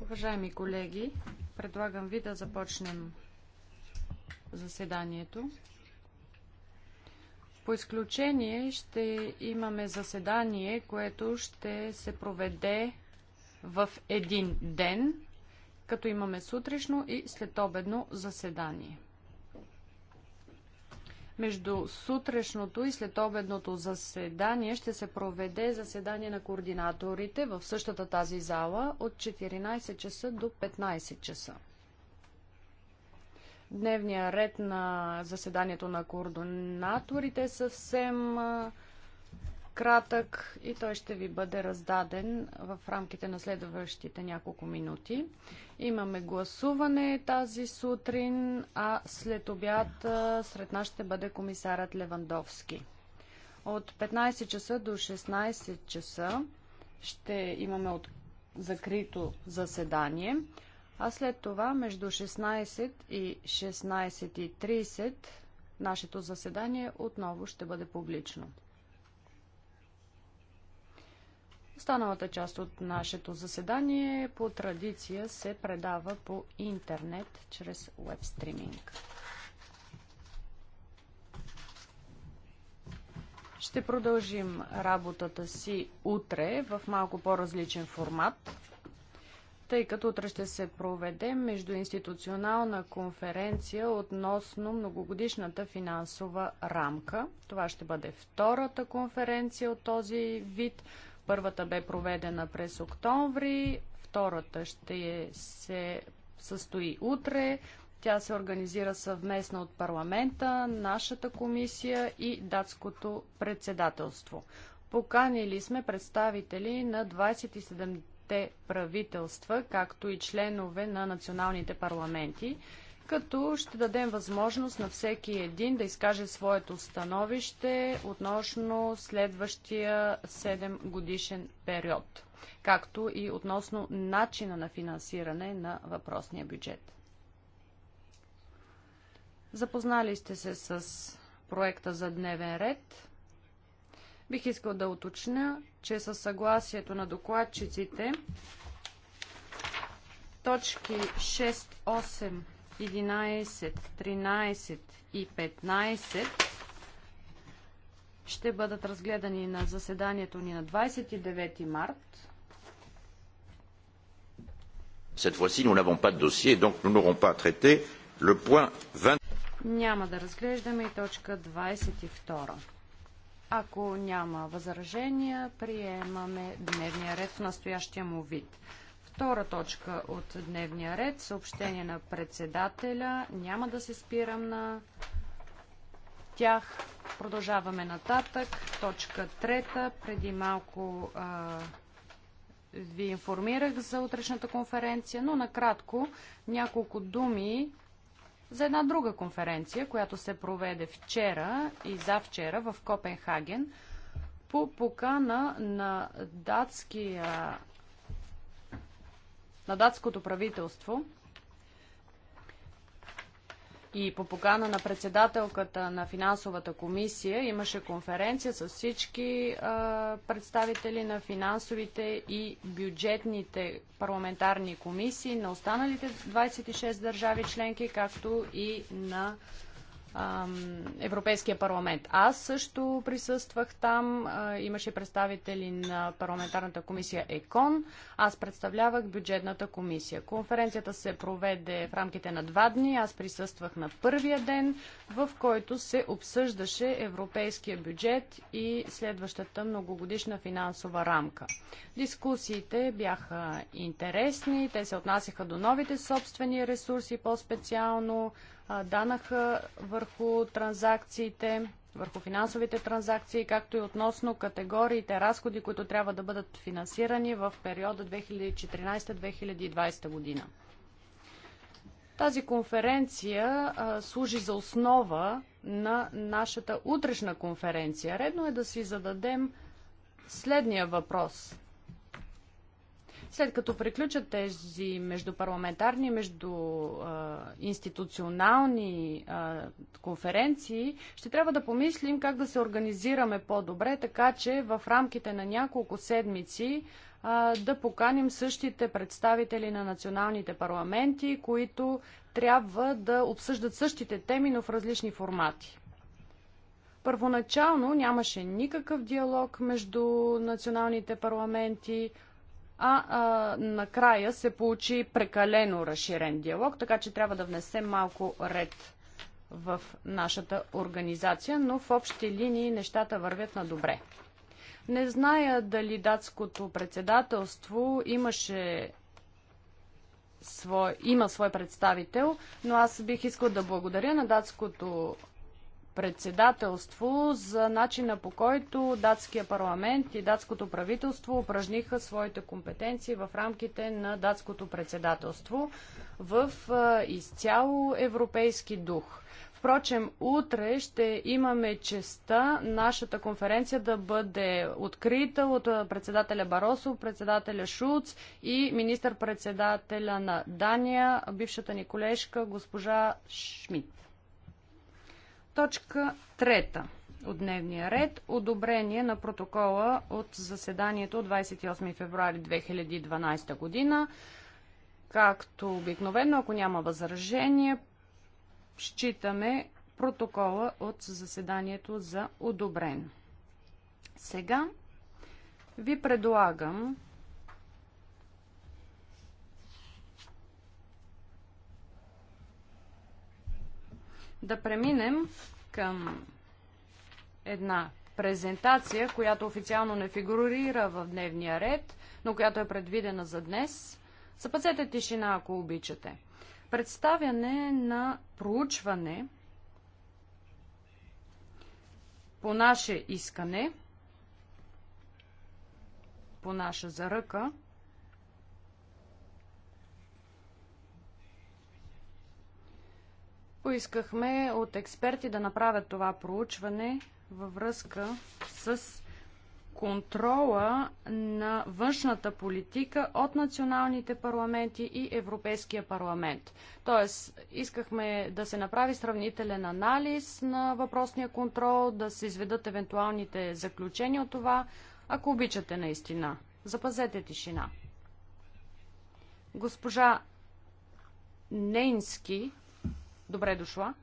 Уважаеми колеги, предлагам ви да започнем заседанието. По изключение ще имаме заседание, което ще се проведе в един ден, като имаме сутрешно и следобедно заседание. Между сутрешното и следобедното заседание ще се проведе заседание на координаторите в същата тази зала от 14 часа до 15 часа. Дневният ред на заседанието на координаторите е съвсем кратък и той ще ви бъде раздаден в рамките на следващите няколко минути. Имаме гласуване тази сутрин, а след обяд сред нас ще бъде комисарът Левандовски. От 15 часа до 16 часа ще имаме от закрито заседание, а след това между 16 и 16.30 нашето заседание отново ще бъде публично. Останалата част от нашето заседание по традиция се предава по интернет чрез вебстриминг. Ще продължим работата си утре в малко по-различен формат, тъй като утре ще се проведе междуинституционална конференция относно многогодишната финансова рамка. Това ще бъде втората конференция от този вид – Първата бе проведена през октомври, втората ще се състои утре. Тя се организира съвместно от парламента, нашата комисия и датското председателство. Поканили сме представители на 27-те правителства, както и членове на националните парламенти като ще дадем възможност на всеки един да изкаже своето становище относно следващия 7 годишен период, както и относно начина на финансиране на въпросния бюджет. Запознали сте се с проекта за дневен ред. Бих искал да уточня, че със съгласието на докладчиците точки 6, 8 11, 13 и 15 ще бъдат разгледани на заседанието ни на 29 март. Cette fois-ci, nous n'avons pas de dossier, donc nous n'aurons pas à traiter le point 20. Няма да разглеждаме и точка 22. Ако няма възражения, приемаме дневния ред в настоящия му вид. Втора точка от дневния ред съобщение на председателя. Няма да се спирам на тях. Продължаваме нататък. Точка трета. Преди малко а, ви информирах за утрешната конференция, но накратко няколко думи за една друга конференция, която се проведе вчера и завчера в Копенхаген по покана на датския на датското правителство и по покана на председателката на финансовата комисия имаше конференция с всички а, представители на финансовите и бюджетните парламентарни комисии на останалите 26 държави членки, както и на Европейския парламент. Аз също присъствах там. Имаше представители на парламентарната комисия ЕКОН. Аз представлявах бюджетната комисия. Конференцията се проведе в рамките на два дни. Аз присъствах на първия ден, в който се обсъждаше европейския бюджет и следващата многогодишна финансова рамка. Дискусиите бяха интересни. Те се отнасяха до новите собствени ресурси, по-специално данъка върху транзакциите, върху финансовите транзакции, както и относно категориите разходи, които трябва да бъдат финансирани в периода 2014-2020 година. Тази конференция а, служи за основа на нашата утрешна конференция. Редно е да си зададем следния въпрос. След като приключат тези междупарламентарни, междуинституционални конференции, ще трябва да помислим как да се организираме по-добре, така че в рамките на няколко седмици да поканим същите представители на националните парламенти, които трябва да обсъждат същите теми, но в различни формати. Първоначално нямаше никакъв диалог между националните парламенти, а, а накрая се получи прекалено разширен диалог, така че трябва да внесем малко ред в нашата организация, но в общи линии нещата вървят на добре. Не зная дали датското председателство имаше свой, има свой представител, но аз бих искал да благодаря на датското председателство за начина по който датския парламент и датското правителство упражниха своите компетенции в рамките на датското председателство в изцяло европейски дух. Впрочем, утре ще имаме честа нашата конференция да бъде открита от председателя Баросо, председателя Шулц и министър-председателя на Дания, бившата ни колежка госпожа Шмидт. Точка трета от дневния ред. Одобрение на протокола от заседанието от 28 февруари 2012 година. Както обикновено, ако няма възражение, считаме протокола от заседанието за одобрен. Сега ви предлагам да преминем към една презентация, която официално не фигурира в дневния ред, но която е предвидена за днес. Запазете тишина, ако обичате. Представяне на проучване по наше искане, по наша заръка, Поискахме от експерти да направят това проучване във връзка с контрола на външната политика от националните парламенти и Европейския парламент. Тоест, искахме да се направи сравнителен анализ на въпросния контрол, да се изведат евентуалните заключения от това, ако обичате наистина. Запазете тишина. Госпожа Нейнски Добре дошла.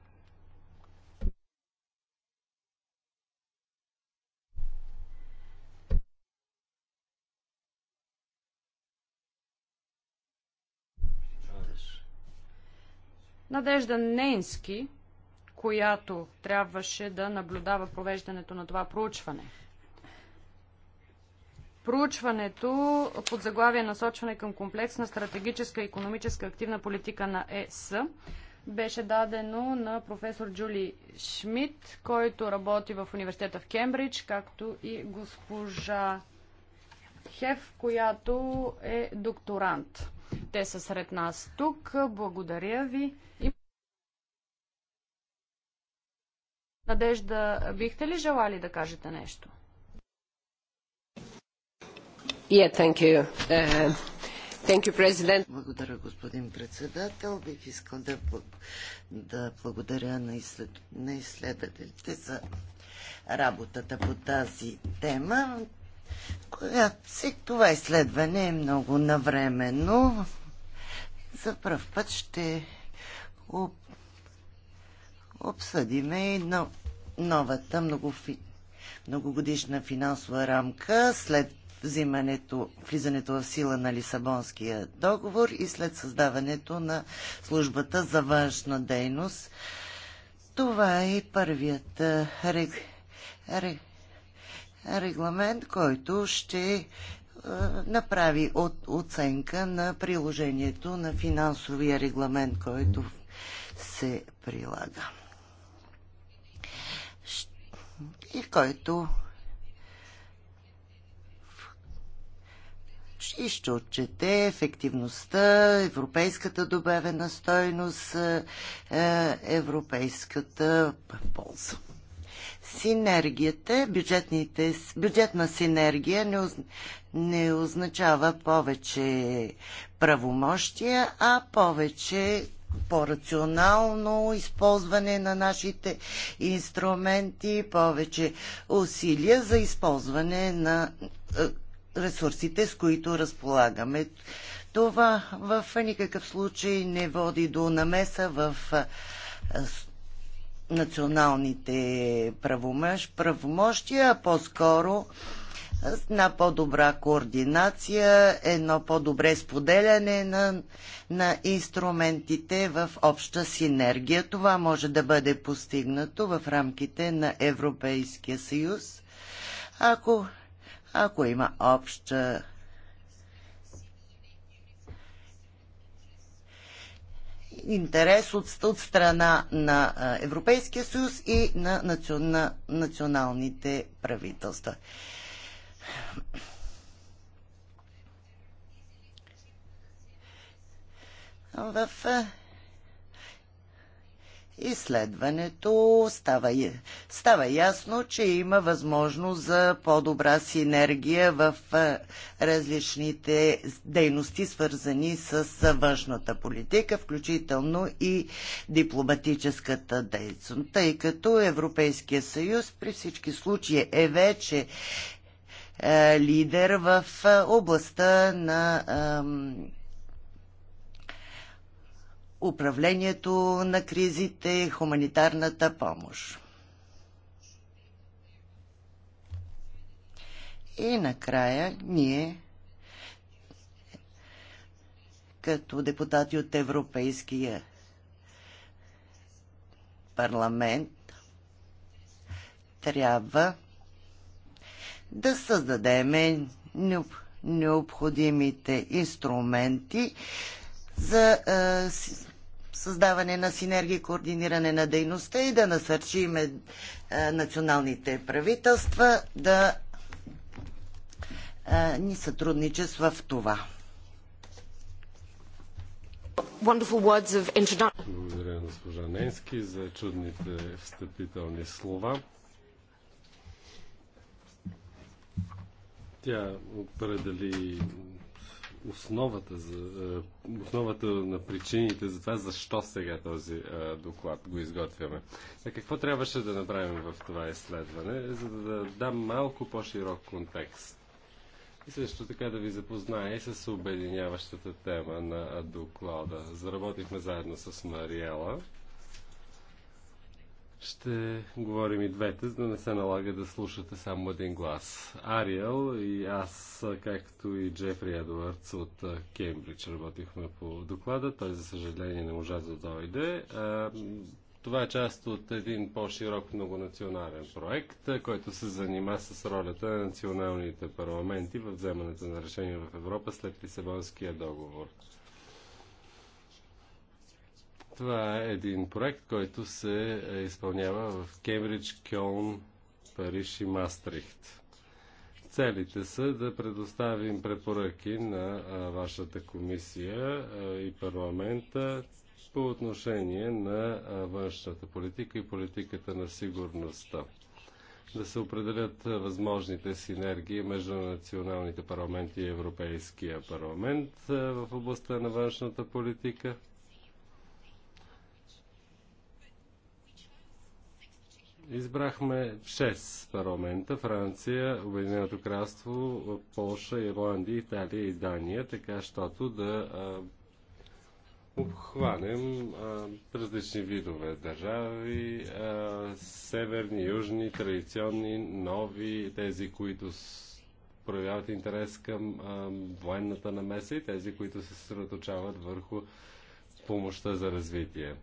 Надежда Ненски, която трябваше да наблюдава провеждането на това проучване. Проучването под заглавие насочване към комплексна стратегическа и економическа активна политика на ЕС беше дадено на професор Джули Шмидт, който работи в университета в Кембридж, както и госпожа Хеф, която е докторант. Те са сред нас тук. Благодаря ви. Надежда, бихте ли желали да кажете нещо? Yeah, thank you. Uh, благодаря, господин председател. Бих искал да, да благодаря на, изслед... на за работата по тази тема. Коя... Това изследване е много навременно. За първ път ще об... обсъдиме и новата многофи... многогодишна финансова рамка след взимането, влизането в сила на Лисабонския договор и след създаването на службата за външна дейност. Това е първият рег... Рег... регламент, който ще направи от, оценка на приложението на финансовия регламент, който се прилага. И който и ще отчете ефективността, европейската добавена стойност, е, е, европейската полза. Синергията, бюджетните, бюджетна синергия не, оз, не означава повече правомощия, а повече по-рационално използване на нашите инструменти, повече усилия за използване на е, ресурсите, с които разполагаме. Това в никакъв случай не води до намеса в националните правомощия, а по-скоро една по-добра координация, едно по-добре споделяне на, на инструментите в обща синергия. Това може да бъде постигнато в рамките на Европейския съюз, ако ако има обща интерес от, от страна на Европейския съюз и на, национ, на националните правителства. В изследването става, става ясно, че има възможност за по-добра синергия в различните дейности, свързани с външната политика, включително и дипломатическата дейност, тъй като Европейския съюз при всички случаи е вече лидер в областта на управлението на кризите, хуманитарната помощ. И накрая ние, като депутати от Европейския парламент, трябва да създадеме необходимите инструменти за създаване на синергия и координиране на дейността и да насърчиме националните правителства да е, ни сътрудничат в това. Благодаря, госпожа Ненски, за чудните встъпителни слова. Тя определи основата, за, е, основата на причините за това, защо сега този е, доклад го изготвяме. А е, какво трябваше да направим в това изследване, за да дам малко по-широк контекст? И също така да ви запозная и с обединяващата тема на доклада. Заработихме заедно с Мариела ще говорим и двете, за да не се налага да слушате само един глас. Ариел и аз, както и Джефри Едуардс от Кембридж, работихме по доклада. Той, за съжаление, не можа да дойде. Това е част от един по-широк многонационален проект, който се занима с ролята на националните парламенти в вземането на решения в Европа след Лисабонския договор. Това е един проект, който се изпълнява в Кембридж, Кьолн, Париж и Мастрихт. Целите са да предоставим препоръки на вашата комисия и парламента по отношение на външната политика и политиката на сигурността. Да се определят възможните синергии между националните парламенти и Европейския парламент в областта на външната политика – Избрахме 6 парламента Франция, Обединеното кралство, Полша, Ирландия, Италия и Дания, така щото да а, обхванем а, различни видове държави, а, северни, южни, традиционни, нови, тези, които с, проявяват интерес към а, военната намеса и тези, които се съсредоточават върху помощта за развитие.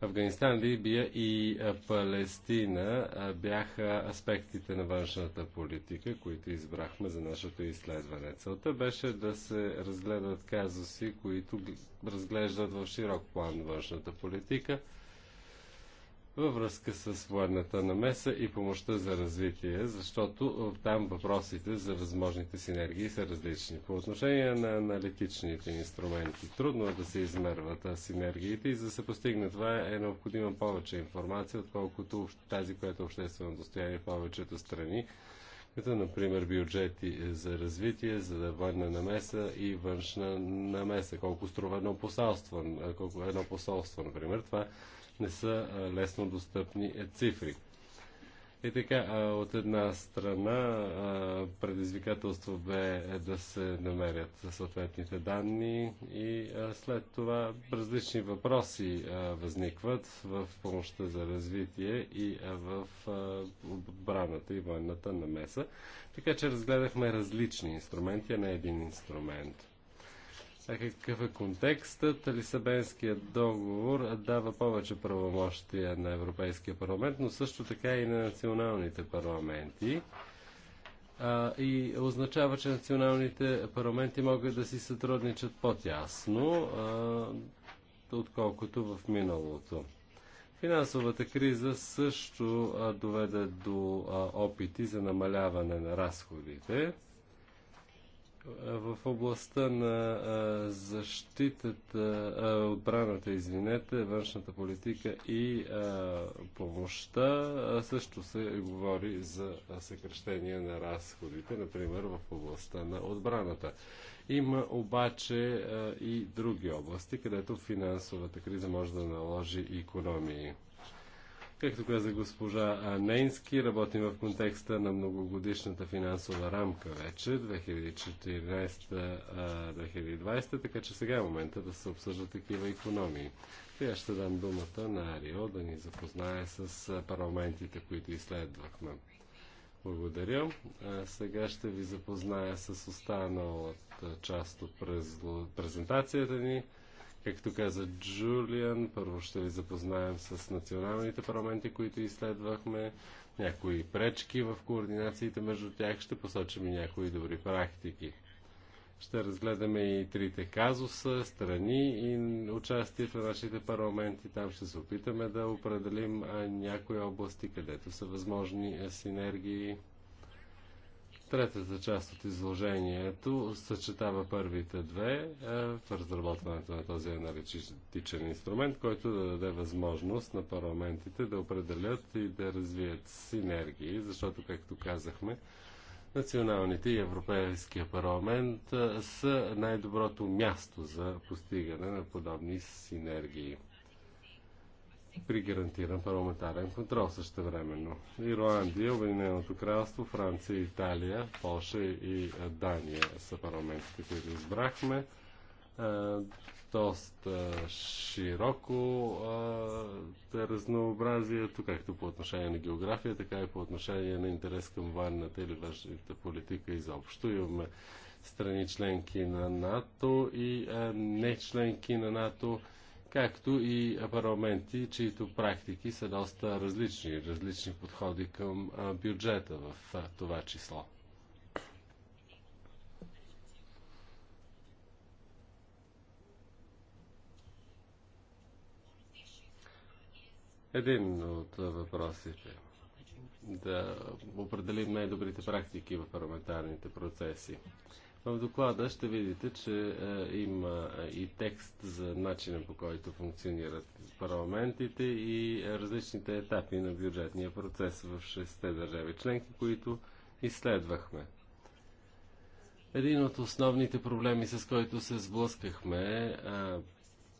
Афганистан, Либия и Палестина бяха аспектите на външната политика, които избрахме за нашето изследване. Целта беше да се разгледат казуси, които разглеждат в широк план външната политика – във връзка с военната намеса и помощта за развитие, защото там въпросите за възможните синергии са различни. По отношение на аналитичните инструменти, трудно е да се измерват синергиите и за да се постигне това е необходима повече информация, отколкото тази, която е обществено достояние в повечето страни като например бюджети е, за развитие, за военна намеса и външна намеса. Колко струва едно посолство, е, колко едно посолство, например. Това не са лесно достъпни е, цифри. И така, от една страна предизвикателство бе е да се намерят съответните данни и след това различни въпроси възникват в помощта за развитие и в отбраната и военната намеса. Така че разгледахме различни инструменти, а не един инструмент какъв е контекстът. Лисабенският договор дава повече правомощия на Европейския парламент, но също така и на националните парламенти. А, и означава, че националните парламенти могат да си сътрудничат по-тясно, отколкото в миналото. Финансовата криза също а, доведе до а, опити за намаляване на разходите в областта на защитата, отбраната, извинете, външната политика и помощта също се говори за съкрещение на разходите, например в областта на отбраната. Има обаче и други области, където финансовата криза може да наложи економии. Както каза госпожа Нейнски, работим в контекста на многогодишната финансова рамка вече, 2014-2020, така че сега е момента да се обсъждат такива економии. Сега ще дам думата на Арио да ни запознае с парламентите, които изследвахме. Благодаря. А сега ще ви запозная с останалата част от презентацията ни. Както каза Джулиан, първо ще ви запознаем с националните парламенти, които изследвахме, някои пречки в координациите между тях, ще посочим и някои добри практики. Ще разгледаме и трите казуса, страни и участие в нашите парламенти. Там ще се опитаме да определим някои области, където са възможни е, синергии Третата част от изложението съчетава първите две в разработването на този аналитичен инструмент, който да даде възможност на парламентите да определят и да развият синергии, защото, както казахме, националните и Европейския парламент са най-доброто място за постигане на подобни синергии при гарантиран парламентарен контрол също времено. Ирландия, Обединеното кралство, Франция, Италия, Польша и е, Дания са парламентите, които избрахме. Е, доста широко е, е разнообразието, както по отношение на география, така и по отношение на интерес към военната или външната политика изобщо. Имаме страни членки на НАТО и не членки на НАТО както и парламенти, чието практики са доста различни, различни подходи към бюджета в това число. Един от въпросите да определим най-добрите практики в парламентарните процеси. В доклада ще видите, че е, има е, и текст за начина по който функционират парламентите и е, различните етапи на бюджетния процес в шесте държави членки, които изследвахме. Един от основните проблеми, с който се сблъскахме е,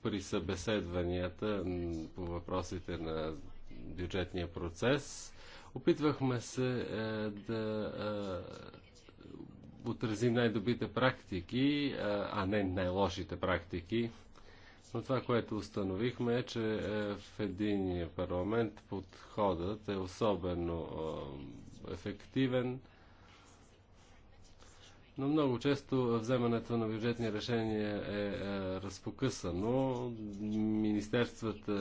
при събеседванията по въпросите на бюджетния процес, опитвахме се е, да е, отрази най-добрите практики, а не най-лошите практики. Но това, което установихме е, че е, в един парламент подходът е особено е, ефективен но много често вземането на бюджетни решения е, е, разпокъсано. Министерствата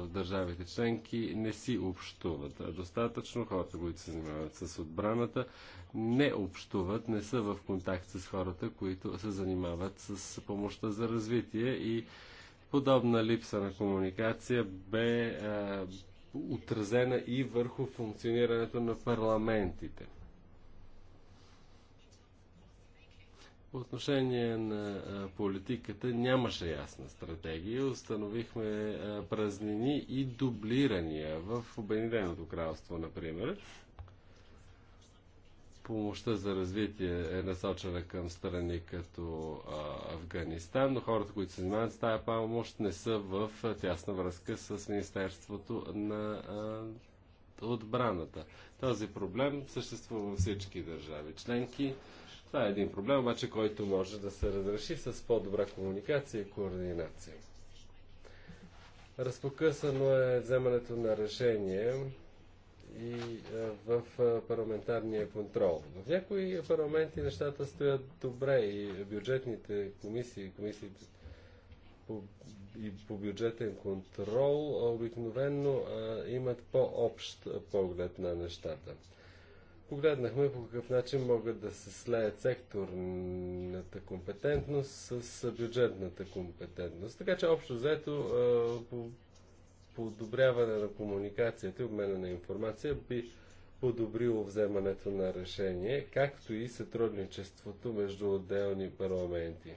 в държавите членки не си общуват. достатъчно хората, които се занимават с отбраната, не общуват, не са в контакт с хората, които се занимават с помощта за развитие и подобна липса на комуникация бе е, отразена и върху функционирането на парламентите. отношение на политиката нямаше ясна стратегия. Установихме празнини и дублирания в Обединеното кралство, например. Помощта за развитие е насочена към страни като Афганистан, но хората, които се занимават с тази помощ, не са в тясна връзка с Министерството на отбраната. Този проблем съществува във всички държави членки. Това е един проблем, обаче, който може да се разреши с по-добра комуникация и координация. Разпокъсано е вземането на решение и е, в е, парламентарния контрол. В някои парламенти нещата стоят добре и бюджетните комисии, комисии по, и по бюджетен контрол е, обикновенно имат по-общ поглед на нещата. Погледнахме по какъв начин могат да се слеят секторната компетентност с бюджетната компетентност. Така че общо взето по подобряване на комуникацията и обмена на информация би подобрило вземането на решение, както и сътрудничеството между отделни парламенти.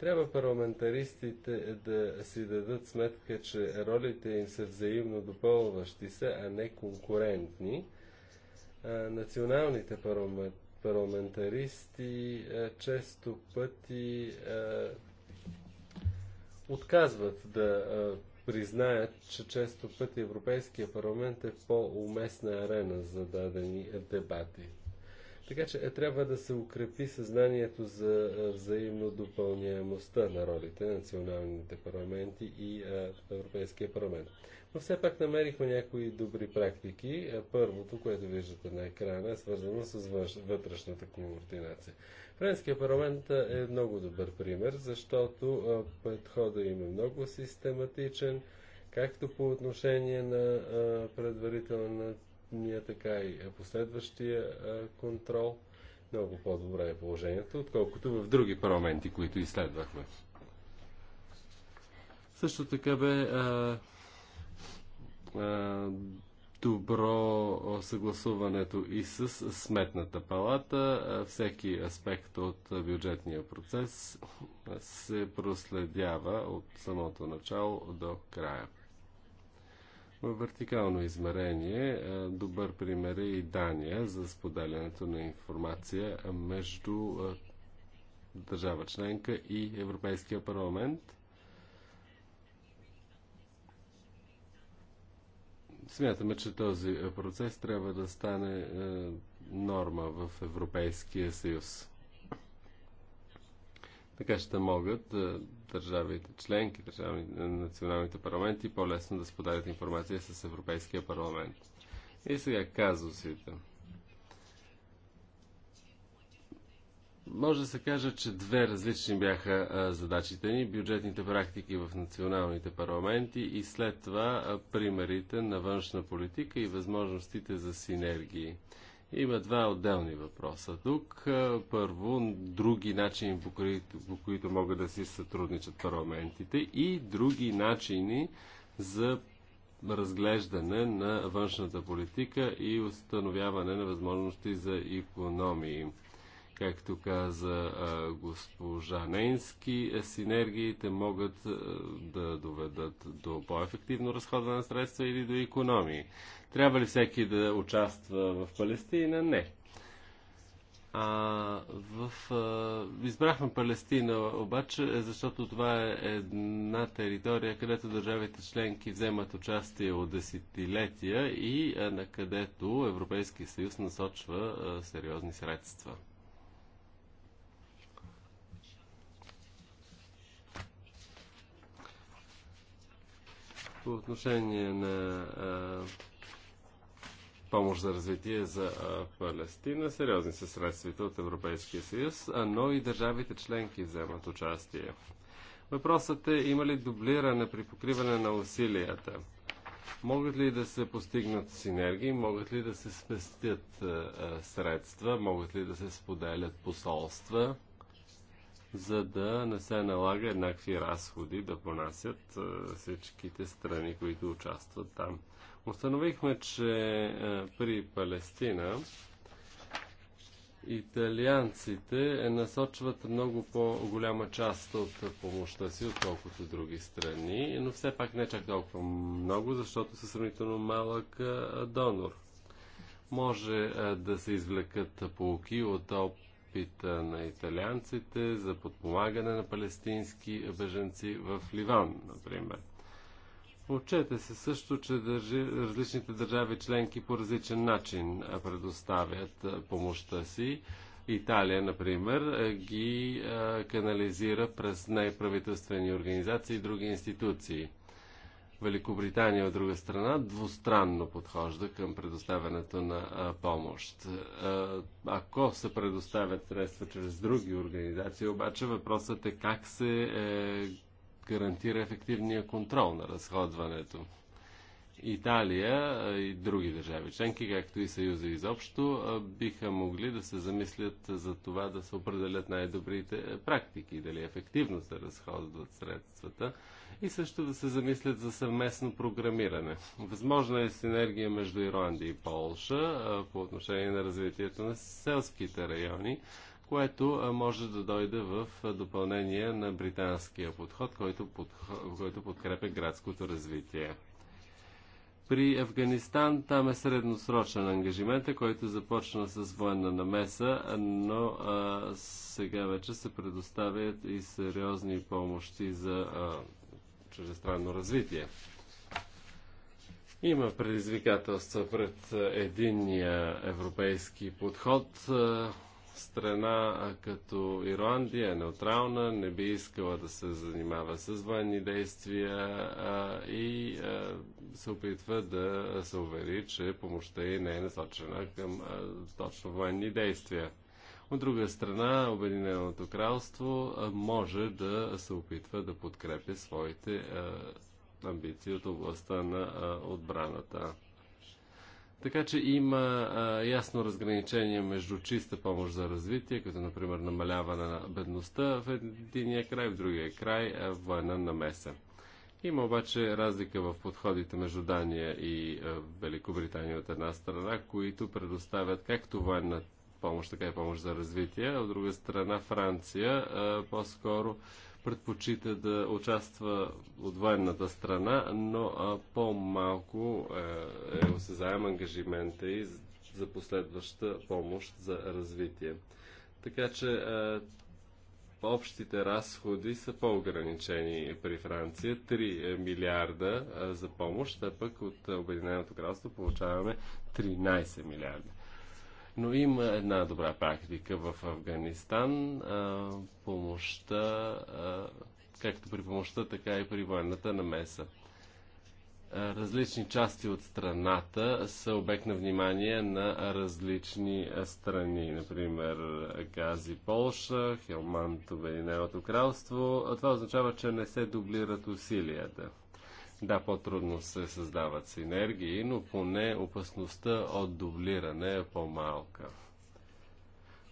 Трябва парламентаристите да си дадат сметка, че ролите им са взаимно допълващи се, а не конкурентни – националните парламентаристи често пъти отказват да признаят, че често пъти Европейския парламент е по-уместна арена за дадени дебати. Така че е, трябва да се укрепи съзнанието за взаимно допълняемостта на ролите на националните парламенти и Европейския парламент. Но все пак намерихме някои добри практики. Е, първото, което виждате на екрана, е свързано с вътрешната координация. Френския парламент е, е много добър пример, защото е, подхода им е много систематичен, както по отношение на предварителния, така и последващия контрол. Много по-добре е положението, отколкото в други парламенти, които изследвахме. Също така бе а, е, добро съгласуването и с сметната палата. Е, всеки аспект от бюджетния процес се проследява от самото начало до края. В вертикално измерение е, добър пример е и Дания за споделянето на информация между държава членка и Европейския парламент – Смятаме, че този процес трябва да стане е, норма в Европейския съюз. Така ще могат е, държавите членки, държави, е, националните парламенти по-лесно да споделят информация с Европейския парламент. И сега казусите. може да се каже, че две различни бяха задачите ни. Бюджетните практики в националните парламенти и след това примерите на външна политика и възможностите за синергии. Има два отделни въпроса. Тук първо, други начини, по които, по които могат да си сътрудничат парламентите и други начини за разглеждане на външната политика и установяване на възможности за економии Както каза госпожа Ненски, е, синергиите могат да доведат до по-ефективно разходване на средства или до економии. Трябва ли всеки да участва в Палестина? Не. А, в, а, избрахме Палестина обаче, е, защото това е една територия, където държавите членки вземат участие от десетилетия и а, е, на където Европейския съюз насочва а, сериозни средства. По отношение на а, помощ за развитие за а, Палестина, сериозни са средствите от Европейския съюз, а, но и държавите членки вземат участие. Въпросът е има ли дублиране при покриване на усилията? Могат ли да се постигнат синергии? Могат ли да се спестят а, средства? Могат ли да се споделят посолства? за да не се налага еднакви разходи да понасят всичките страни, които участват там. Установихме, че при Палестина италианците е насочват много по-голяма част от помощта си, отколкото други страни, но все пак не чак толкова много, защото са сравнително малък донор. Може да се извлекат полки от опита на италианците за подпомагане на палестински беженци в Ливан, например. Отчете се също, че държи, различните държави членки по различен начин предоставят помощта си. Италия, например, ги канализира през неправителствени организации и други институции. Великобритания, от друга страна, двустранно подхожда към предоставянето на помощ. Ако се предоставят средства чрез други организации, обаче въпросът е как се е, гарантира ефективния контрол на разходването. Италия и други държави членки, както и Съюза изобщо, биха могли да се замислят за това да се определят най-добрите практики, дали ефективно се разходват средствата и също да се замислят за съвместно програмиране. Възможна е синергия между Ирландия и Полша по отношение на развитието на селските райони, което може да дойде в допълнение на британския подход, който, подкрепя градското развитие. При Афганистан там е средносрочен ангажимент, който започна с военна намеса, но а, сега вече се предоставят и сериозни помощи за а, чужестранно развитие. Има предизвикателства пред единния европейски подход. Страна като Ирландия е неутрална, не би искала да се занимава с военни действия и се опитва да се увери, че помощта й не е насочена към точно военни действия. От друга страна, Обединеното кралство може да се опитва да подкрепи своите амбиции от областта на отбраната. Така че има ясно разграничение между чиста помощ за развитие, като например намаляване на бедността в единия край, в другия край а, военна намеса. Има обаче разлика в подходите между Дания и Великобритания от една страна, които предоставят както военна помощ, така и помощ за развитие. От друга страна, Франция по-скоро предпочита да участва от военната страна, но по-малко е осезаем ангажимента и за последваща помощ за развитие. Така че общите разходи са по-ограничени при Франция. 3 е, милиарда за помощ, а пък от Обединеното кралство получаваме 13 милиарда. Но има една добра практика в Афганистан. А, помощта, а, както при помощта, така и при военната намеса. различни части от страната са обект на внимание на различни страни. Например, Гази Полша, Хелмант Обединеното кралство. това означава, че не се дублират усилията. Да. Да, по-трудно се създават синергии, но поне опасността от дублиране е по-малка.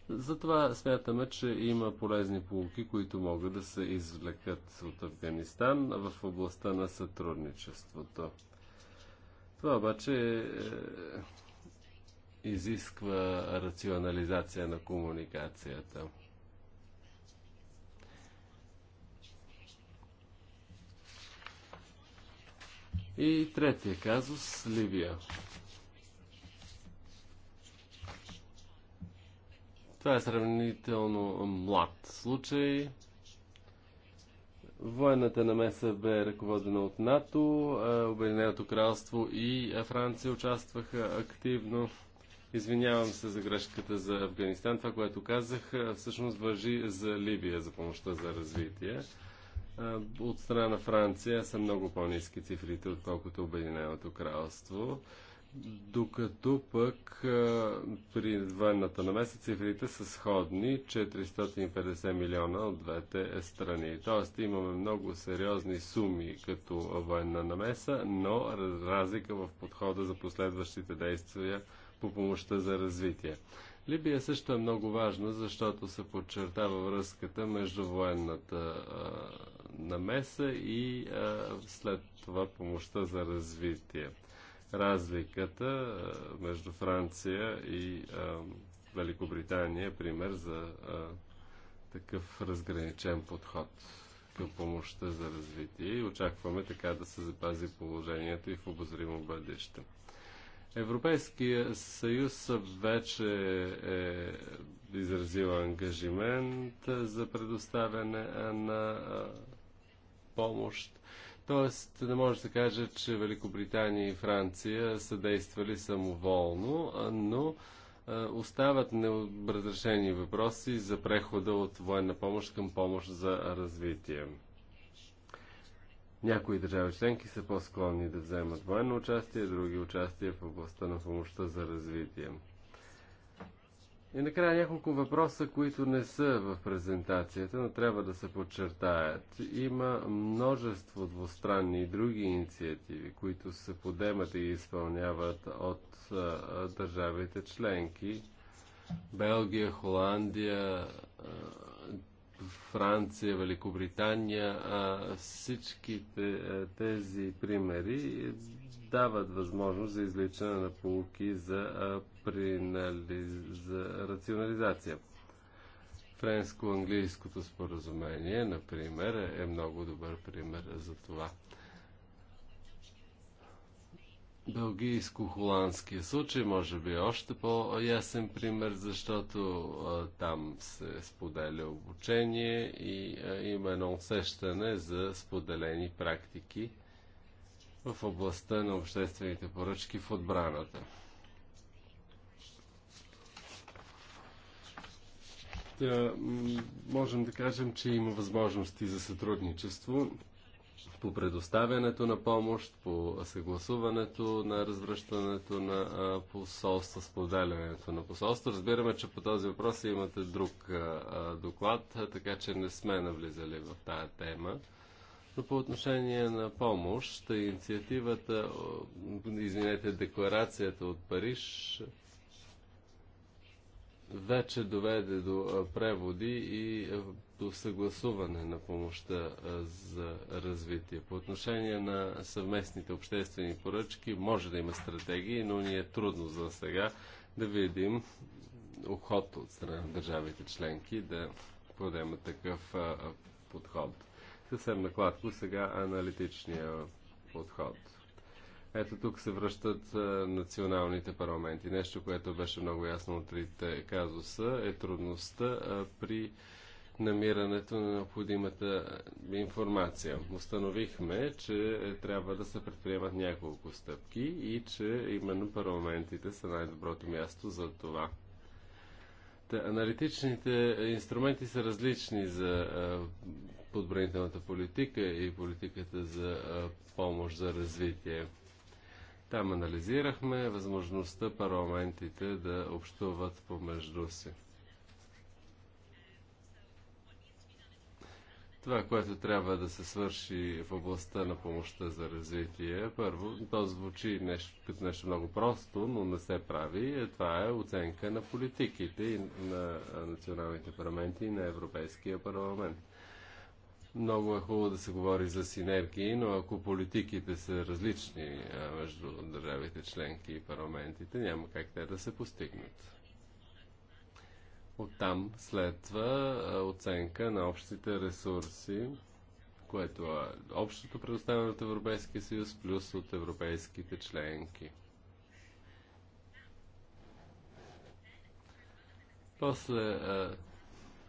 Затова смятаме, че има полезни полуки, които могат да се извлекат от Афганистан в областта на сътрудничеството. Това обаче е, изисква рационализация на комуникацията. И третия казус Ливия. Това е сравнително млад случай. Военната намеса бе ръководена от НАТО, Обединеното кралство и Франция участваха активно. Извинявам се за грешката за Афганистан. Това, което казах, всъщност въжи за Ливия за помощта за развитие. От страна на Франция са много по-низки цифрите, отколкото Обединеното кралство. Докато пък при военната намеса цифрите са сходни 450 милиона от двете е страни. Тоест имаме много сериозни суми като военна намеса, но разлика в подхода за последващите действия по помощта за развитие. Либия също е много важна, защото се подчертава връзката между военната намеса и след това помощта за развитие. Разликата между Франция и Великобритания е пример за такъв разграничен подход към помощта за развитие и очакваме така да се запази положението и в обозримо бъдеще. Европейския съюз вече е изразил ангажимент за предоставяне на помощ. Тоест, не може да се каже, че Великобритания и Франция са действали самоволно, но остават неразрешени въпроси за прехода от военна помощ към помощ за развитие. Някои държави членки са по-склонни да вземат военно участие, други участие в областта на помощта за развитие. И накрая няколко въпроса, които не са в презентацията, но трябва да се подчертаят. Има множество двустранни и други инициативи, които се подемат и изпълняват от а, държавите членки. Белгия, Холандия, а, Франция, Великобритания, а, всичките а, тези примери дават възможност за извличане на полуки за, за рационализация. Френско-английското споразумение, например, е много добър пример за това. Белгийско-холандския случай може би е още по-ясен пример, защото а, там се споделя обучение и а, има едно усещане за споделени практики в областта на обществените поръчки в отбраната. Да, можем да кажем, че има възможности за сътрудничество по предоставянето на помощ, по съгласуването на развръщането на посолства, споделянето на посолства. Разбираме, че по този въпрос имате друг доклад, така че не сме навлизали в тая тема. Но по отношение на помощ, инициативата, извинете, декларацията от Париж вече доведе до преводи и до съгласуване на помощта за развитие. По отношение на съвместните обществени поръчки може да има стратегии, но ни е трудно за сега да видим уход от страна на държавите членки да подемат такъв подход съвсем накладко сега аналитичния подход. Ето тук се връщат националните парламенти. Нещо, което беше много ясно от трите казуса, е трудността при намирането на необходимата информация. Установихме, че е, трябва да се предприемат няколко стъпки и че именно парламентите са най-доброто място за това. Та, аналитичните инструменти са различни за Подбранителната политика и политиката за помощ за развитие. Там анализирахме възможността парламентите да общуват помежду си. Това, което трябва да се свърши в областта на помощта за развитие, първо, то звучи нещо, като нещо много просто, но не се прави. Това е оценка на политиките и на националните парламенти и на Европейския парламент. Много е хубаво да се говори за синергии, но ако политиките са различни между държавите членки и парламентите, няма как те да се постигнат. Оттам следва оценка на общите ресурси, което е общото предоставяне от Европейския съюз плюс от европейските членки. После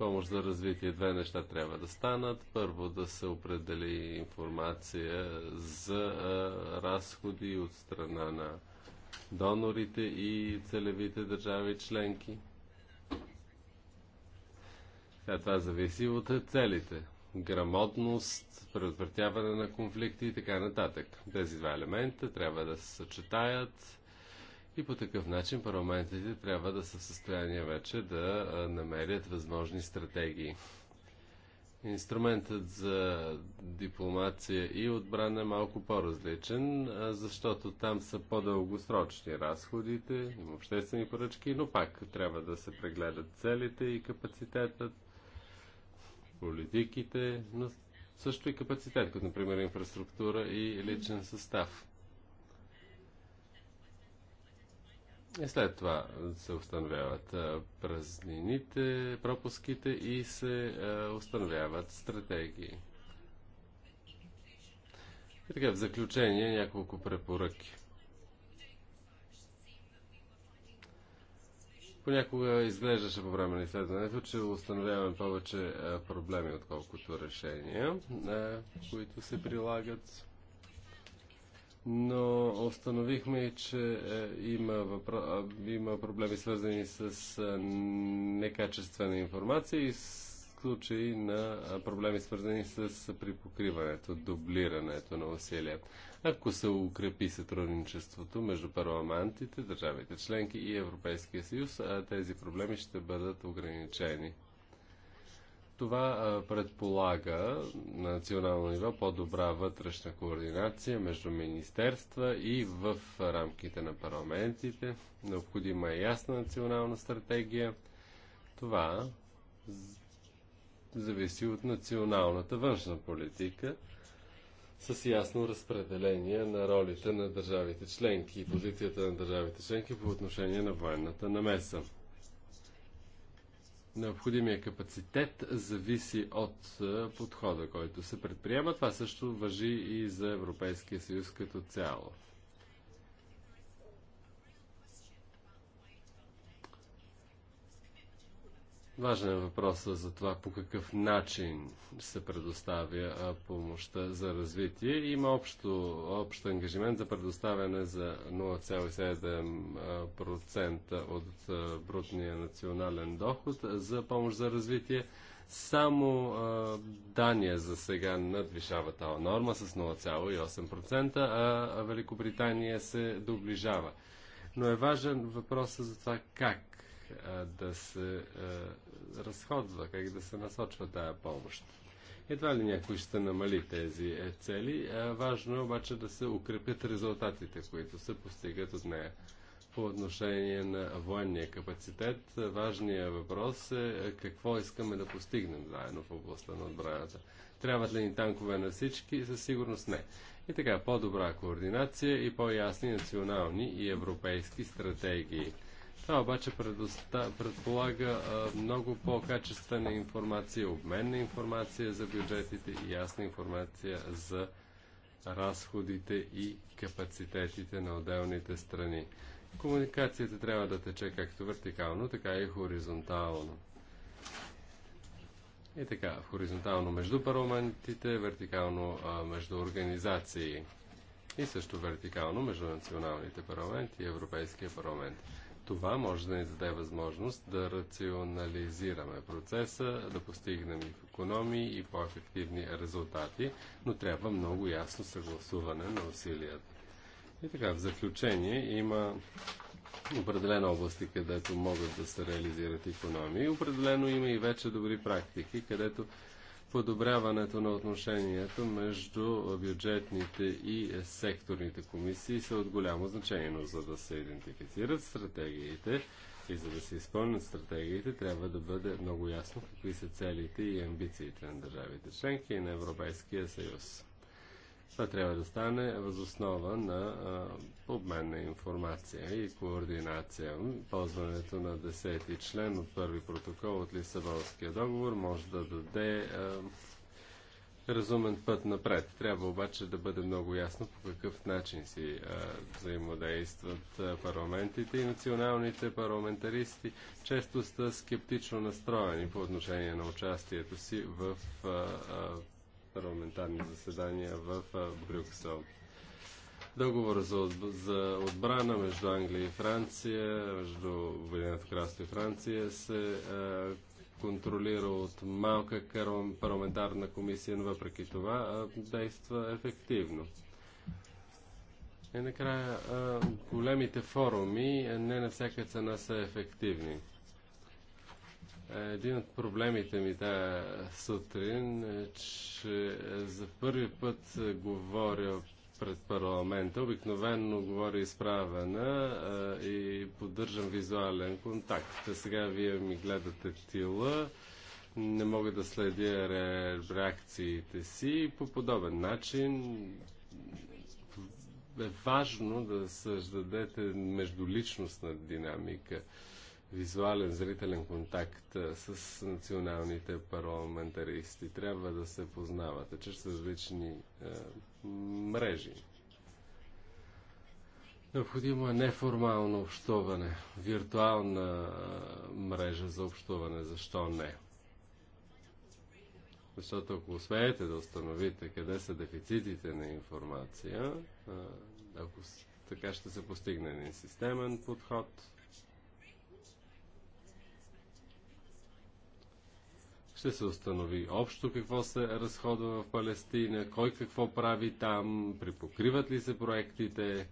помощ за развитие две неща трябва да станат. Първо да се определи информация за разходи от страна на донорите и целевите държави членки. това зависи от целите. Грамотност, предотвратяване на конфликти и така нататък. Тези два елемента трябва да се съчетаят и по такъв начин парламентите трябва да са в състояние вече да намерят възможни стратегии. Инструментът за дипломация и отбрана е малко по-различен, защото там са по-дългосрочни разходите, има обществени поръчки, но пак трябва да се прегледат целите и капацитетът, политиките, но също и капацитет, като например инфраструктура и личен състав. И след това се установяват празнините, пропуските и се установяват стратегии. И така, в заключение няколко препоръки. Понякога изглеждаше по време на изследването, че установяваме повече проблеми, отколкото решения, които се прилагат но установихме, че е, има, въпро... има проблеми свързани с е, некачествена информация и случаи на е, проблеми свързани с припокриването, дублирането на усилия. Ако се укрепи сътрудничеството между парламентите, държавите членки и Европейския съюз, тези проблеми ще бъдат ограничени. Това предполага на национално ниво по-добра вътрешна координация между министерства и в рамките на парламентите. Необходима е ясна национална стратегия. Това зависи от националната външна политика с ясно разпределение на ролите на държавите членки и позицията на държавите членки по отношение на военната намеса необходимия капацитет зависи от подхода, който се предприема. Това също въжи и за Европейския съюз като цяло. Важен е въпросът за това по какъв начин се предоставя помощта за развитие. Има общо, общ ангажимент за предоставяне за 0,7% от брутния национален доход за помощ за развитие. Само Дания за сега надвишава тази норма с 0,8%, а Великобритания се доближава. Но е важен въпросът за това как да се а, разходва, как да се насочва тая помощ. Едва ли някой ще намали тези е, цели. А, важно е обаче да се укрепят резултатите, които се постигат от нея. По отношение на военния капацитет, важният въпрос е, е какво искаме да постигнем заедно в областта на отбраната. Трябват ли ни танкове на всички? Със сигурност не. И така, по-добра координация и по-ясни национални и европейски стратегии. Това обаче предполага много по-качествена информация, обменна информация за бюджетите и ясна информация за разходите и капацитетите на отделните страни. Комуникацията трябва да тече както вертикално, така и хоризонтално. И така, хоризонтално между парламентите, вертикално между организации и също вертикално между националните парламенти и Европейския парламент. Това може да ни даде възможност да рационализираме процеса, да постигнем и в економии и по-ефективни резултати, но трябва много ясно съгласуване на усилията. И така, в заключение има определено области, където могат да се реализират економии. Определено има и вече добри практики, където подобряването на отношението между бюджетните и секторните комисии са от голямо значение, но за да се идентифицират стратегиите и за да се изпълнят стратегиите, трябва да бъде много ясно какви са целите и амбициите на държавите членки и на Европейския съюз. Това трябва да стане възоснова на обмен на информация и координация. Ползването на 10 член от първи протокол от Лисабонския договор може да даде разумен път напред. Трябва обаче да бъде много ясно по какъв начин си а, взаимодействат парламентите и националните парламентаристи често са скептично настроени по отношение на участието си в а, а, парламентарни заседания в Брюксел. Договор за, за отбрана между Англия и Франция, между Обединеното кралство и Франция се контролира от малка парламентарна комисия, но въпреки това действа ефективно. И накрая големите форуми не на всяка цена са ефективни. Един от проблемите ми тази сутрин е, че е, за първи път е, говоря пред парламента. Обикновено говоря изправена а, е, и поддържам визуален контакт. А сега вие ми гледате тила, не мога да следя ре... реакциите си по подобен начин. Е важно да създадете междуличностна динамика визуален зрителен контакт с националните парламентаристи. Трябва да се познавате чрез различни е, мрежи. Необходимо е неформално общуване, виртуална е, мрежа за общуване. Защо не? Защото ако успеете да установите къде са дефицитите на информация, е, ако така ще се постигне един системен подход – ще се установи общо какво се разходва в Палестина, кой какво прави там, припокриват ли се проектите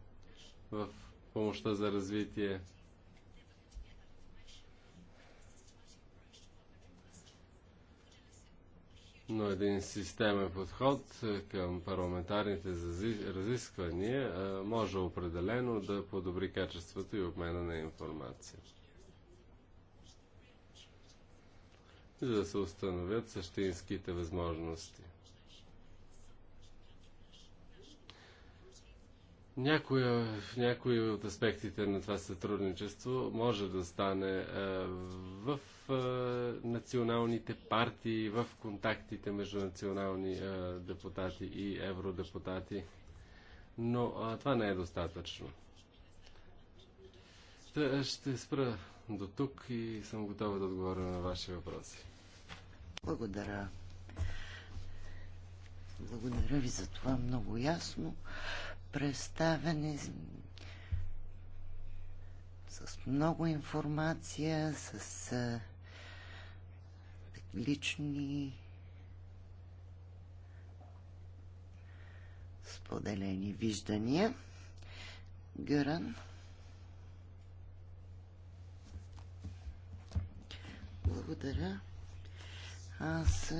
в помощта за развитие. но един системен подход към парламентарните разисквания може определено да подобри качеството и обмена на информация. за да се установят същинските възможности. Някои, някои от аспектите на това сътрудничество може да стане е, в е, националните партии, в контактите между национални е, депутати и евродепутати, но това не е достатъчно. ще спра до тук и съм готова да отговоря на ваши въпроси. Благодаря. Благодаря ви за това много ясно представяне с много информация, с лични споделени виждания. Гъран. Благодаря. Аз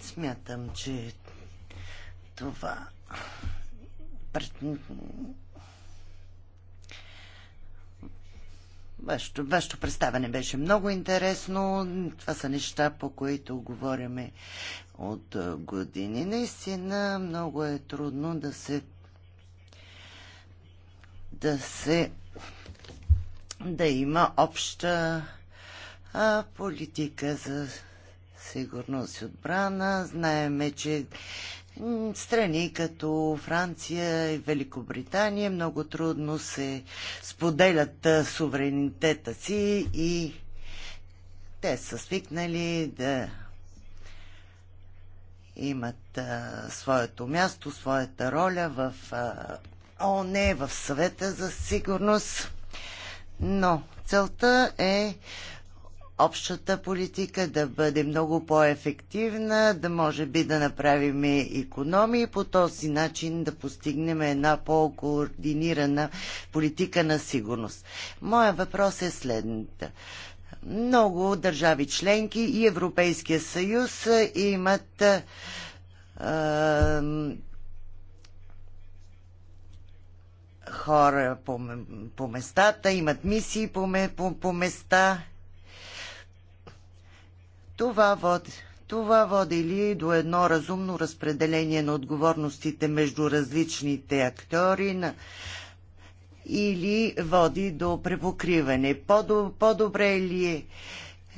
смятам, че това Вашето, вашето представяне беше много интересно. Това са неща, по които говориме от години. Наистина много е трудно да се да се да има обща политика за сигурност и отбрана. Знаеме, че страни като Франция и Великобритания много трудно се споделят суверенитета си и те са свикнали да имат а, своето място, своята роля в ООН, в съвета за сигурност. Но целта е общата политика да бъде много по-ефективна, да може би да направим економии по този начин да постигнем една по-координирана политика на сигурност. Моя въпрос е следната. Много държави членки и Европейския съюз имат е, хора по, по местата, имат мисии по, по, по места това води, това води ли до едно разумно разпределение на отговорностите между различните актьори на, или води до препокриване? По-добре ли е,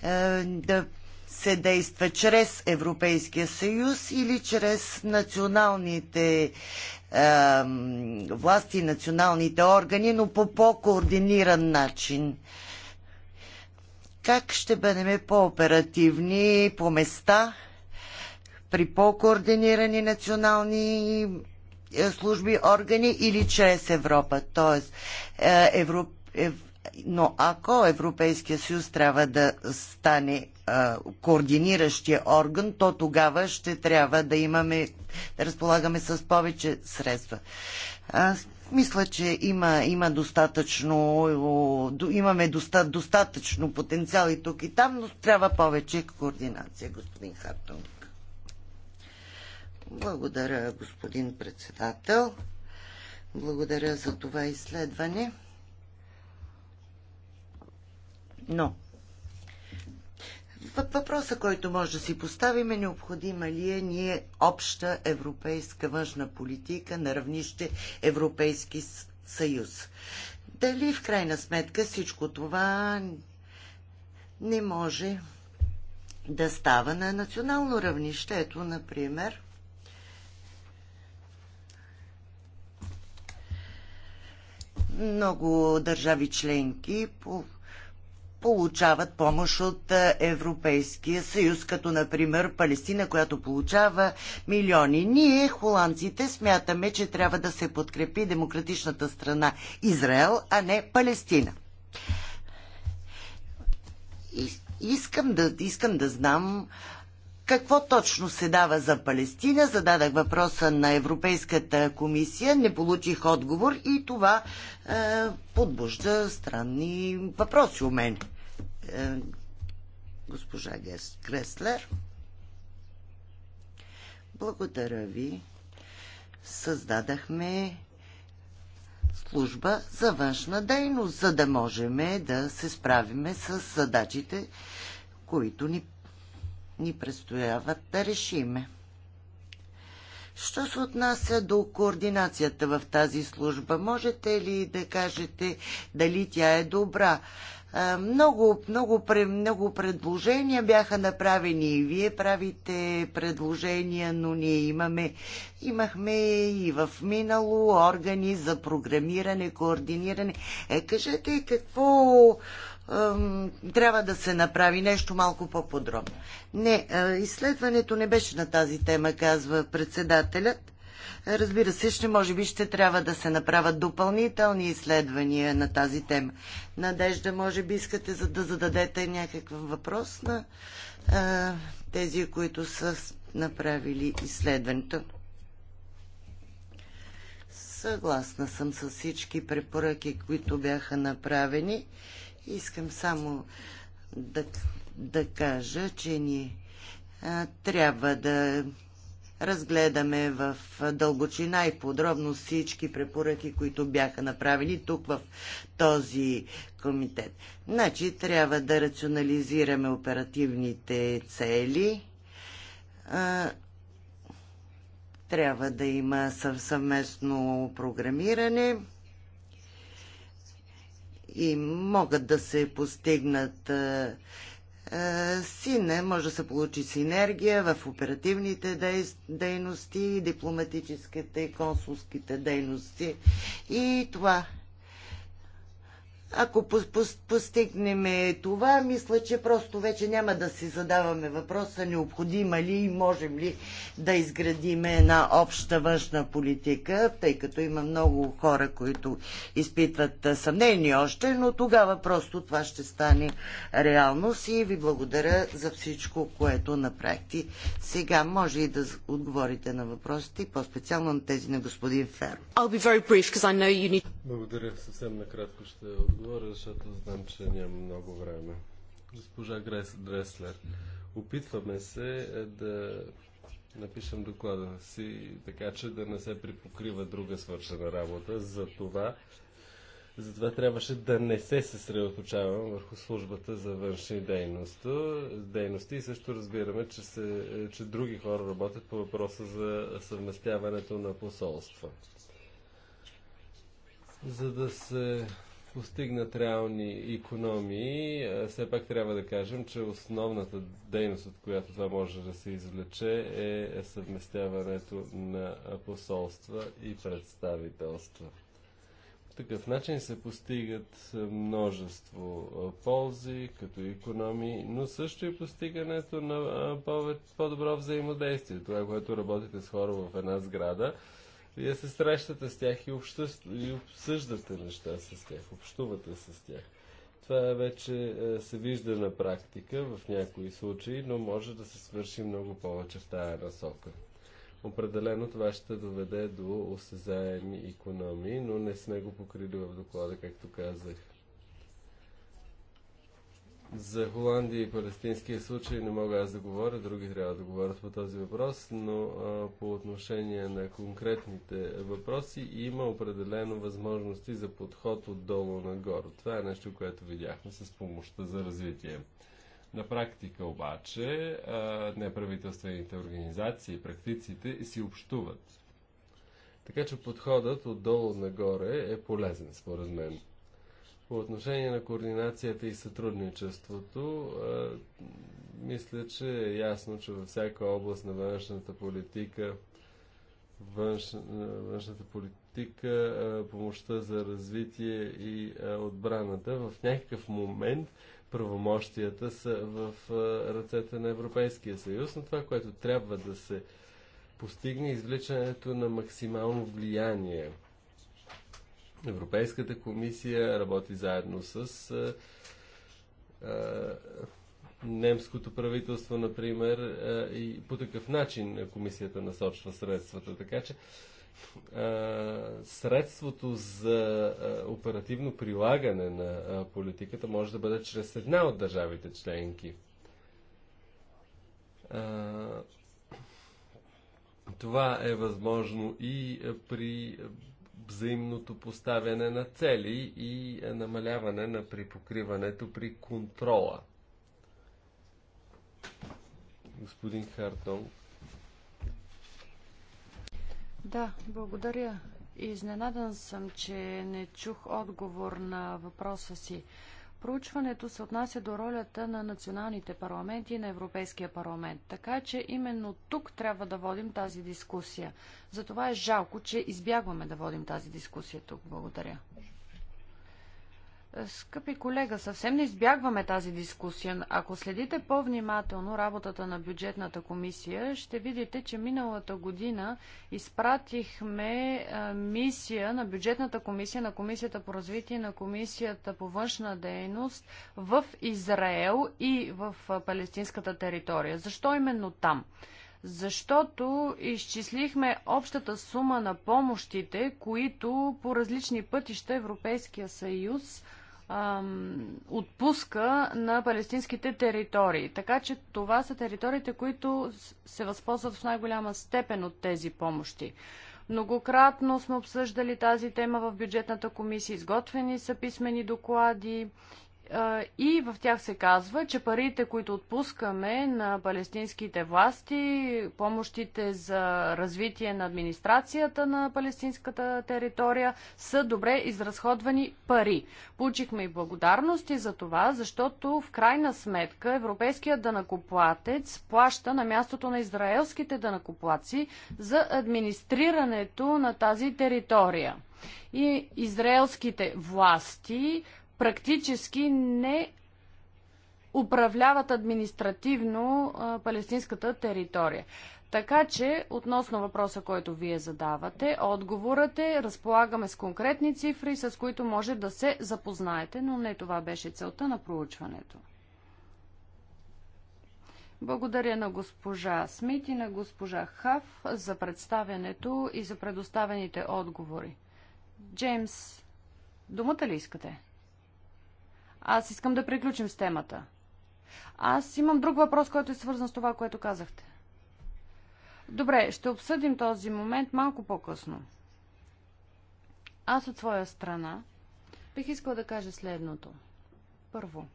е да се действа чрез Европейския съюз или чрез националните е, власти, националните органи, но по по-координиран начин? Е, как ще бъдем по-оперативни по места при по-координирани национални е, служби, органи или чрез Европа? Тоест, е, Европ... Е, но ако Европейския съюз трябва да стане координиращия орган, то тогава ще трябва да имаме, да разполагаме с повече средства. Аз мисля, че има, има достатъчно, имаме доста, достатъчно потенциал и тук и там, но трябва повече координация, господин Хартунг. Благодаря, господин председател. Благодаря за това изследване. Но Въпроса, който може да си поставим е необходима ли е ние обща европейска външна политика на равнище Европейски съюз. Дали в крайна сметка всичко това не може да става на национално равнище. Ето, например, много държави членки по получават помощ от Европейския съюз, като например Палестина, която получава милиони. Ние, холандците, смятаме, че трябва да се подкрепи демократичната страна Израел, а не Палестина. И, искам, да, искам да знам какво точно се дава за Палестина? Зададах въпроса на Европейската комисия, не получих отговор и това е, подбужда странни въпроси у мен. Е, госпожа Гес Креслер. Благодаря ви. Създадахме служба за външна дейност, за да можем да се справиме с задачите, които ни, ни предстояват да решиме. Що се отнася до координацията в тази служба, можете ли да кажете дали тя е добра? Много, много, много предложения бяха направени и вие правите предложения, но ние имаме, имахме и в минало органи за програмиране, координиране. Е, кажете какво трябва да се направи нещо малко по-подробно. Не, изследването не беше на тази тема, казва председателят. Разбира се, ще може би ще трябва да се направят допълнителни изследвания на тази тема. Надежда, може би искате за да зададете някакъв въпрос на а, тези, които са направили изследването. Съгласна съм с всички препоръки, които бяха направени. Искам само да, да кажа, че ни а, трябва да разгледаме в дълбочина и подробно всички препоръки, които бяха направени тук в този комитет. Значи трябва да рационализираме оперативните цели. Трябва да има съвместно програмиране и могат да се постигнат е, сине, може да се получи синергия в оперативните дейности, дипломатическите и консулските дейности. И това ако постигнем това, мисля, че просто вече няма да си задаваме въпроса необходима ли и можем ли да изградиме една обща външна политика, тъй като има много хора, които изпитват съмнение още, но тогава просто това ще стане реалност и ви благодаря за всичко, което направихте. Сега може и да отговорите на въпросите по-специално на тези на господин Ферм. Need... Благодаря. Съвсем накратко ще отговоря отговоря, защото знам, че няма много време. Госпожа Грес, Дреслер, опитваме се е, да напишем доклада си, така че да не се припокрива друга свършена работа. За това, затова трябваше да не се съсредоточавам върху службата за външни дейности. дейности и също разбираме, че, се, е, че други хора работят по въпроса за съвместяването на посолства. За да се постигнат реални економии, е, все пак трябва да кажем, че основната дейност, от която това може да се извлече, е съвместяването на посолства и представителства. По такъв начин се постигат множество е, ползи, като економии, но също и постигането на е, по-добро взаимодействие. Това, което работите с хора в една сграда, вие се срещате с тях и, общу... и обсъждате неща с тях, общувате с тях. Това вече е, се вижда на практика в някои случаи, но може да се свърши много повече в тая насока. Определено това ще доведе до осезаеми економии, но не сме го покрили в доклада, както казах за Холандия и палестинския случай не мога аз да говоря, други трябва да говорят по този въпрос, но а, по отношение на конкретните въпроси има определено възможности за подход отдолу нагоре. Това е нещо, което видяхме с помощта за развитие. На практика обаче а, неправителствените организации, практиците си общуват. Така че подходът отдолу нагоре е полезен, според мен. По отношение на координацията и сътрудничеството, мисля, че е ясно, че във всяка област на външната политика, външ, външната политика, помощта за развитие и отбраната, в някакъв момент правомощията са в ръцете на Европейския съюз, но това, което трябва да се постигне, е извличането на максимално влияние – Европейската комисия работи заедно с а, а, немското правителство, например, а, и по такъв начин комисията насочва средствата. Така че средството за оперативно прилагане на политиката може да бъде чрез една от държавите членки. Това е възможно и при взаимното поставяне на цели и е намаляване на припокриването при контрола. Господин Хартон. Да, благодаря. Изненадан съм, че не чух отговор на въпроса си. Проучването се отнася до ролята на националните парламенти и на Европейския парламент. Така че именно тук трябва да водим тази дискусия. Затова е жалко, че избягваме да водим тази дискусия тук. Благодаря. Скъпи колега, съвсем не избягваме тази дискусия. Ако следите по-внимателно работата на бюджетната комисия, ще видите, че миналата година изпратихме мисия на бюджетната комисия, на комисията по развитие, на комисията по външна дейност в Израел и в палестинската територия. Защо именно там? защото изчислихме общата сума на помощите, които по различни пътища Европейския съюз отпуска на палестинските територии. Така че това са териториите, които се възползват в най-голяма степен от тези помощи. Многократно сме обсъждали тази тема в бюджетната комисия, изготвени са писмени доклади и в тях се казва, че парите, които отпускаме на палестинските власти, помощите за развитие на администрацията на палестинската територия, са добре изразходвани пари. Получихме и благодарности за това, защото в крайна сметка европейският данакоплатец плаща на мястото на израелските данакоплаци за администрирането на тази територия. И израелските власти практически не управляват административно а, палестинската територия. Така че, относно въпроса, който вие задавате, отговорът е, разполагаме с конкретни цифри, с които може да се запознаете, но не това беше целта на проучването. Благодаря на госпожа Смит и на госпожа Хав за представянето и за предоставените отговори. Джеймс, думата ли искате? Аз искам да приключим с темата. Аз имам друг въпрос, който е свързан с това, което казахте. Добре, ще обсъдим този момент малко по-късно. Аз от своя страна бих искал да кажа следното. Първо,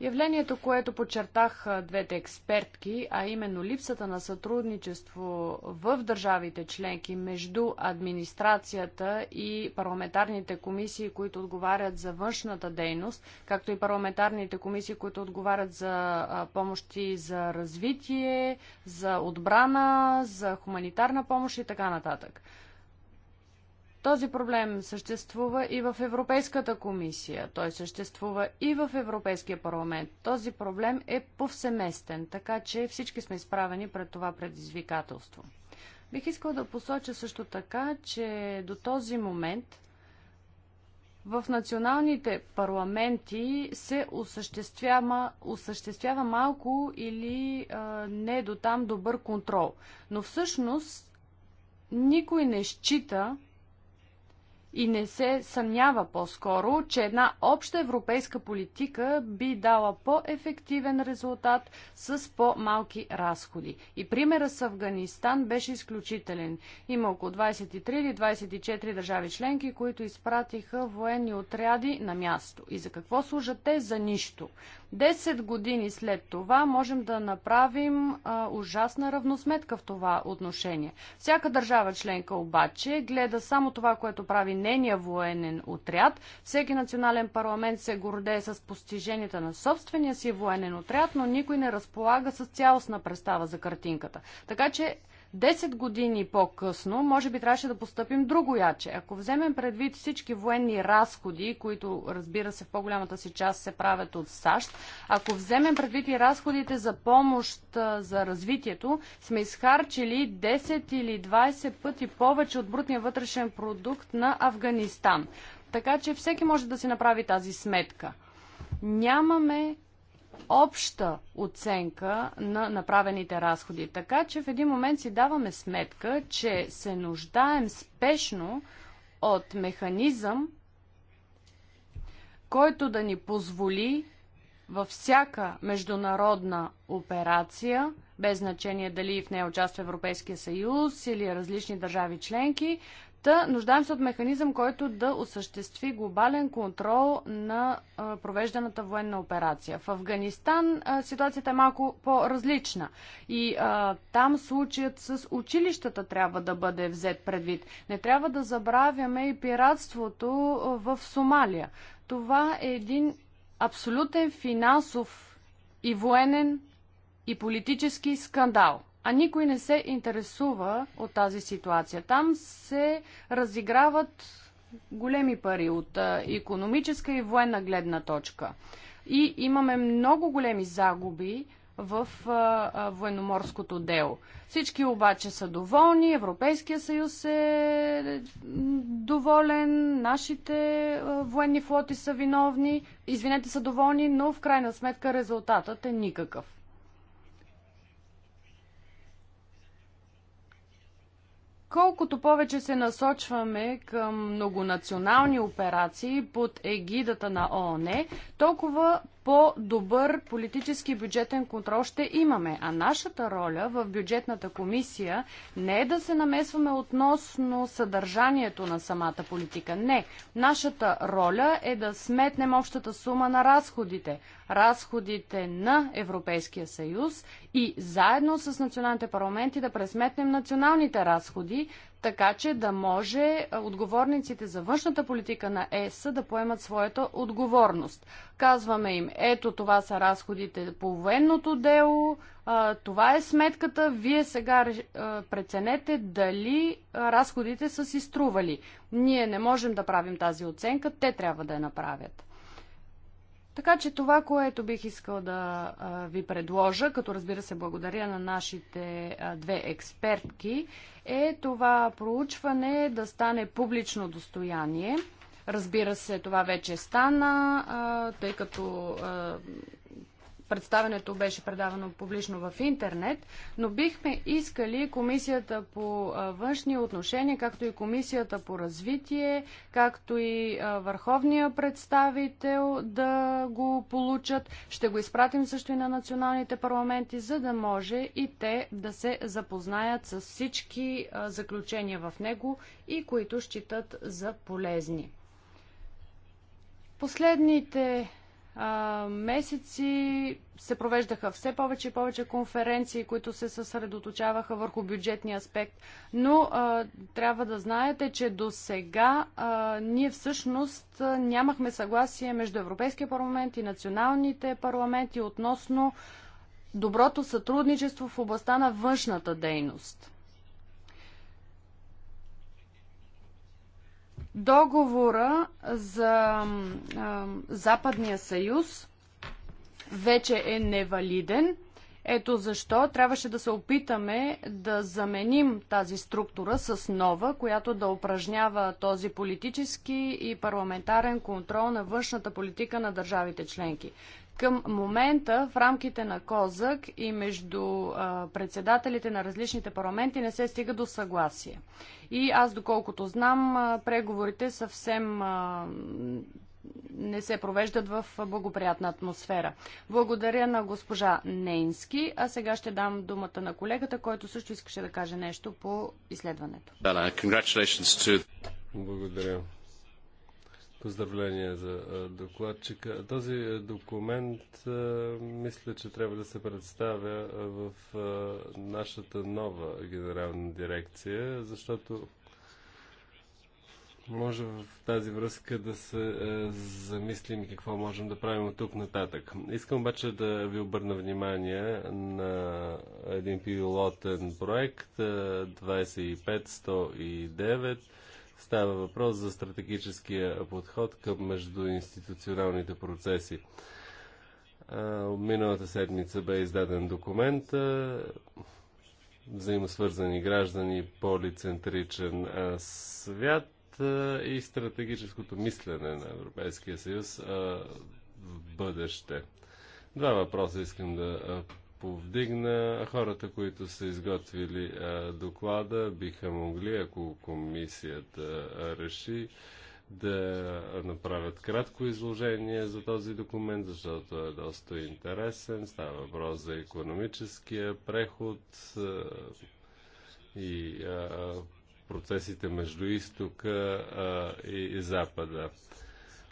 Явлението, което подчертах двете експертки, а именно липсата на сътрудничество в държавите членки между администрацията и парламентарните комисии, които отговарят за външната дейност, както и парламентарните комисии, които отговарят за помощи за развитие, за отбрана, за хуманитарна помощ и така нататък. Този проблем съществува и в Европейската комисия. Той съществува и в Европейския парламент. Този проблем е повсеместен, така че всички сме изправени пред това предизвикателство. Бих искал да посоча също така, че до този момент в националните парламенти се осъществява, осъществява малко или а, не до там добър контрол. Но всъщност никой не счита, и не се съмнява по-скоро, че една обща европейска политика би дала по-ефективен резултат с по-малки разходи. И примера с Афганистан беше изключителен. Има около 23 или 24 държави членки, които изпратиха военни отряди на място. И за какво служат те? За нищо. Десет години след това можем да направим а, ужасна равносметка в това отношение. Всяка държава членка обаче гледа само това, което прави нейния военен отряд. Всеки национален парламент се гордее с постиженията на собствения си военен отряд, но никой не разполага с цялостна представа за картинката. Така че Десет години по-късно, може би трябваше да поступим другояче. Ако вземем предвид всички военни разходи, които разбира се в по-голямата си част се правят от САЩ, ако вземем предвид и разходите за помощ за развитието, сме изхарчили 10 или 20 пъти повече от брутния вътрешен продукт на Афганистан. Така че всеки може да си направи тази сметка. Нямаме обща оценка на направените разходи. Така че в един момент си даваме сметка, че се нуждаем спешно от механизъм, който да ни позволи във всяка международна операция, без значение дали в нея участва Европейския съюз или различни държави членки, Та, нуждаем се от механизъм, който да осъществи глобален контрол на а, провежданата военна операция. В Афганистан а, ситуацията е малко по-различна и а, там случаят с училищата трябва да бъде взет предвид. Не трябва да забравяме и пиратството в Сомалия. Това е един абсолютен финансов и военен и политически скандал а никой не се интересува от тази ситуация. Там се разиграват големи пари от економическа и военна гледна точка. И имаме много големи загуби в а, а, военноморското дело. Всички обаче са доволни, Европейския съюз е, е доволен, нашите а, военни флоти са виновни, извинете са доволни, но в крайна сметка резултатът е никакъв. Колкото повече се насочваме към многонационални операции под егидата на ООН, толкова по-добър политически бюджетен контрол ще имаме. А нашата роля в бюджетната комисия не е да се намесваме относно съдържанието на самата политика. Не. Нашата роля е да сметнем общата сума на разходите. Разходите на Европейския съюз и заедно с националните парламенти да пресметнем националните разходи, така че да може отговорниците за външната политика на ЕС да поемат своята отговорност. Казваме им, ето това са разходите по военното дело, това е сметката, вие сега преценете дали разходите са си стрували. Ние не можем да правим тази оценка, те трябва да я направят. Така че това, което бих искал да ви предложа, като разбира се благодаря на нашите две експертки, е това проучване да стане публично достояние. Разбира се, това вече стана, тъй като Представенето беше предавано публично в интернет, но бихме искали Комисията по външни отношения, както и Комисията по развитие, както и Върховния представител да го получат. Ще го изпратим също и на националните парламенти, за да може и те да се запознаят с всички заключения в него и които считат за полезни. Последните месеци се провеждаха все повече и повече конференции, които се съсредоточаваха върху бюджетния аспект. Но а, трябва да знаете, че до сега а, ние всъщност нямахме съгласие между Европейския парламент и националните парламенти относно доброто сътрудничество в областта на външната дейност. Договора за а, Западния съюз вече е невалиден. Ето защо трябваше да се опитаме да заменим тази структура с нова, която да упражнява този политически и парламентарен контрол на външната политика на държавите членки. Към момента в рамките на Козък и между а, председателите на различните парламенти не се стига до съгласие. И аз, доколкото знам, а, преговорите съвсем а, не се провеждат в благоприятна атмосфера. Благодаря на госпожа Нейнски, а сега ще дам думата на колегата, който също искаше да каже нещо по изследването. Благодаря. Поздравления за докладчика. Този документ мисля, че трябва да се представя в нашата нова генерална дирекция, защото може в тази връзка да се замислим какво можем да правим от тук нататък. Искам обаче да ви обърна внимание на един пилотен проект 25109 Става въпрос за стратегическия подход към междуинституционалните процеси. Миналата седмица бе издаден документ взаимосвързани граждани, полицентричен свят и стратегическото мислене на Европейския съюз в бъдеще. Два въпроса искам да повдигна. Хората, които са изготвили а, доклада, биха могли, ако комисията реши, да направят кратко изложение за този документ, защото е доста интересен. Става въпрос за економическия преход и а, процесите между изтока и запада.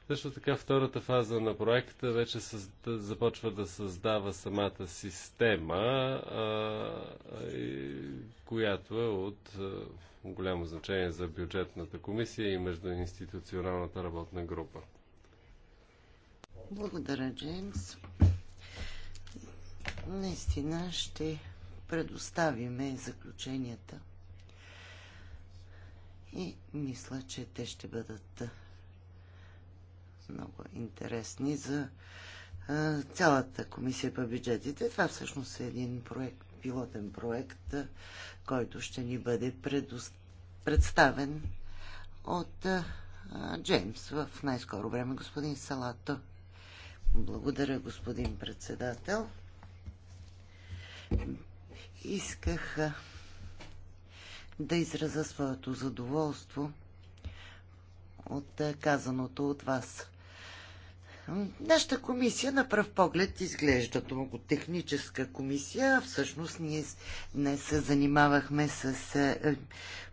Също така втората фаза на проекта вече създа, започва да създава самата система, а, и, която е от а, голямо значение за бюджетната комисия и междуинституционалната работна група. Благодаря, Джеймс. Наистина ще предоставиме заключенията и мисля, че те ще бъдат много интересни за цялата комисия по бюджетите. Това всъщност е един проект, пилотен проект, който ще ни бъде представен от Джеймс в най-скоро време, господин Салато. Благодаря, господин председател. Исках да изразя своето задоволство от казаното от вас. Нашата комисия на пръв поглед изглежда много техническа комисия. Всъщност ние днес се занимавахме с е, е,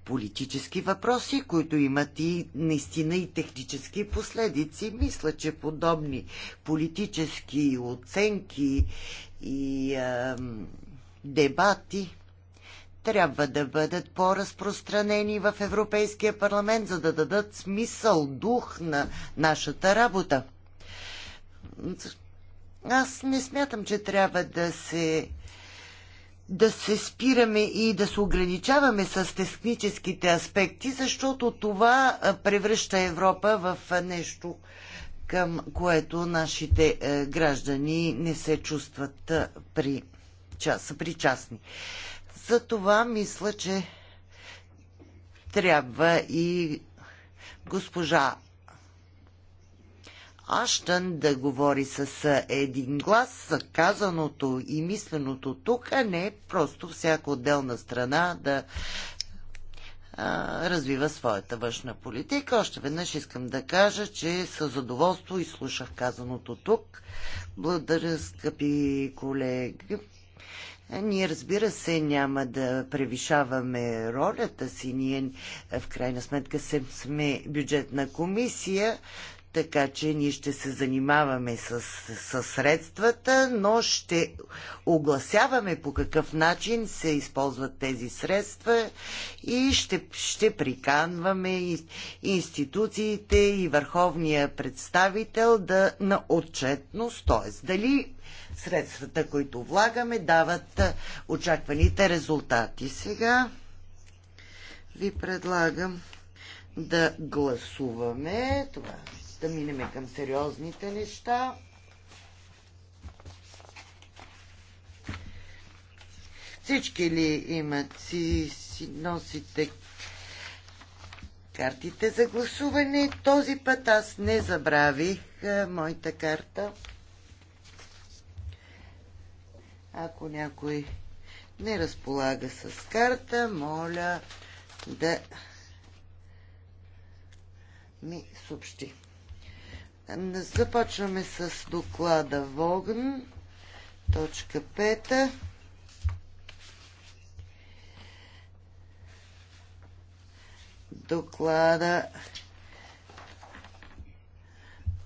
политически въпроси, които имат и наистина и технически последици. Мисля, че подобни политически оценки и а, е, дебати трябва да бъдат по-разпространени в Европейския парламент, за да дадат смисъл, дух на нашата работа. Аз не смятам, че трябва да се да се спираме и да се ограничаваме с техническите аспекти, защото това превръща Европа в нещо, към което нашите е, граждани не се чувстват при, са причастни. За това мисля, че трябва и госпожа Аштън да говори с един глас, казаното и мисленото тук, а не просто всяка отделна страна да развива своята външна политика. Още веднъж искам да кажа, че със задоволство изслушах казаното тук. Благодаря, скъпи колеги. Ние, разбира се, няма да превишаваме ролята си. Ние, в крайна сметка, сме бюджетна комисия, така че ние ще се занимаваме с, с средствата, но ще огласяваме по какъв начин се използват тези средства и ще, ще приканваме институциите и върховния представител да, на отчетност, т.е. дали средствата, които влагаме, дават очакваните резултати. Сега ви предлагам да гласуваме. Това да минем към сериозните неща. Всички ли имат си, си носите картите за гласуване? Този път аз не забравих а, моята карта. Ако някой не разполага с карта, моля да ми съобщи. Започваме с доклада Вогн, точка 5. Доклада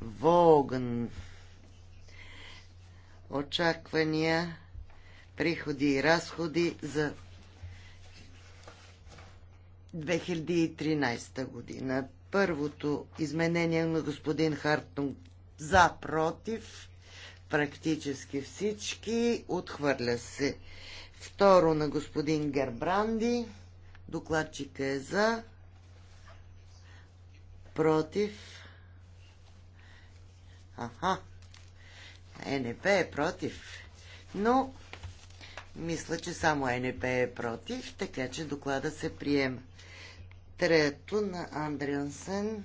Вогн. Очаквания, приходи и разходи за 2013 година. Първото изменение на господин Хартунг за, против, практически всички, отхвърля се. Второ на господин Гербранди, докладчика е за, против, аха, НП е против, но мисля, че само НП е против, така че доклада се приема. Трето на Андриансен.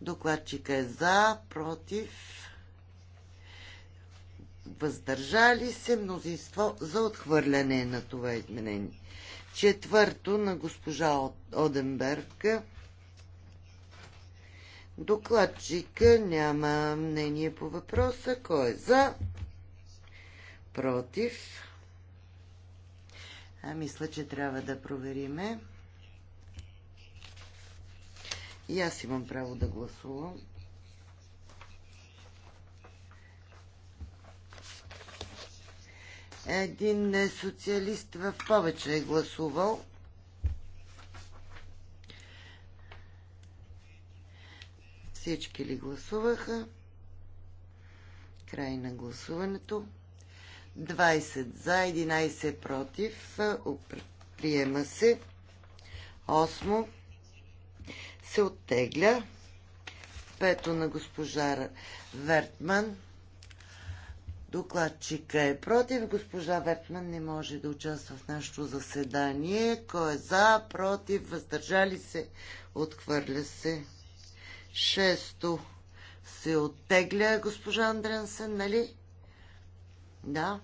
Докладчика е за, против, въздържали се мнозинство за отхвърляне на това изменение. Четвърто на госпожа Оденберг. Докладчика няма мнение по въпроса. Кой е за? Против? А, мисля, че трябва да провериме. И аз имам право да гласувам. Един социалист в повече е гласувал. Всички ли гласуваха? Край на гласуването. 20 за, 11 против. Приема се. Осмо се оттегля. Пето на госпожа Вертман. Докладчика е против. Госпожа Вертман не може да участва в нашето заседание. Кой е за, против, въздържали се, отхвърля се. Шесто се оттегля госпожа Андренсен, нали? Да.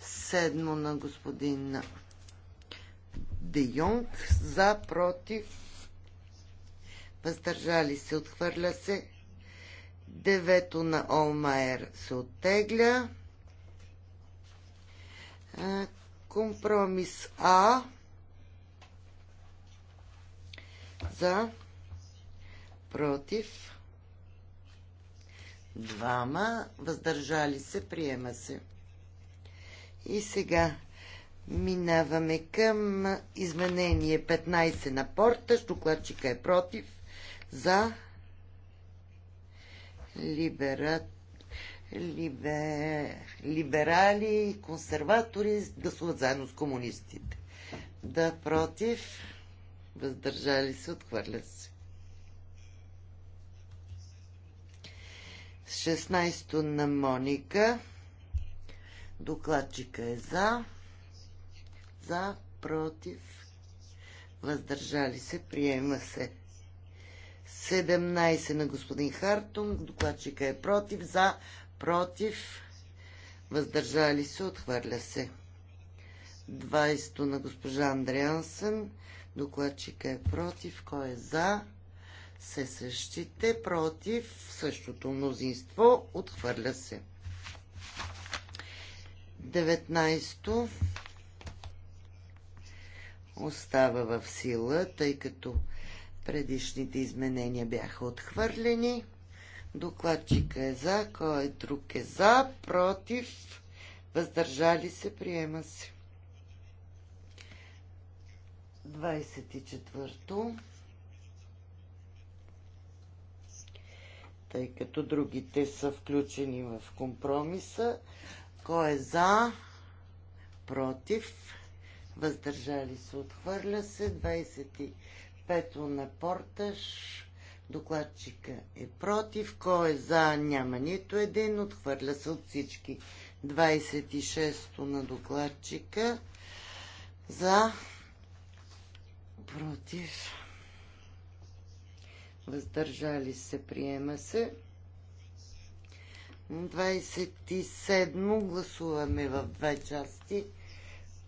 Седмо на господин Де Йонг за против. Въздържали се, отхвърля се. Девето на Олмайер се оттегля. Компромис А за против двама въздържали се, приема се. И сега Минаваме към изменение 15 на порта. Докладчика е против. За либера... либе... либерали, консерватори гласуват заедно с комунистите. Да, против. Въздържали се, отхвърля се. 16 на Моника. Докладчика е за за, против, въздържали се, приема се. 17 на господин Хартунг, докладчика е против, за, против, въздържали се, отхвърля се. 20 на госпожа Андреансен, докладчика е против, кой е за, се същите, против, същото мнозинство, отхвърля се. 19 остава в сила, тъй като предишните изменения бяха отхвърлени. Докладчика е за, кой друг е за, против, въздържали се, приема се. 24-то. Тъй като другите са включени в компромиса. Кой е за, против, въздържали се, отхвърля се. 25 на Порташ, докладчика е против, кой е за, няма нито един, отхвърля се от всички. 26 на докладчика за против въздържали се, приема се. 27 гласуваме в две части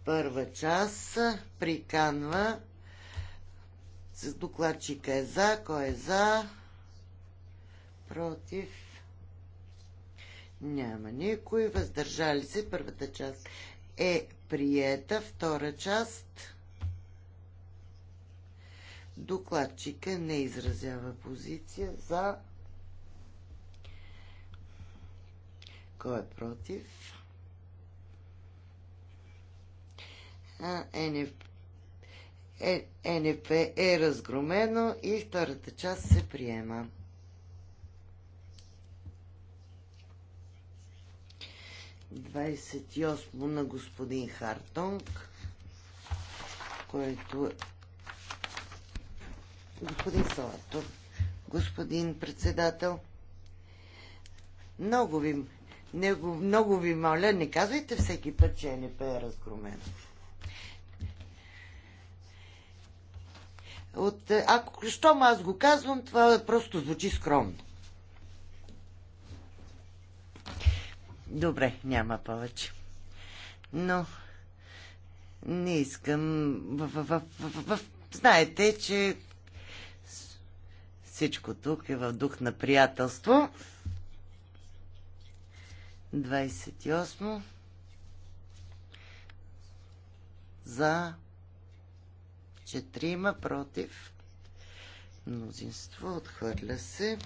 първа част приканва с докладчика е за, кой е за, против, няма никой, въздържали се, първата част е приета, втора част докладчика не изразява позиция за, кой е против, НФ, е, НФ е разгромено и втората част се приема. Двадесет и осмо на господин Хартонг, който е- господин Салатов, господин председател. Много ви, много, много ви моля, не казвайте всеки път, че НП е разгромено. От, е, ако, щом аз го казвам, това просто звучи скромно. Добре, няма повече. Но не искам. знаете, че всичко тук е в дух на приятелство. 28. За 4 против. Мнозинство отхвърля се.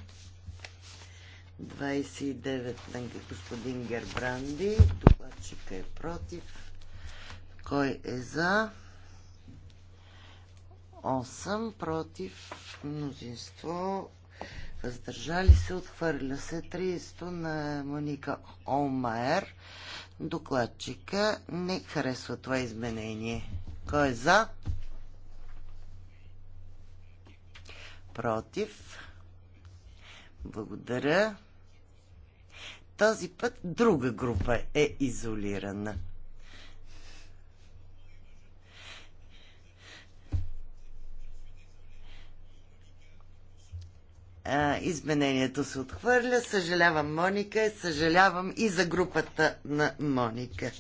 29 на господин Гербранди. Докладчика е против. Кой е за? 8 против. Мнозинство въздържали се. Отхвърля се 30 на Моника Олмайер. Докладчика не харесва това изменение. Кой е за? против. Благодаря. Този път друга група е изолирана. изменението се отхвърля. Съжалявам Моника, съжалявам и за групата на Моника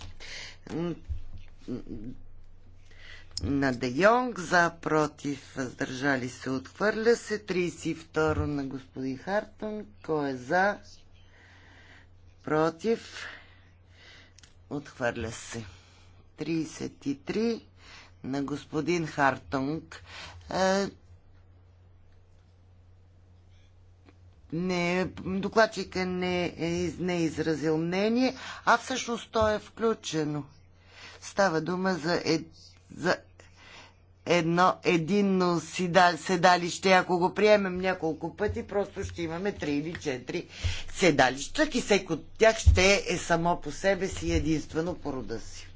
на Де Йонг, за, против, въздържали се, отхвърля се. 32 на господин Хартон. кой е за, против, отхвърля се. 33 на господин Хартунг. Е, не, докладчика не е, не е изразил мнение, а всъщност то е включено. Става дума за, е, за едно единно седалище. Ако го приемем няколко пъти, просто ще имаме 3 или 4 седалища и всеки от тях ще е само по себе си единствено по рода си.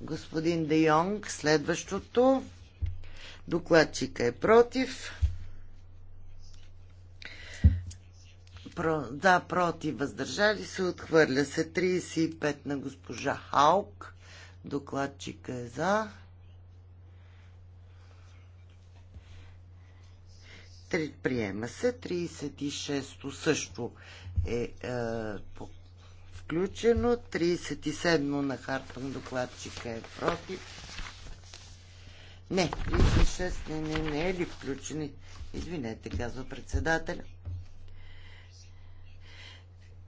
Господин Де Йонг, следващото. Докладчика е против. Про, да, против, въздържали се, отхвърля се 35 на госпожа Халк. Докладчика е за. приема се. 36-то също е, е включено. 37-то на Хартън докладчика е против. Не, 36 не, не, не е ли включени? Извинете, казва председателя.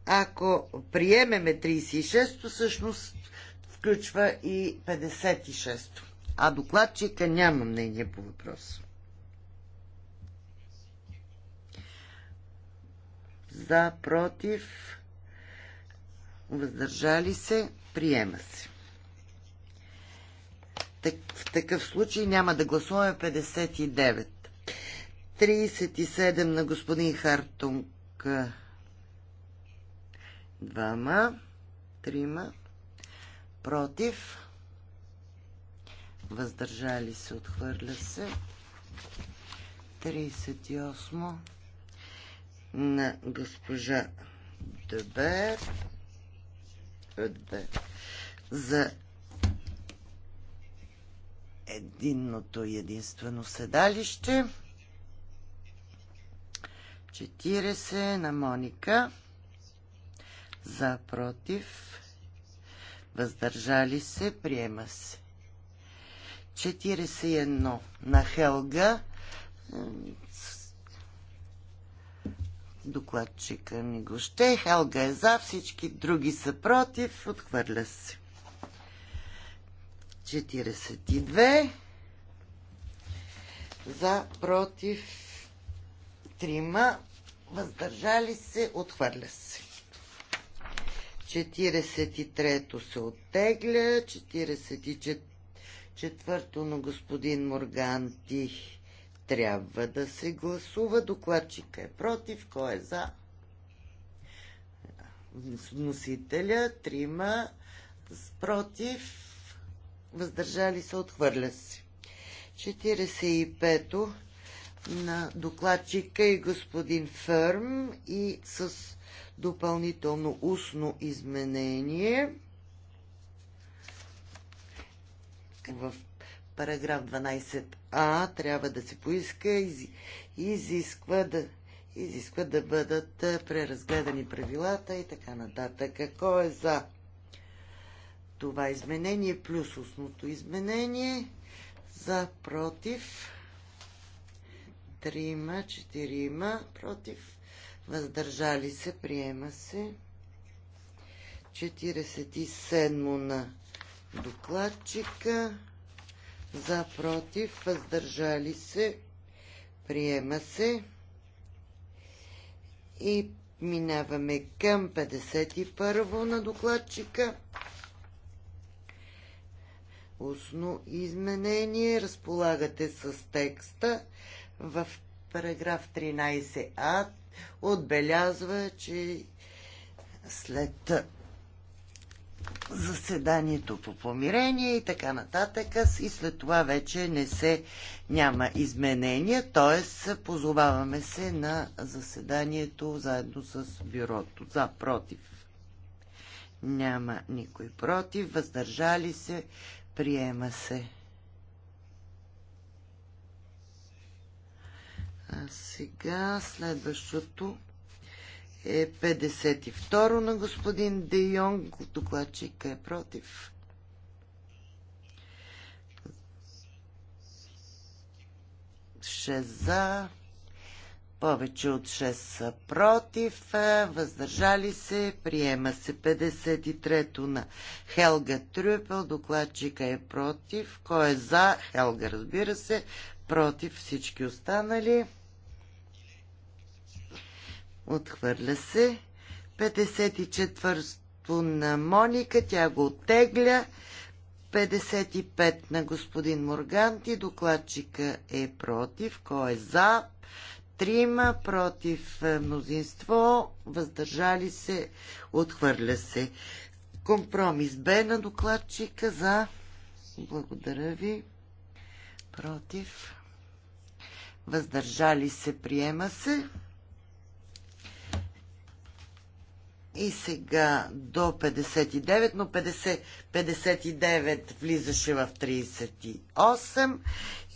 Ако приемеме 36-то, всъщност включва и 56-то. А докладчика няма мнение по въпроса. за, против, въздържали се, приема се. Так, в такъв случай няма да гласуваме 59. 37 на господин Хартунг. Двама. Трима. Против. Въздържали се, отхвърля се. 38 на госпожа Дебер за единното и единствено седалище. 40 на Моника. За, против. Въздържали се. Приема се. 41 на Хелга. Докладчика ми го ще. Хелга е за, всички други са против. Отхвърля се. 42 за, против 3 въздържали се, отхвърля се. 43-то се оттегля, 44-то на господин Морганти трябва да се гласува. Докладчика е против, кой е за? Вносителя, трима, против, въздържали се, отхвърля се. 45-то на докладчика и е господин Фърм и с допълнително устно изменение в параграф 12а трябва да се поиска и изисква да, изисква да бъдат преразгледани правилата и така нататък. Какво е за това изменение плюс устното изменение? За против. 4-ма, против. Въздържали се, приема се. 47 на докладчика за против, въздържали се, приема се. И минаваме към 51-во на докладчика. Устно изменение. Разполагате с текста в параграф 13а. Отбелязва, че след заседанието по помирение и така нататък. И след това вече не се няма изменения, т.е. позоваваме се на заседанието заедно с бюрото. За, против. Няма никой против. Въздържали се. Приема се. А сега следващото е 52 на господин Де Йонг. Докладчик е против. Шест за. Повече от 6 са против. Въздържали се. Приема се 53-то на Хелга Трюпел. Докладчика е против. Кой е за? Хелга, разбира се. Против всички останали. Отхвърля се. 54-то на Моника, тя го оттегля. 55 на господин Морганти, докладчика е против. Кой е за? Трима против е, мнозинство, въздържали се, отхвърля се. Компромис Б на докладчика за. Благодаря ви. Против. Въздържали се, приема се. И сега до 59, но 50, 59 влизаше в 38.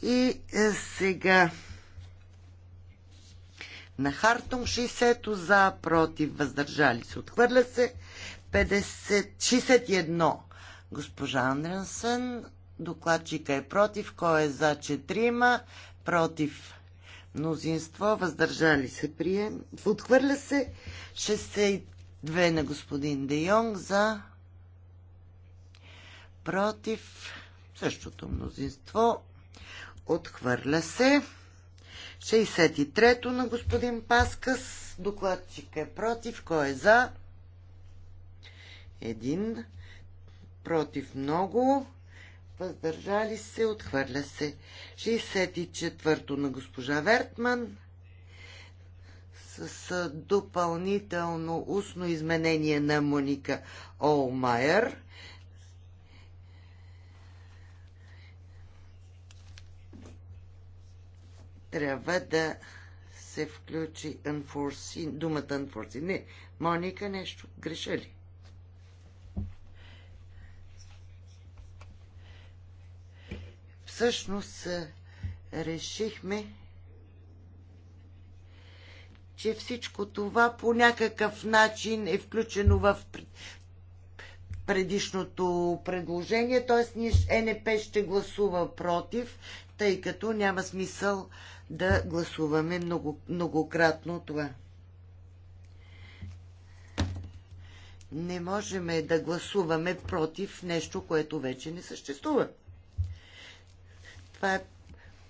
И е, сега на Хартум 60 за, против, въздържали се, отхвърля се. 50, 61 госпожа Андренсен, докладчика е против, кой е за четирима, против мнозинство, въздържали се, прием, отхвърля се. Две на господин Де Йонг за против същото мнозинство. Отхвърля се. 63-то на господин Паскас. Докладчик е против. Кой е за? Един. Против много. Въздържали се. Отхвърля се. 64-то на госпожа Вертман с допълнително устно изменение на Моника Олмайер. Трябва да се включи unforeseen, думата unforeseen. Не, Моника нещо греша ли? Всъщност решихме че всичко това по някакъв начин е включено в предишното предложение, т.е. НП ще гласува против, тъй като няма смисъл да гласуваме много, многократно това. Не можем да гласуваме против нещо, което вече не съществува. Това е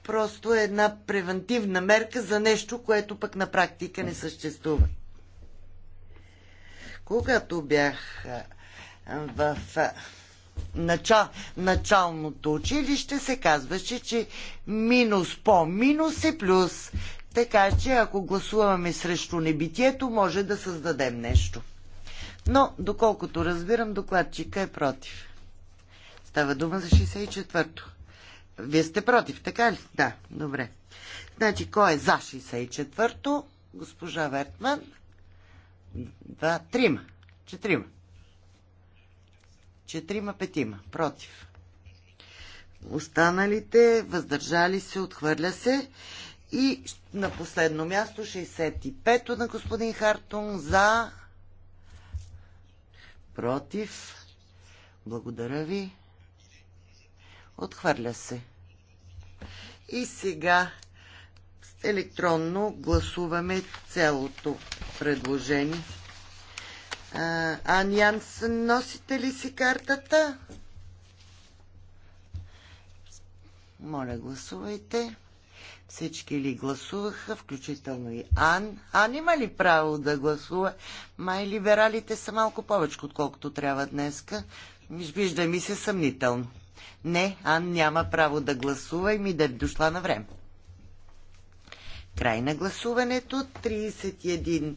просто е една превентивна мерка за нещо, което пък на практика не съществува. Когато бях в начал, началното училище, се казваше, че минус по минус е плюс. Така че ако гласуваме срещу небитието, може да създадем нещо. Но, доколкото разбирам, докладчика е против. Става дума за 64-то. Вие сте против, така ли? Да, добре. Значи, кой е за 64-то? Госпожа Вертман. Два, трима. Четрима. Четрима, петима. Против. Останалите въздържали се, отхвърля се. И на последно място 65-то на господин Хартун за против. Благодаря ви. Отхвърля се. И сега електронно гласуваме цялото предложение. Ан Анианс, носите ли си картата? Моля, гласувайте. Всички ли гласуваха, включително и Ан? Ан има ли право да гласува? Май либералите са малко повече, отколкото трябва днеска. Вижда ми се съмнително. Не, Ан няма право да гласува и ми да е дошла на време. Край на гласуването. 31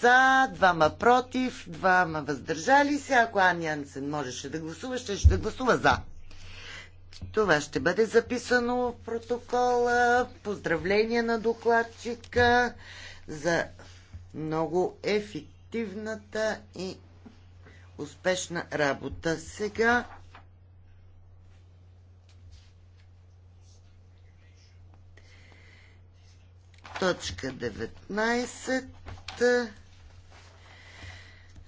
за, двама против, двама въздържали се. Ако Ан Янсен можеше да гласува, ще, ще гласува за. Това ще бъде записано в протокола. Поздравления на докладчика за много ефективната и успешна работа. Сега Точка 19.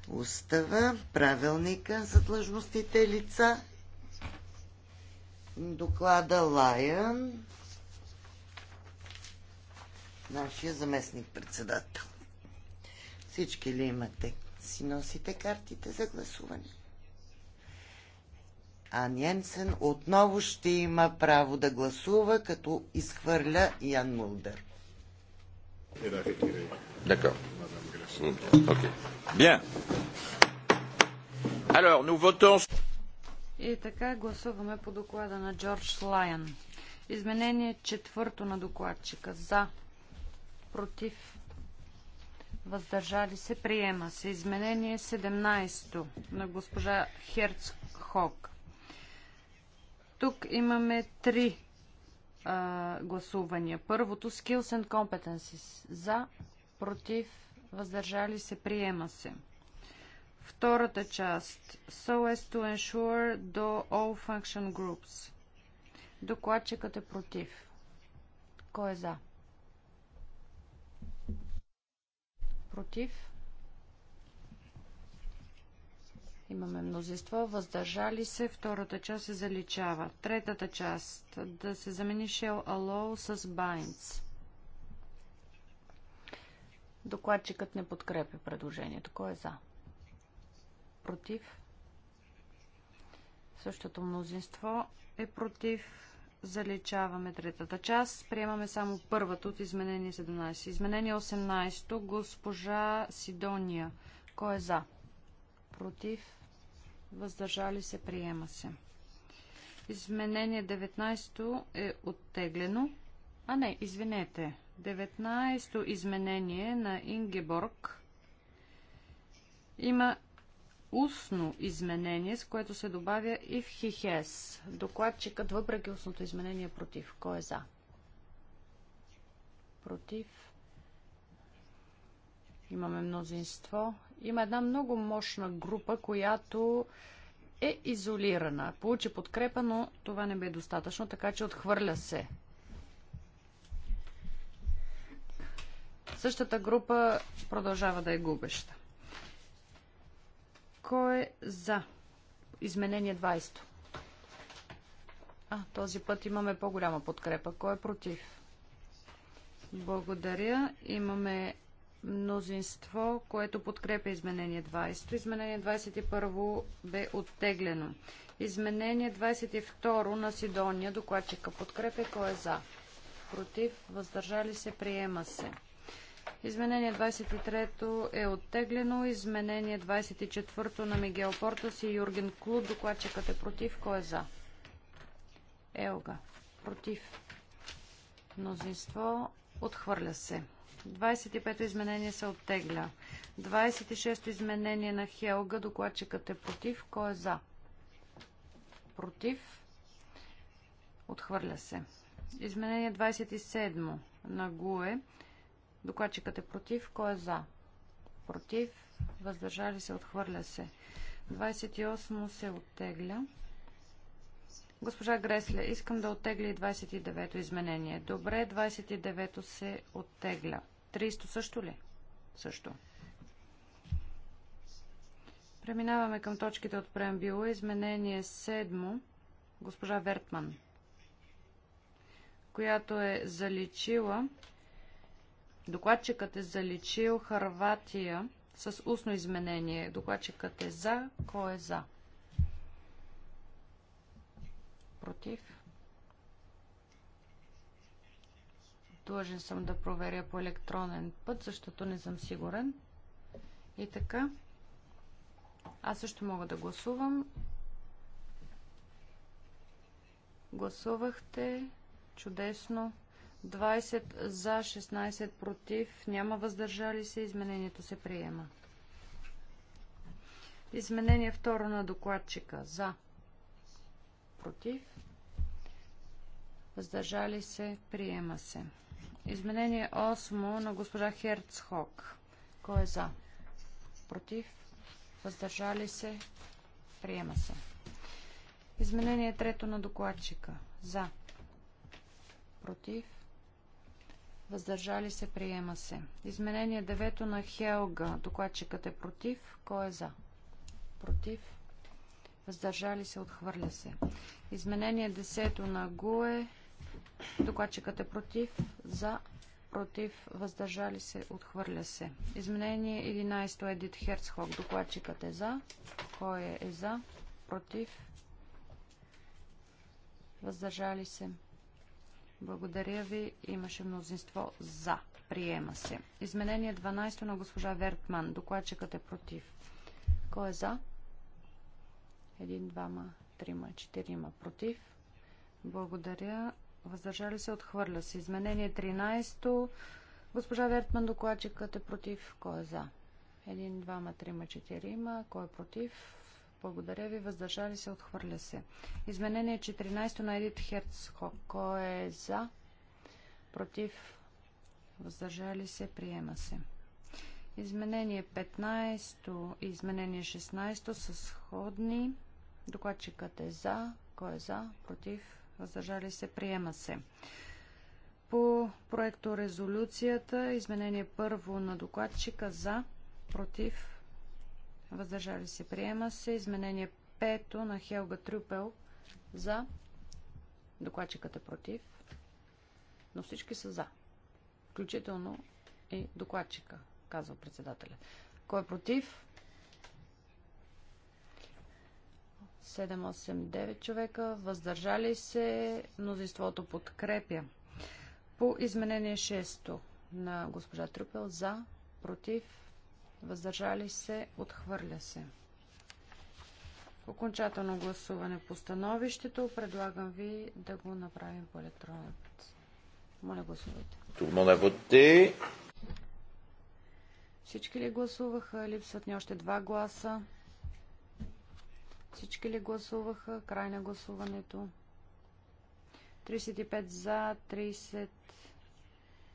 Устава, правилника за длъжностите лица. Доклада Лаян. Нашия заместник-председател. Всички ли имате? Си носите картите за гласуване. А Ненсен отново ще има право да гласува, като изхвърля Ян Мулдър. D'accord. Okay. Bien. Alors, nous votons. И така гласуваме по доклада на Джордж Лайън. Изменение четвърто на докладчика. За. Против. Въздържали се. Приема се. Изменение 17 на госпожа Херцхок. Тук имаме три гласувания. Първото Skills and Competencies. За, против, въздържали се, приема се. Втората част So as to ensure the all function groups. Докладчикът е против. Кой е за? Против? Имаме мнозинство. Въздържали се. Втората част се заличава. Третата част да се замени Shell Allow с Binds. Докладчикът не подкрепя предложението. Кой е за? Против? Същото мнозинство е против. Заличаваме третата част. Приемаме само първата от изменение 17. Изменение 18. Госпожа Сидония. Кой е за? Против? въздържали се, приема се. Изменение 19 е оттеглено. А не, извинете. 19 то изменение на Ингеборг има устно изменение, с което се добавя и в хихес. Докладчикът, въпреки устното изменение, е против. Кой е за? Против. Имаме мнозинство. Има една много мощна група, която е изолирана. Получи подкрепа, но това не бе достатъчно, така че отхвърля се. Същата група продължава да е губеща. Кой е за изменение 20? А, този път имаме по-голяма подкрепа. Кой е против? Благодаря. Имаме мнозинство, което подкрепя изменение 20. Изменение 21 бе оттеглено. Изменение 22 на Сидония. Докладчика подкрепя. Кой е за? Против? Въздържали се? Приема се. Изменение 23 е оттеглено. Изменение 24 на Мигел Портас и Юрген Клуб. Докладчикът е против. Кой е за? Елга. Против. Мнозинство. Отхвърля се. 25-то изменение се оттегля. 26-то изменение на Хелга. Докладчикът е против. Кой е за? Против. Отхвърля се. Изменение 27 на Гуе. Докладчикът е против. Кой е за? Против. Въздържали се. Отхвърля се. 28 се оттегля. Госпожа Гресле, искам да оттегли 29-то изменение. Добре, 29-то се оттегля. 30-то също ли? Също. Преминаваме към точките от преамбила. Изменение 7. Госпожа Вертман, която е заличила. Докладчикът е заличил Харватия с устно изменение. Докладчикът е за. Кой е за? Против. Длъжен съм да проверя по електронен път, защото не съм сигурен. И така. Аз също мога да гласувам. Гласувахте. Чудесно. 20 за, 16 против, няма въздържали се, изменението се приема. Изменение второ на докладчика. За против, въздържали се, приема се. Изменение 8 на госпожа Херцхок. Кой е за? Против, въздържали се, приема се. Изменение 3 на докладчика. За, против, въздържали се, приема се. Изменение 9 на Хелга. Докладчикът е против. Кой е за? Против, въздържали се, отхвърля се. Изменение 10 на ГУЕ, докладчикът е против, за, против, въздържали се, отхвърля се. Изменение 11 Едит Херцхок. докладчикът е за, кой е, е за, против, въздържали се. Благодаря ви. Имаше мнозинство за. Приема се. Изменение 12 на госпожа Вертман. Докладчикът е против. Кой е за? Един, двама, трима, четирима против. Благодаря. Въздържали се, отхвърля се. Изменение 13. Госпожа Вертман, докладчикът е против. Кой е за? Един, двама, трима, четирима. Кой е против? Благодаря ви. Въздържали се, отхвърля се. Изменение 14 на Едит Херц. Кой е за? Против? Въздържали се, приема се. Изменение 15 и изменение 16 са сходни. Докладчикът е за. Кой е за? Против? Въздържали се? Приема се. По проекто резолюцията, изменение първо на докладчика за, против, въздържали се, приема се. Изменение пето на Хелга Трюпел за, докладчикът е против, но всички са за, включително и докладчика, казва председателя. Кой е против? 7-8-9 човека, въздържали се, мнозинството подкрепя. По изменение 6 на госпожа Трюпел за, против, въздържали се, отхвърля се. Окончателно гласуване по становището предлагам ви да го направим по електронен път. Моля гласувайте. Турмона воте. Всички ли гласуваха? Липсват ни още два гласа. Всички ли гласуваха? Край на гласуването. 35 за, 30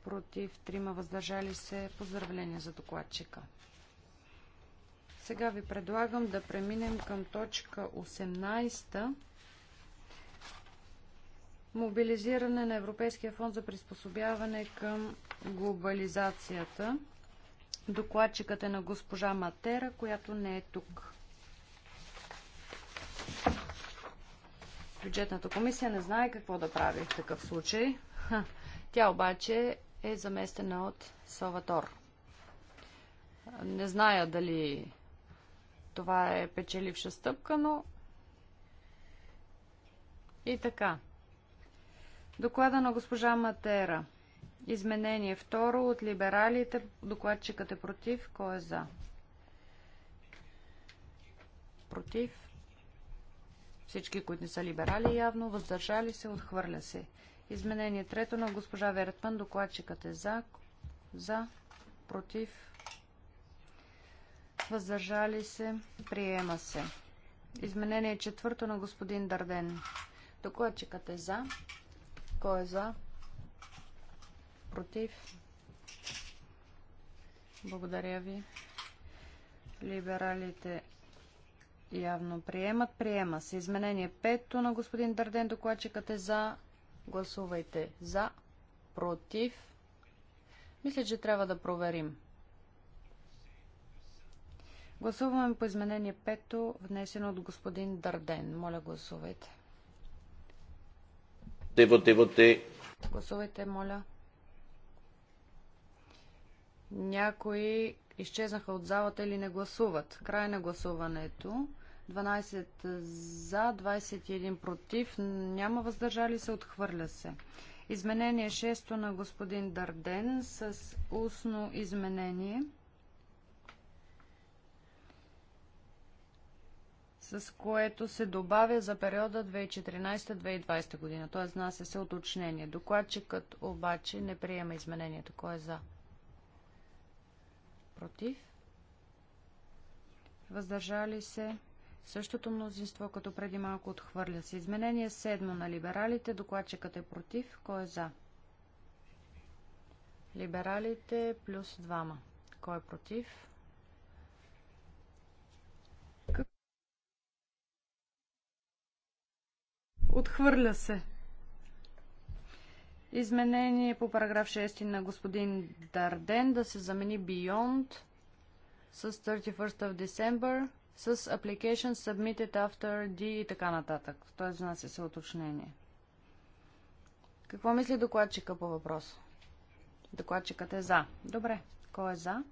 против, 3 въздържали се. Поздравления за докладчика. Сега ви предлагам да преминем към точка 18. Мобилизиране на Европейския фонд за приспособяване към глобализацията. Докладчикът е на госпожа Матера, която не е тук. бюджетната комисия не знае какво да прави в такъв случай. Тя обаче е заместена от Салватор. Не зная дали това е печеливша стъпка, но и така. Доклада на госпожа Матера. Изменение второ от либералите. Докладчикът е против. Кой е за? Против. Всички, които не са либерали, явно въздържали се, отхвърля се. Изменение трето на госпожа Вертман. Докладчикът е за, за, против, въздържали се, приема се. Изменение четвърто на господин Дарден. Докладчикът е за. Кой е за? Против? Благодаря ви. Либералите Явно приемат. Приема се. Изменение 5 на господин Дърден. Докладчикът е за. Гласувайте за. Против. Мисля, че трябва да проверим. Гласуваме по изменение 5, внесено от господин Дърден. Моля, гласувайте. Те, те, Гласувайте, моля. Някои изчезнаха от залата или не гласуват. Край на гласуването. 12 за, 21 против, няма въздържали се, отхвърля се. Изменение 6 на господин Дарден с устно изменение. с което се добавя за периода 2014-2020 година. Тоест, внася се уточнение. Докладчикът обаче не приема изменението. Кой е за? против, въздържали се. Същото мнозинство, като преди малко отхвърля се. Изменение седмо на либералите. Докладчикът е против. Кой е за? Либералите плюс двама. Кой е против? Отхвърля се. Изменение по параграф 6 на господин Дарден да се замени Beyond с 31st of December с application submitted after D и така нататък. Той изнася се уточнение. Какво мисли докладчика по въпрос? Докладчикът е за. Добре. Кой е за?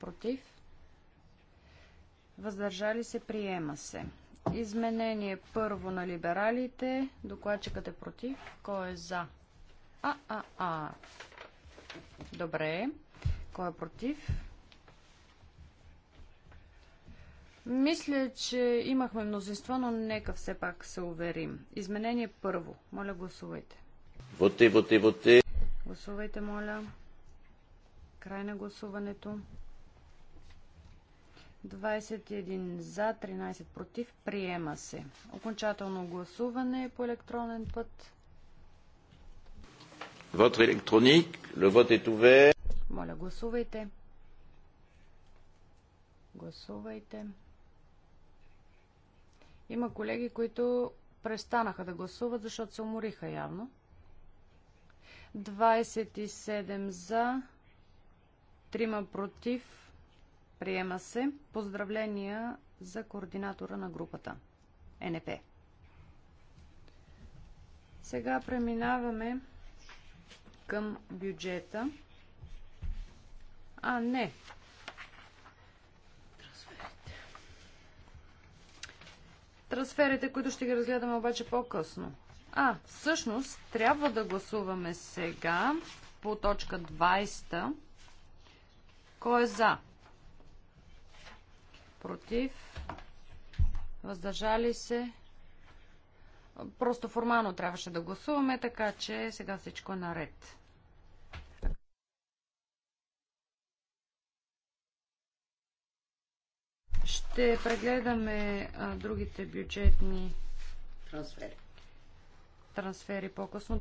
Против? Въздържали се, приема се. Изменение първо на либералите. Докладчикът е против. Кой е за? А, а, а. Добре. Кой е против? Мисля, че имахме мнозинство, но нека все пак се уверим. Изменение първо. Моля, гласувайте. Воти, воти, воти. Гласувайте, моля. Край на гласуването. 21 за, 13 против. Приема се. Окончателно гласуване по електронен път. Votre електроник, le vote est ouvert. Моля, гласувайте. Гласувайте. Има колеги, които престанаха да гласуват, защото се умориха явно. 27 за, 3 против, Приема се. Поздравления за координатора на групата. Е НП. Сега преминаваме към бюджета. А, не. Трансферите. Трансферите, които ще ги разгледаме обаче по-късно. А, всъщност, трябва да гласуваме сега по точка 20. Кой е за? против, въздържали се. Просто формално трябваше да гласуваме, така че сега всичко е наред. Ще прегледаме другите бюджетни трансфери, трансфери по-късно.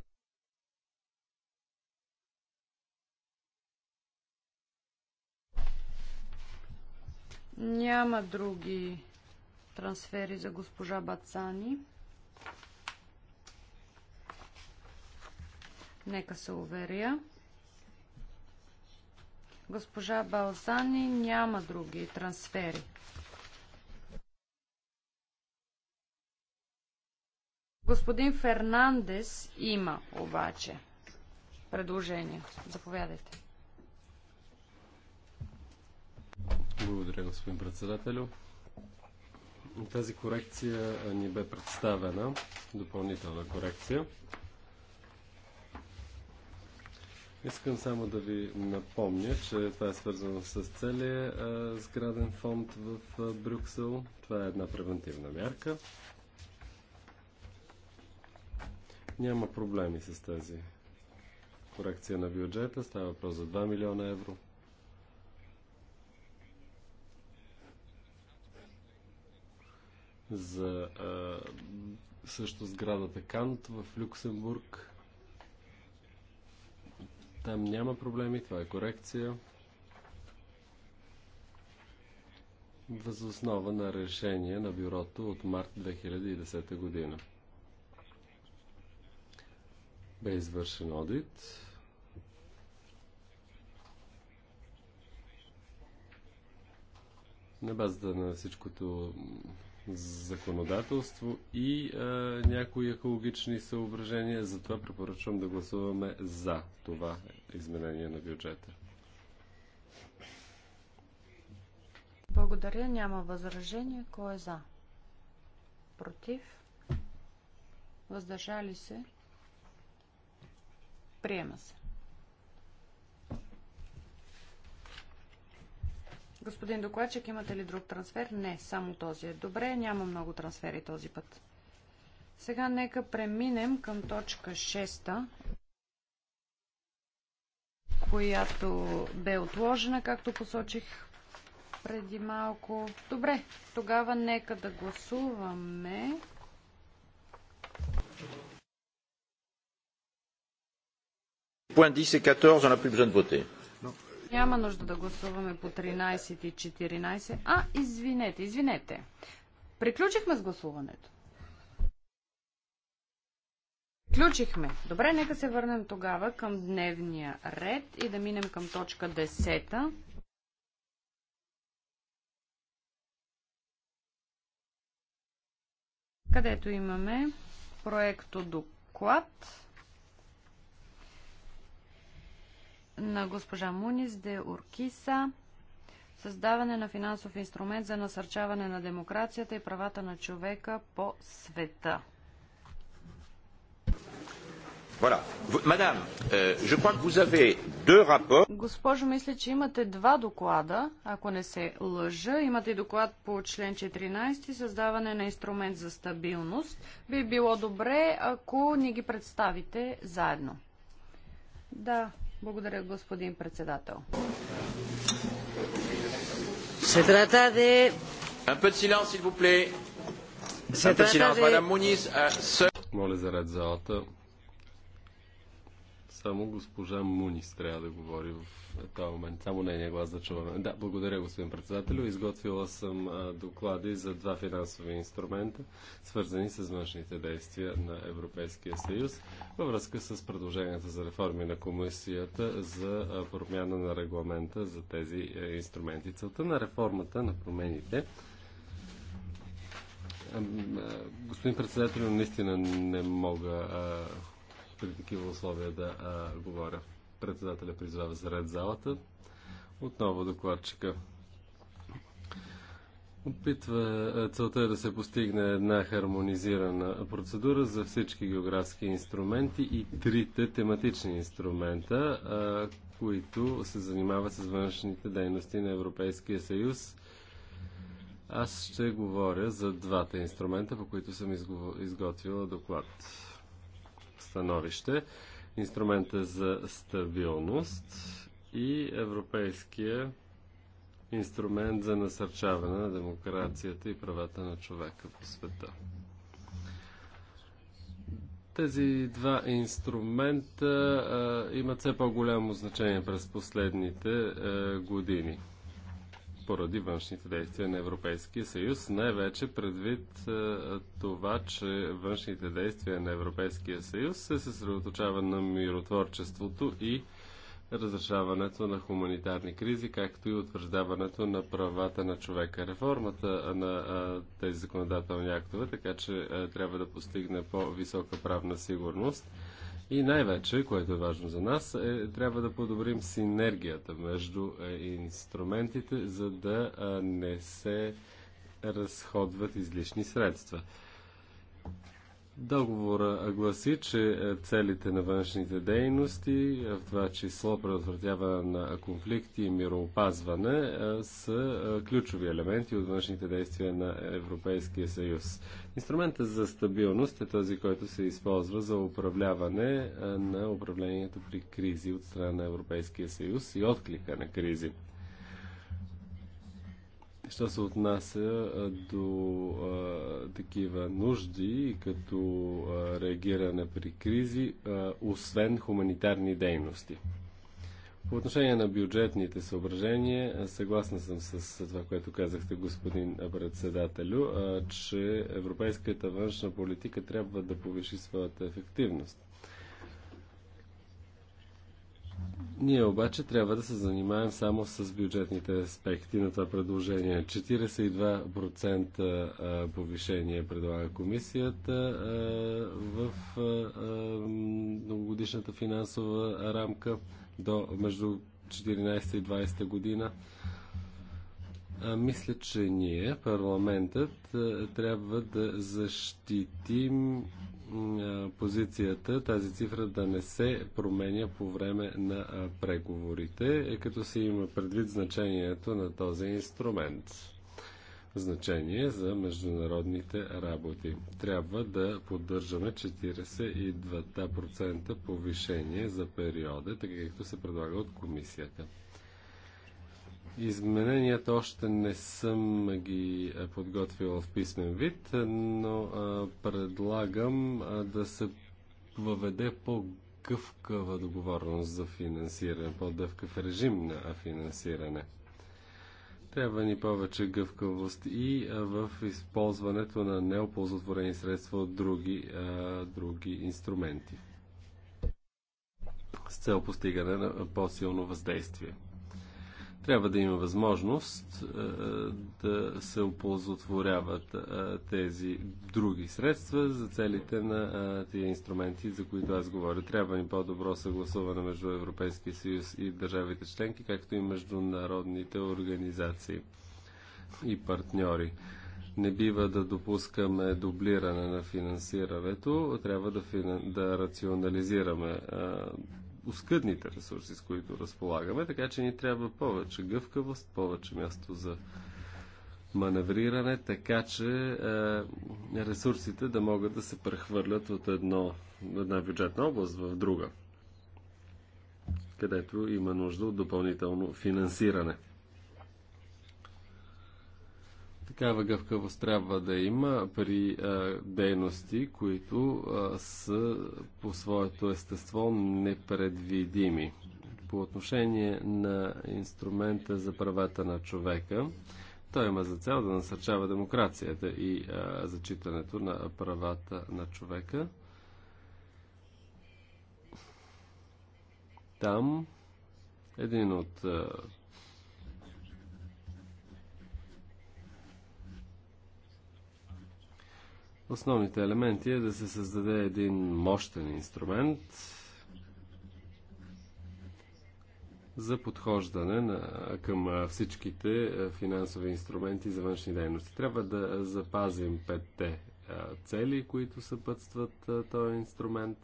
Няма други трансфери за госпожа Бацани. Нека се уверя. Госпожа Балзани няма други трансфери. Господин Фернандес има обаче предложение. Заповядайте. Благодаря, господин председателю. Тази корекция ни бе представена, допълнителна корекция. Искам само да ви напомня, че това е свързано с целия сграден фонд в Брюксел. Това е една превентивна мярка. Няма проблеми с тази корекция на бюджета. Става въпрос за 2 милиона евро. за а, също сградата Кант в Люксембург. Там няма проблеми, това е корекция. Възоснова на решение на бюрото от март 2010 година. Бе извършен одит. На базата на всичкото законодателство и а, някои екологични съображения. Затова препоръчвам да гласуваме за това изменение на бюджета. Благодаря. Няма възражение. Кой е за? Против? Въздържали се? Приема се. Господин докладчик, имате ли друг трансфер? Не, само този е. Добре, няма много трансфери този път. Сега нека преминем към точка 6, която бе отложена, както посочих преди малко. Добре, тогава нека да гласуваме. Point 10 и 14, on n'a plus besoin de voter. Няма нужда да гласуваме по 13 и 14. А, извинете, извинете. Приключихме с гласуването. Приключихме. Добре, нека се върнем тогава към дневния ред и да минем към точка 10. където имаме проекто доклад на госпожа Мунис де Уркиса създаване на финансов инструмент за насърчаване на демокрацията и правата на човека по света. Voilà. Madame, euh, je crois que vous avez deux rapports. Госпожо, мисля, че имате два доклада, ако не се лъжа. Имате доклад по член 14, създаване на инструмент за стабилност. Би било добре, ако ни ги представите заедно. Да, благодаря, господин председател. Се трата де... Un peu de silence, s'il vous plaît. Euh, Моля за ред залата само госпожа Мунис трябва да говори в този момент. Само нейния е глас да чуваме. Да, благодаря, господин председател. Изготвила съм доклади за два финансови инструмента, свързани с външните действия на Европейския съюз, във връзка с предложенията за реформи на комисията за промяна на регламента за тези е, инструменти. Целта на реформата, на промените, Господин председател, наистина не мога при такива условия да а, говоря. Председателя призвава за ред залата. Отново докладчика. Опитва, целта е да се постигне една хармонизирана процедура за всички географски инструменти и трите тематични инструмента, а, които се занимават с външните дейности на Европейския съюз. Аз ще говоря за двата инструмента, по които съм изго... изготвила доклад становище, инструмента за стабилност и Европейския инструмент за насърчаване на демокрацията и правата на човека по света. Тези два инструмента а, имат все по-голямо значение през последните а, години поради външните действия на Европейския съюз, най-вече предвид е, това, че външните действия на Европейския съюз се съсредоточава на миротворчеството и разрешаването на хуманитарни кризи, както и утвърждаването на правата на човека. Реформата на е, тези законодателни актове, така че е, трябва да постигне по-висока правна сигурност – и най-вече, което е важно за нас, е, трябва да подобрим синергията между е, инструментите, за да не се разходват излишни средства. Договора гласи, че е, целите на външните дейности, е, в това число предотвратяване на конфликти и мироопазване, е, са ключови елементи от външните действия на Европейския съюз. Инструментът за стабилност е този, който се използва за управляване на управлението при кризи от страна на Европейския съюз и отклика на кризи. Що се отнася до а, такива нужди, като а, реагиране при кризи, а, освен хуманитарни дейности. По отношение на бюджетните съображения, съгласна съм с това, което казахте, господин председателю, че европейската външна политика трябва да повиши своята ефективност. Ние обаче трябва да се занимаем само с бюджетните аспекти на това предложение. 42% повишение предлага комисията в многогодишната финансова рамка до между 14 и 20 година. А, мисля, че ние, парламентът, трябва да защитим позицията тази цифра да не се променя по време на преговорите, е като се има предвид значението на този инструмент. Значение за международните работи. Трябва да поддържаме 42% повишение за периода, така както се предлага от комисията. Измененията още не съм ги е, подготвил в писмен вид, е, но е, предлагам да се въведе по-гъвкава договорност за финансиране, по дъвкав режим на финансиране. Трябва ни повече гъвкавост и в използването на неоползотворени средства от други, други инструменти с цел постигане на по-силно въздействие. Трябва да има възможност е, да се оползотворяват е, тези други средства за целите на е, тия инструменти, за които аз говоря. Трябва ни по-добро съгласуване между Европейския съюз и държавите членки, както и международните организации и партньори не бива да допускаме дублиране на финансирането, трябва да, финан... да рационализираме а, оскъдните ресурси, с които разполагаме, така че ни трябва повече гъвкавост, повече място за маневриране, така че е, ресурсите да могат да се прехвърлят от едно, една бюджетна област в друга, където има нужда от допълнително финансиране. Такава гъвкавост трябва да има при а, дейности, които а, са по своето естество непредвидими. По отношение на инструмента за правата на човека, той има за цел да насърчава демокрацията и а, зачитането на правата на човека. Там един от а, Основните елементи е да се създаде един мощен инструмент за подхождане на, към всичките финансови инструменти за външни дейности. Трябва да запазим петте цели, които съпътстват този инструмент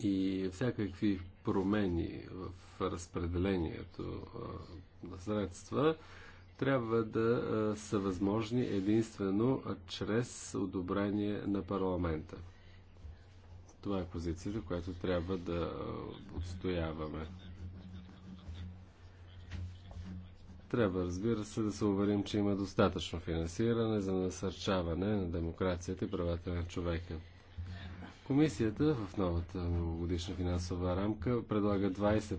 и всякакви промени в разпределението на средства трябва да са възможни единствено чрез одобрение на парламента. Това е позицията, която трябва да отстояваме. Трябва, разбира се, да се уверим, че има достатъчно финансиране за насърчаване на демокрацията и правата на човека. Комисията в новата новогодишна финансова рамка предлага 20%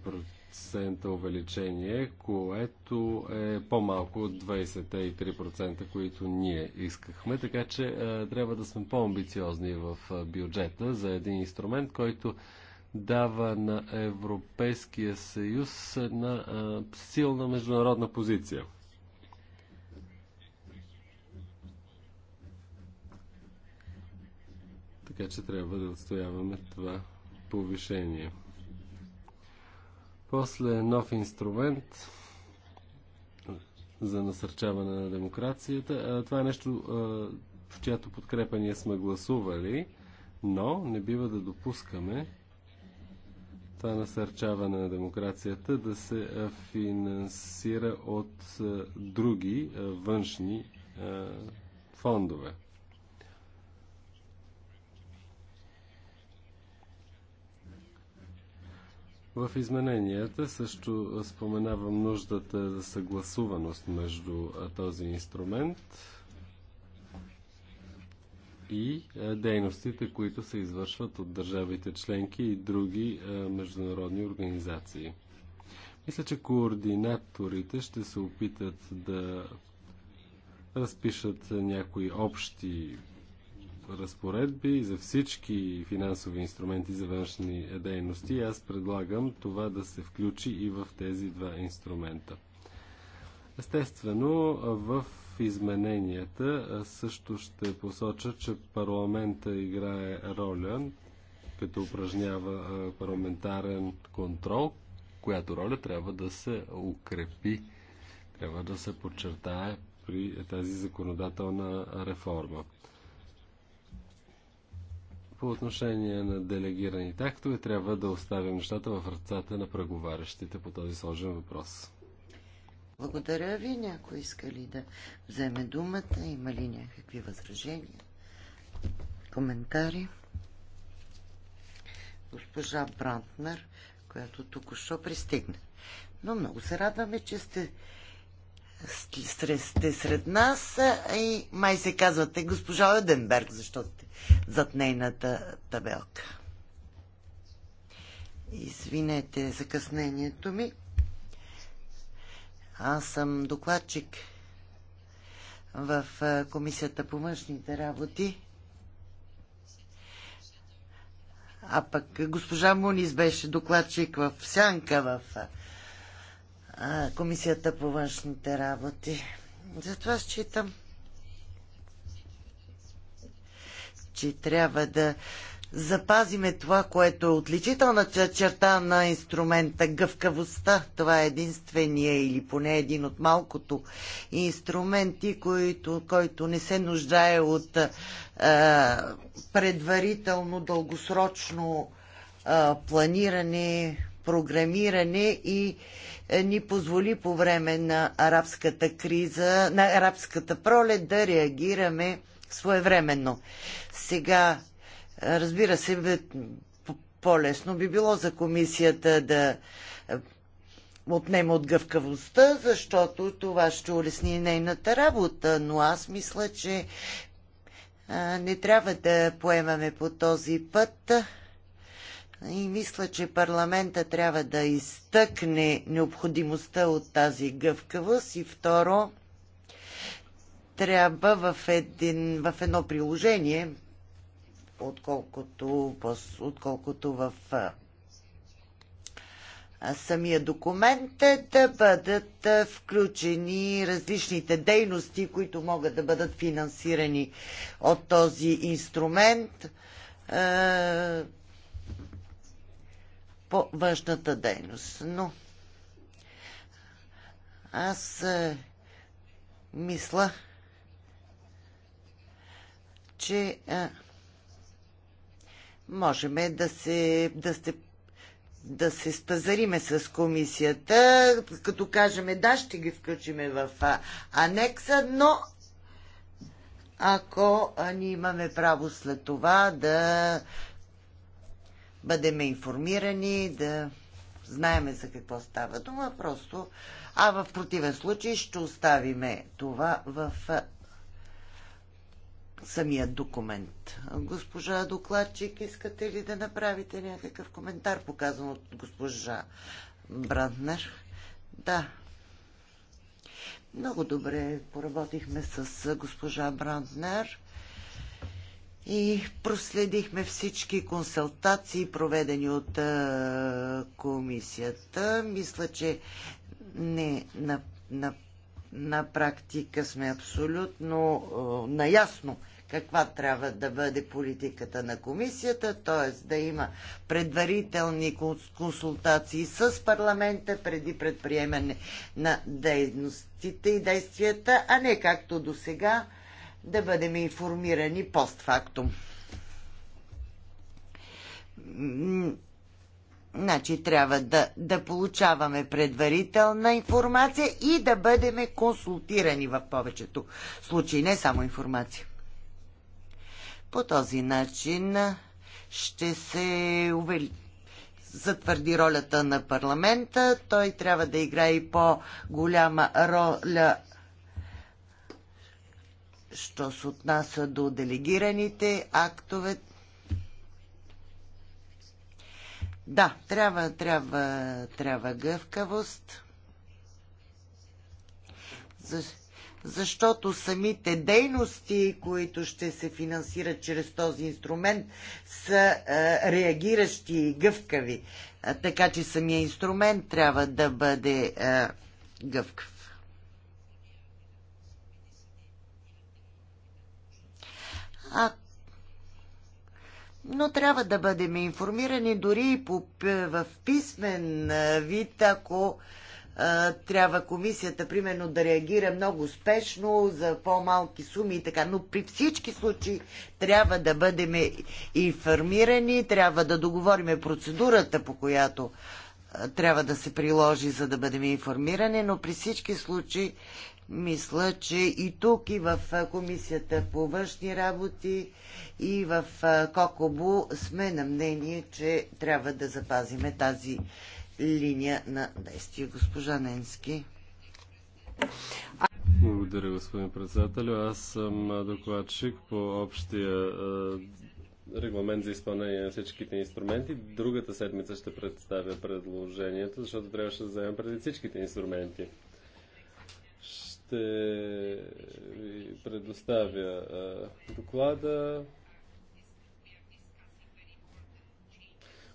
5% увеличение, което е по-малко от 23%, които ние искахме, така че е, трябва да сме по-амбициозни в е, бюджета за един инструмент, който дава на Европейския съюз една е, силна международна позиция. Така че трябва да отстояваме това повишение. После нов инструмент за насърчаване на демокрацията. Това е нещо, в чиято подкрепа ние сме гласували, но не бива да допускаме това насърчаване на демокрацията да се финансира от други външни фондове. В измененията също споменавам нуждата за съгласуваност между този инструмент и дейностите, които се извършват от държавите членки и други международни организации. Мисля, че координаторите ще се опитат да разпишат някои общи разпоредби за всички финансови инструменти за външни дейности. Аз предлагам това да се включи и в тези два инструмента. Естествено, в измененията също ще посоча, че парламента играе роля, като упражнява парламентарен контрол, която роля трябва да се укрепи, трябва да се подчертае при тази законодателна реформа. По отношение на делегираните тактове, трябва да оставим нещата в ръцата на преговарящите по този сложен въпрос. Благодаря ви. Някой иска ли да вземе думата? Има ли някакви възражения? Коментари? Госпожа Брантнер, която тук още пристигна. Но много се радваме, че сте сте сред нас и май се казвате госпожа Оденберг, защото сте зад нейната табелка. Извинете закъснението ми. Аз съм докладчик в Комисията по външните работи. А пък госпожа Мунис беше докладчик в Сянка в Комисията по външните работи. Затова считам, че трябва да запазиме това, което е отличителната черта на инструмента гъвкавостта. Това е единствения или поне един от малкото инструменти, който, който не се нуждае от е, предварително дългосрочно е, планиране, програмиране и е, ни позволи по време на арабската криза, на арабската пролет да реагираме своевременно. Сега, е, разбира се, по-лесно би било за комисията да е, отнема от гъвкавостта, защото това ще улесни нейната работа, но аз мисля, че не трябва да поемаме по този път. И мисля, че парламента трябва да изтъкне необходимостта от тази гъвкавост. И второ, трябва в, един, в едно приложение, отколкото, отколкото в самия документ е да бъдат включени различните дейности, които могат да бъдат финансирани от този инструмент по външната дейност. Но аз е, мисля, че е, можем да се, да се да се спазариме с комисията, като кажеме да, ще ги включиме в анекса, но ако ние имаме право след това да бъдем информирани, да знаеме за какво става дума, просто. А в противен случай ще оставиме това в самия документ. Госпожа докладчик, искате ли да направите някакъв коментар, показан от госпожа Бранднер? Да. Много добре поработихме с госпожа Бранднер и проследихме всички консултации, проведени от а, комисията. Мисля, че не на, на, на практика сме абсолютно а, наясно каква трябва да бъде политиката на комисията, т.е. да има предварителни консултации с парламента преди предприемане на дейностите и действията, а не както до сега да бъдем информирани постфактум. Значи трябва да, да получаваме предварителна информация и да бъдем консултирани в повечето случаи, не само информация. По този начин ще се увели... затвърди ролята на парламента. Той трябва да играе и по-голяма роля що се отнася до делегираните актове. Да, трябва, трябва, трябва гъвкавост. За, защото самите дейности, които ще се финансират чрез този инструмент, са а, е, реагиращи и гъвкави. А, е, така че самия инструмент трябва да бъде а, е, гъвкав. А... Но трябва да бъдем информирани дори и по, в писмен вид, ако а, трябва комисията, примерно, да реагира много успешно за по-малки суми и така. Но при всички случаи трябва да бъдем информирани, трябва да договориме процедурата, по която трябва да се приложи, за да бъдем информирани, но при всички случаи мисля, че и тук, и в Комисията по външни работи, и в Кокобо сме на мнение, че трябва да запазиме тази линия на действие. Госпожа Ненски. Благодаря, господин председател. Аз съм докладчик по общия регламент за изпълнение на всичките инструменти. Другата седмица ще представя предложението, защото трябваше да вземем преди всичките инструменти ще ви предоставя доклада.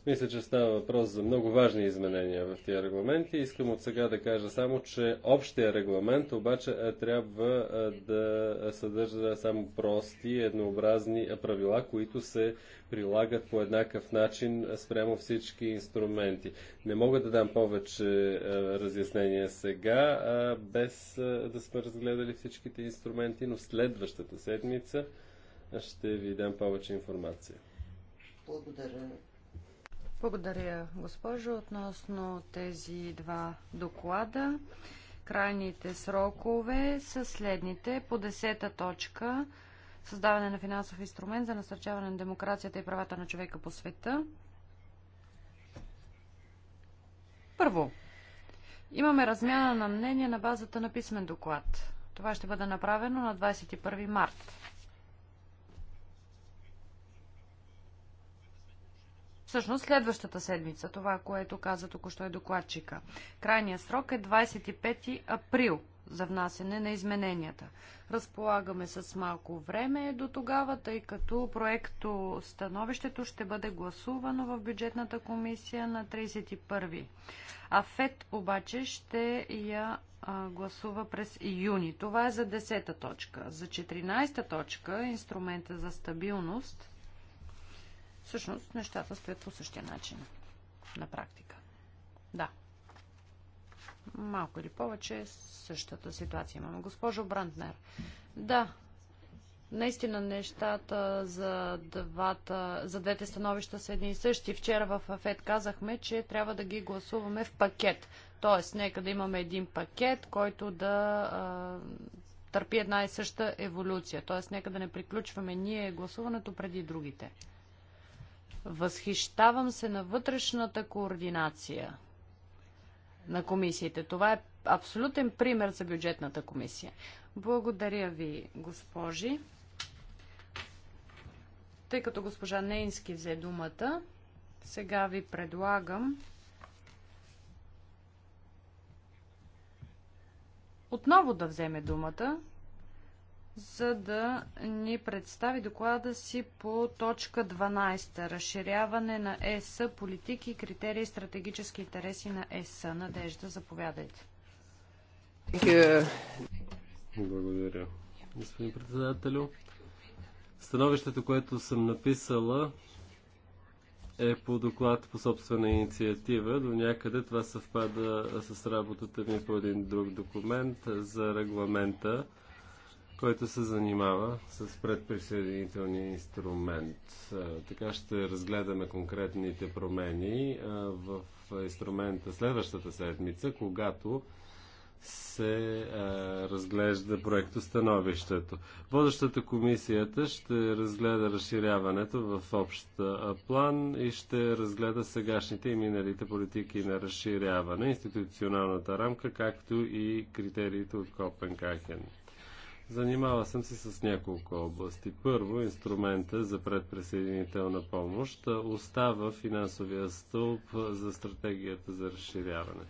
Мисля, че става въпрос за много важни изменения в тия регламенти. Искам от сега да кажа само, че общия регламент обаче е, трябва е, да съдържа само прости, еднообразни е, правила, които се прилагат по еднакъв начин спрямо всички инструменти. Не мога да дам повече разяснения сега, без да сме разгледали всичките инструменти, но следващата седмица ще ви дам повече информация. Благодаря. Благодаря, госпожо. Относно тези два доклада, крайните срокове са следните. По десета точка създаване на финансов инструмент за насърчаване на демокрацията и правата на човека по света. Първо, имаме размяна на мнение на базата на писмен доклад. Това ще бъде направено на 21 март. Всъщност следващата седмица, това, което каза току-що е докладчика. Крайният срок е 25 април за внасене на измененията. Разполагаме с малко време до тогава, тъй като проекто становището ще бъде гласувано в бюджетната комисия на 31. А ФЕД обаче ще я гласува през юни. Това е за 10-та точка. За 14-та точка инструмента за стабилност Всъщност нещата стоят по същия начин на практика. Да. Малко или повече същата ситуация имаме. Госпожо Бранднер, да, наистина нещата за, двата, за двете становища са едни и същи. Вчера в Афет казахме, че трябва да ги гласуваме в пакет. Тоест, нека да имаме един пакет, който да а, търпи една и съща еволюция. Тоест, нека да не приключваме ние гласуването преди другите. Възхищавам се на вътрешната координация на комисиите. Това е абсолютен пример за бюджетната комисия. Благодаря ви, госпожи. Тъй като госпожа Нейнски взе думата, сега ви предлагам отново да вземе думата за да ни представи доклада си по точка 12. Разширяване на ЕС, политики, критерии и стратегически интереси на ЕС. Надежда, заповядайте. Благодаря, господин председателю. Становището, което съм написала, е по доклад по собствена инициатива. До някъде това съвпада с работата ми по един друг документ за регламента който се занимава с предприсъединителния инструмент. Така ще разгледаме конкретните промени в инструмента следващата седмица, когато се разглежда проектостановището. Водещата комисията ще разгледа разширяването в общ план и ще разгледа сегашните и миналите политики на разширяване, институционалната рамка, както и критериите от Копенхаген. Занимава съм се с няколко области. Първо, инструмента за предпресъединителна помощ остава финансовия стълб за стратегията за разширяване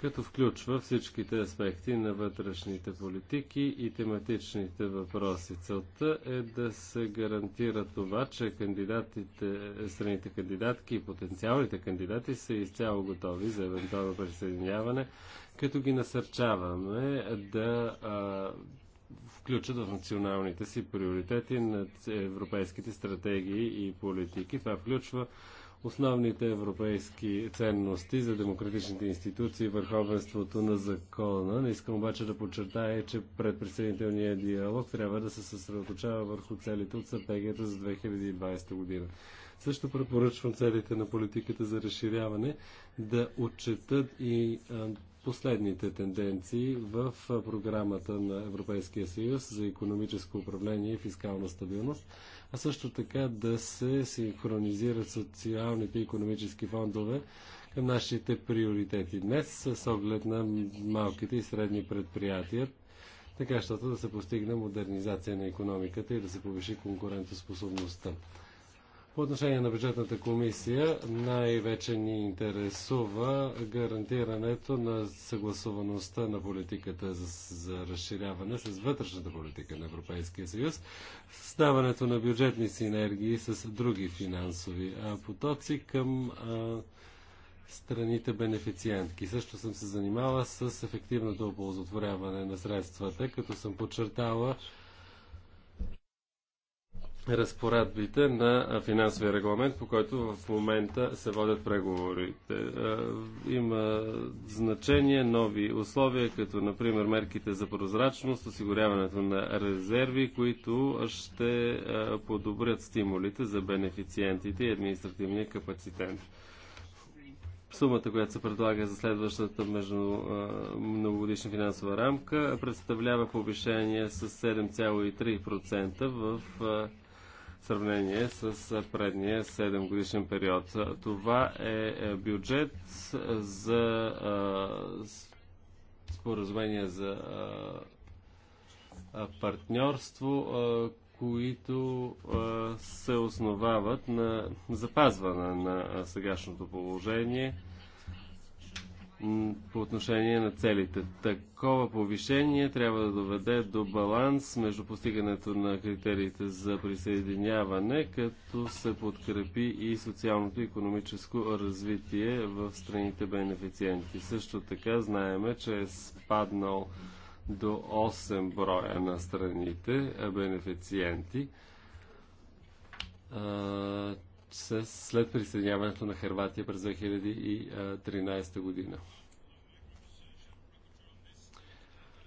като включва всичките аспекти на вътрешните политики и тематичните въпроси. Целта е да се гарантира това, че кандидатите, страните кандидатки и потенциалните кандидати са изцяло готови за евентуално присъединяване като ги насърчаваме да а, включат в националните си приоритети на европейските стратегии и политики. Това включва основните европейски ценности за демократичните институции и върховенството на закона. Не искам обаче да подчертая, че предприсъединителният диалог трябва да се съсредоточава върху целите от стратегията за 2020 година. Също препоръчвам целите на политиката за разширяване да отчетат и последните тенденции в програмата на Европейския съюз за економическо управление и фискална стабилност, а също така да се синхронизират социалните и економически фондове към нашите приоритети днес с оглед на малките и средни предприятия, така щото да се постигне модернизация на економиката и да се повиши конкурентоспособността. По отношение на бюджетната комисия най-вече ни интересува гарантирането на съгласуваността на политиката за, за разширяване с вътрешната политика на Европейския съюз, ставането на бюджетни синергии с други финансови потоци към а, страните бенефициентки. Също съм се занимала с ефективното оползотворяване на средствата, като съм подчертала разпоредбите на финансовия регламент, по който в момента се водят преговорите. Е, има значение нови условия, като например мерките за прозрачност, осигуряването на резерви, които ще е, подобрят стимулите за бенефициентите и административния капацитет. Сумата, която се предлага за следващата между е, многогодишна финансова рамка, представлява повишение с 7,3% в сравнение с предния 7 годишен период. Това е, е бюджет за споразумение за партньорство, които се основават на запазване на сегашното положение – по отношение на целите. Такова повишение трябва да доведе до баланс между постигането на критериите за присъединяване, като се подкрепи и социалното и економическо развитие в страните бенефициенти. Също така знаеме, че е спаднал до 8 броя на страните бенефициенти след присъединяването на Хърватия през 2013 година.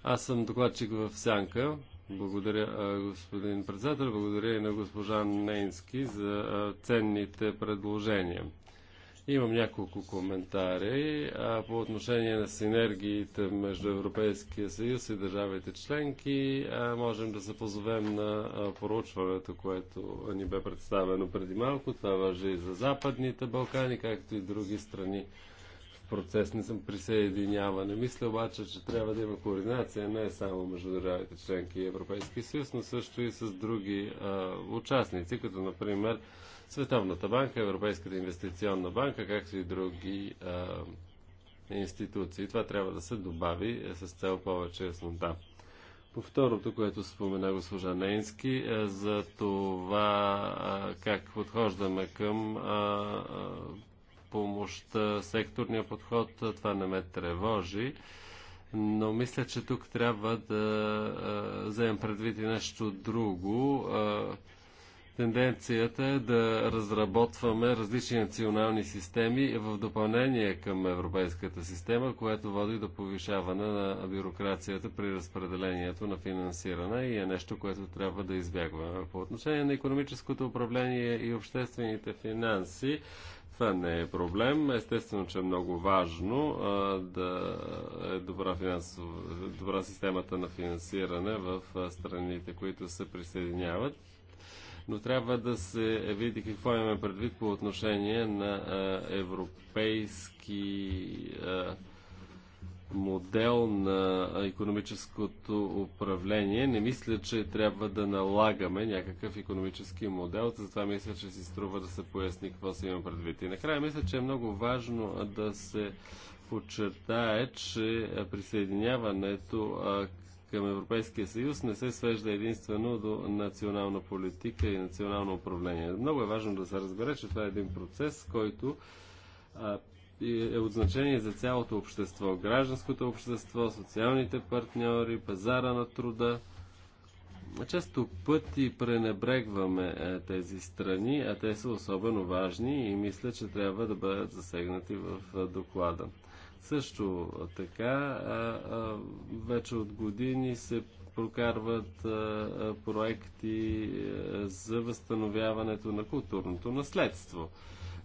Аз съм докладчик в Сянка. Благодаря, господин председател. Благодаря и на госпожа Нейнски за ценните предложения. Имам няколко коментари а, по отношение на синергиите между Европейския съюз и държавите членки. А, можем да се позовем на поручването, което ни бе представено преди малко. Това важи и за Западните Балкани, както и други страни в процес не съм присъединяване. Мисля обаче, че трябва да има координация не само между държавите членки и Европейския съюз, но също и с други а, участници, като например Световната банка, Европейската инвестиционна банка, както и други а, институции. Това трябва да се добави е, с цел повече яснота. По второто, което спомена госпожа Нейнски, е за това а, как подхождаме към а, а, помощта, секторния подход, това не ме тревожи. Но мисля, че тук трябва да а, вземем предвид и нещо друго. А, Тенденцията е да разработваме различни национални системи в допълнение към европейската система, което води до повишаване на бюрокрацията при разпределението на финансиране и е нещо, което трябва да избягваме. По отношение на економическото управление и обществените финанси, това не е проблем. Естествено, че е много важно а, да е добра, финансов, добра системата на финансиране в а, страните, които се присъединяват но трябва да се е, види какво имаме предвид по отношение на европейски модел на економическото управление. Не мисля, че трябва да налагаме някакъв економически модел, затова мисля, че си струва да се поясни какво си има предвид. И накрая мисля, че е много важно да се подчертае, че присъединяването към Европейския съюз не се свежда единствено до национална политика и национално управление. Много е важно да се разбере, че това е един процес, който а, е от значение за цялото общество. Гражданското общество, социалните партньори, пазара на труда. Често пъти пренебрегваме е, тези страни, а те са особено важни и мисля, че трябва да бъдат засегнати в е, доклада. Също така, вече от години се прокарват проекти за възстановяването на културното наследство.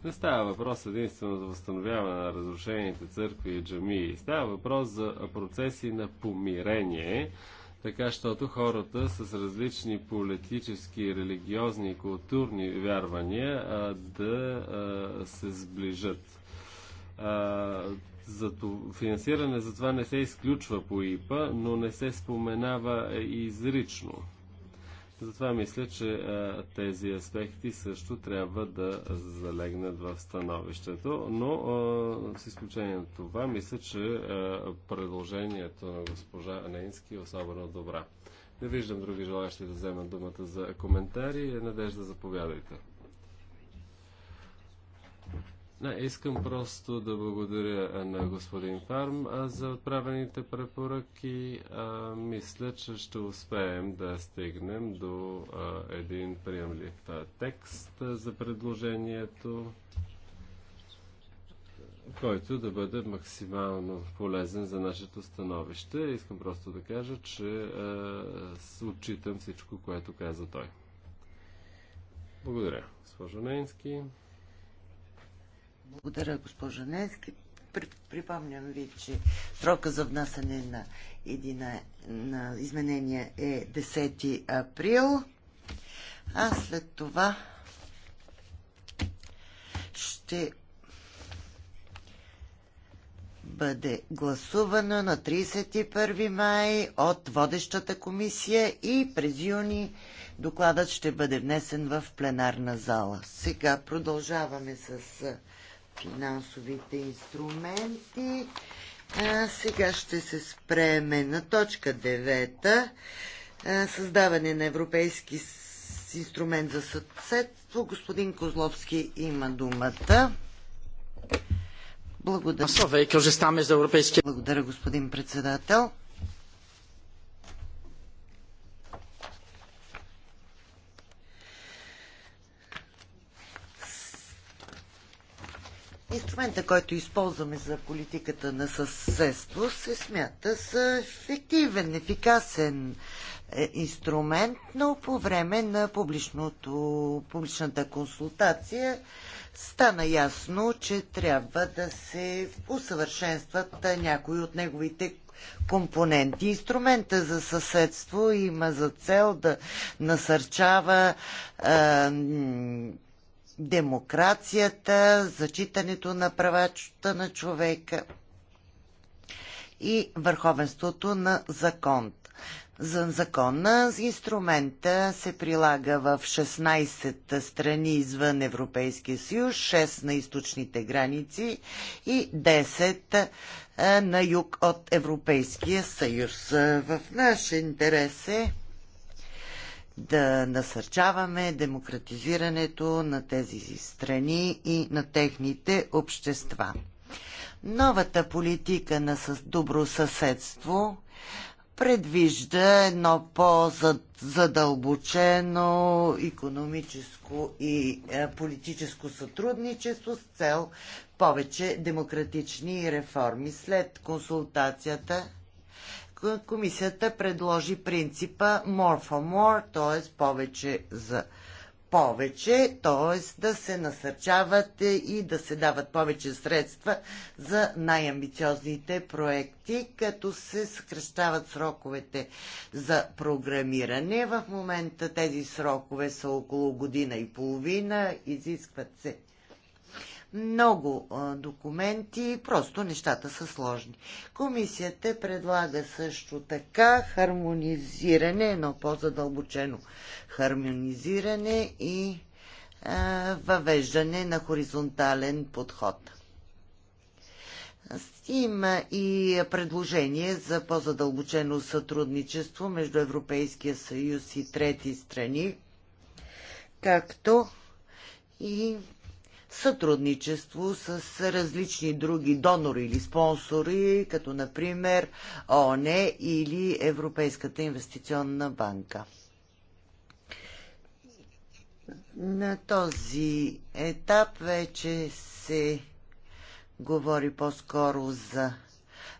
Не става въпрос единствено за възстановяване на разрушените църкви и джамии. Става въпрос за процеси на помирение, така щото хората с различни политически, религиозни и културни вярвания а, да а, се сближат. А, за финансиране, затова не се изключва по ИПА, но не се споменава е, изрично. Затова мисля, че а, тези аспекти също трябва да залегнат в становището, но а, с изключение на това, мисля, че а, предложението на госпожа Ненски е особено добра. Не виждам други желащи да вземат думата за коментари. Надежда, заповядайте. Не, искам просто да благодаря на господин Фарм за отправените препоръки. А, мисля, че ще успеем да стигнем до а, един приемлив а, текст за предложението, който да бъде максимално полезен за нашето становище. Искам просто да кажа, че отчитам всичко, което каза той. Благодаря, госпожо Нейнски. Благодаря, госпожа Нески. Припомням ви, че срока за внасяне на, едина, на изменения е 10 април, а след това ще бъде гласувано на 31 май от водещата комисия и през юни докладът ще бъде внесен в пленарна зала. Сега продължаваме с финансовите инструменти. А, сега ще се спреме на точка 9. А, създаване на европейски инструмент за съседство. Господин Козловски има думата. Благодаря. Благодаря, господин председател. Инструмента, който използваме за политиката на съседство, се смята за ефективен, ефикасен е, инструмент, но по време на публичната консултация стана ясно, че трябва да се усъвършенстват е, някои от неговите компоненти. Инструмента за съседство има за цел да насърчава е, демокрацията, зачитането на правачата на човека и върховенството на закон. За закона инструмента се прилага в 16 страни извън Европейския съюз, 6 на източните граници и 10 е, на юг от Европейския съюз. Е, в наш интерес е да насърчаваме демократизирането на тези страни и на техните общества. Новата политика на добросъседство предвижда едно по-задълбочено економическо и е, политическо сътрудничество с цел повече демократични реформи. След консултацията комисията предложи принципа more for more, т.е. повече за повече, т.е. да се насърчават и да се дават повече средства за най-амбициозните проекти, като се съкрещават сроковете за програмиране. В момента тези срокове са около година и половина, изискват се много документи, просто нещата са сложни. Комисията предлага също така хармонизиране, едно по-задълбочено хармонизиране и въвеждане на хоризонтален подход. Има и предложение за по-задълбочено сътрудничество между Европейския съюз и трети страни, както и сътрудничество с различни други донори или спонсори, като например ОНЕ или Европейската инвестиционна банка. На този етап вече се говори по-скоро за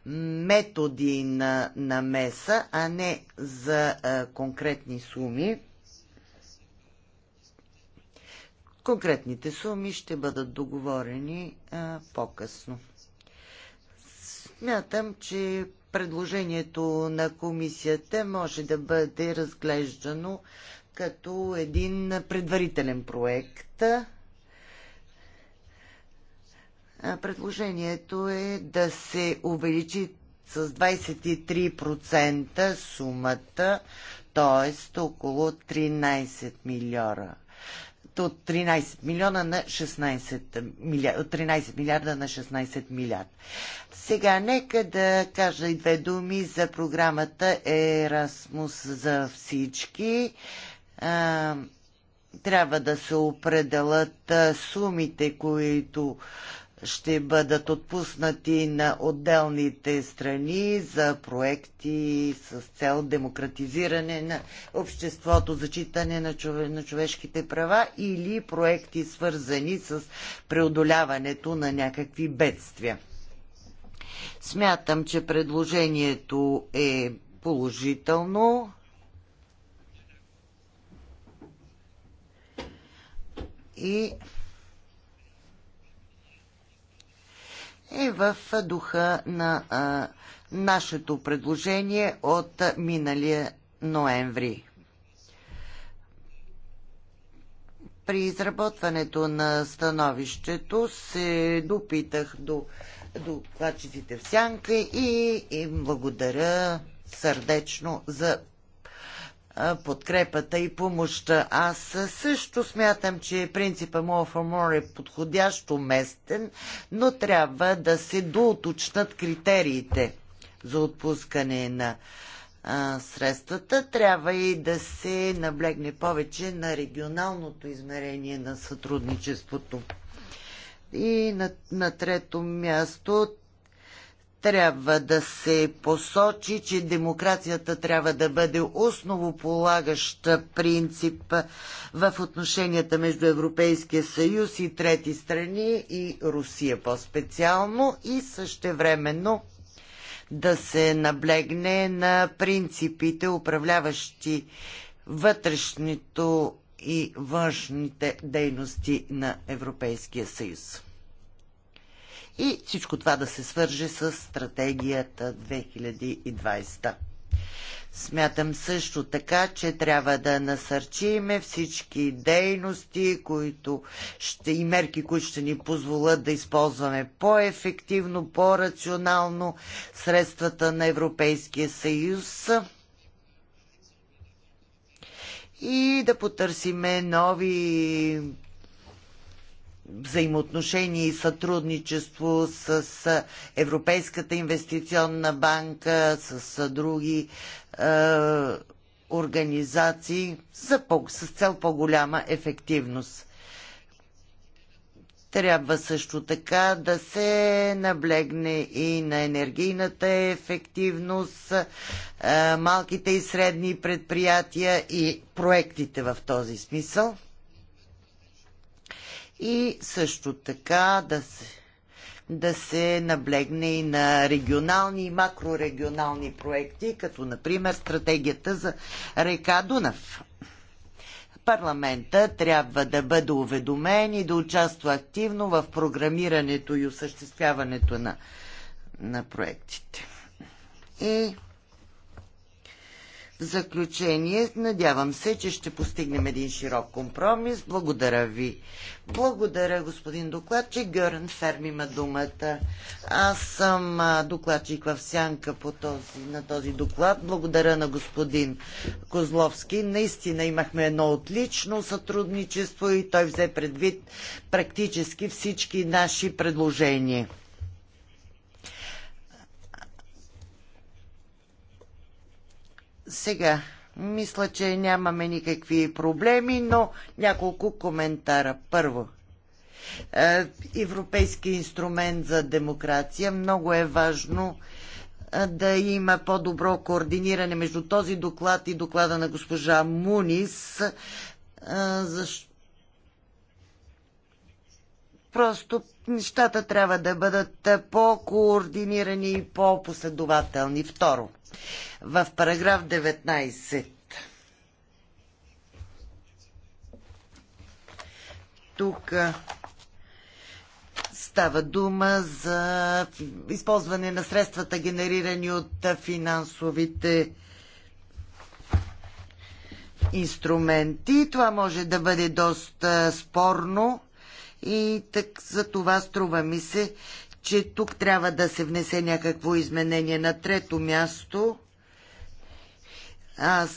методи на намеса, а не за а, конкретни суми. Конкретните суми ще бъдат договорени по-късно. Смятам, че предложението на комисията може да бъде разглеждано като един предварителен проект. Предложението е да се увеличи с 23% сумата, т.е. около 13 милиона от 13 милиона на 16 милиарда, 13 милиарда на 16 милиарда. Сега нека да кажа и две думи за програмата Erasmus за всички. А, трябва да се определят сумите, които ще бъдат отпуснати на отделните страни за проекти с цел демократизиране на обществото, зачитане на, чове, на човешките права или проекти свързани с преодоляването на някакви бедствия. Смятам, че предложението е положително. И е в духа на а, нашето предложение от миналия ноември. При изработването на становището се допитах до докладчиците в сянка и им благодаря сърдечно за подкрепата и помощта. Аз също смятам, че принципа More for More е подходящо местен, но трябва да се доуточнат критериите за отпускане на а, средствата. Трябва и да се наблегне повече на регионалното измерение на сътрудничеството. И на, на трето място трябва да се посочи, че демокрацията трябва да бъде основополагащ принцип в отношенията между Европейския съюз и трети страни и Русия по-специално и същевременно да се наблегне на принципите, управляващи вътрешнито и външните дейности на Европейския съюз и всичко това да се свърже с стратегията 2020. Смятам също така, че трябва да насърчиме всички дейности които ще, и мерки, които ще ни позволят да използваме по-ефективно, по-рационално средствата на Европейския съюз и да потърсиме нови взаимоотношения и сътрудничество с Европейската инвестиционна банка, с други е, организации за по, с цел по-голяма ефективност. Трябва също така да се наблегне и на енергийната ефективност, е, малките и средни предприятия и проектите в този смисъл и също така да се, да се наблегне и на регионални и макрорегионални проекти, като например стратегията за река Дунав. Парламента трябва да бъде уведомен и да участва активно в програмирането и осъществяването на, на проектите. И заключение, надявам се, че ще постигнем един широк компромис. Благодаря ви. Благодаря, господин докладчик. Гърн Ферм има думата. Аз съм докладчик в сянка по този, на този доклад. Благодаря на господин Козловски. Наистина имахме едно отлично сътрудничество и той взе предвид практически всички наши предложения. Сега, мисля, че нямаме никакви проблеми, но няколко коментара. Първо, е, Европейски инструмент за демокрация. Много е важно е, да има по-добро координиране между този доклад и доклада на госпожа Мунис. Е, Защо... Просто нещата трябва да бъдат по-координирани и по-последователни. Второ, в параграф 19. Тук става дума за използване на средствата, генерирани от финансовите инструменти. Това може да бъде доста спорно и так за това струва ми се, че тук трябва да се внесе някакво изменение. На трето място аз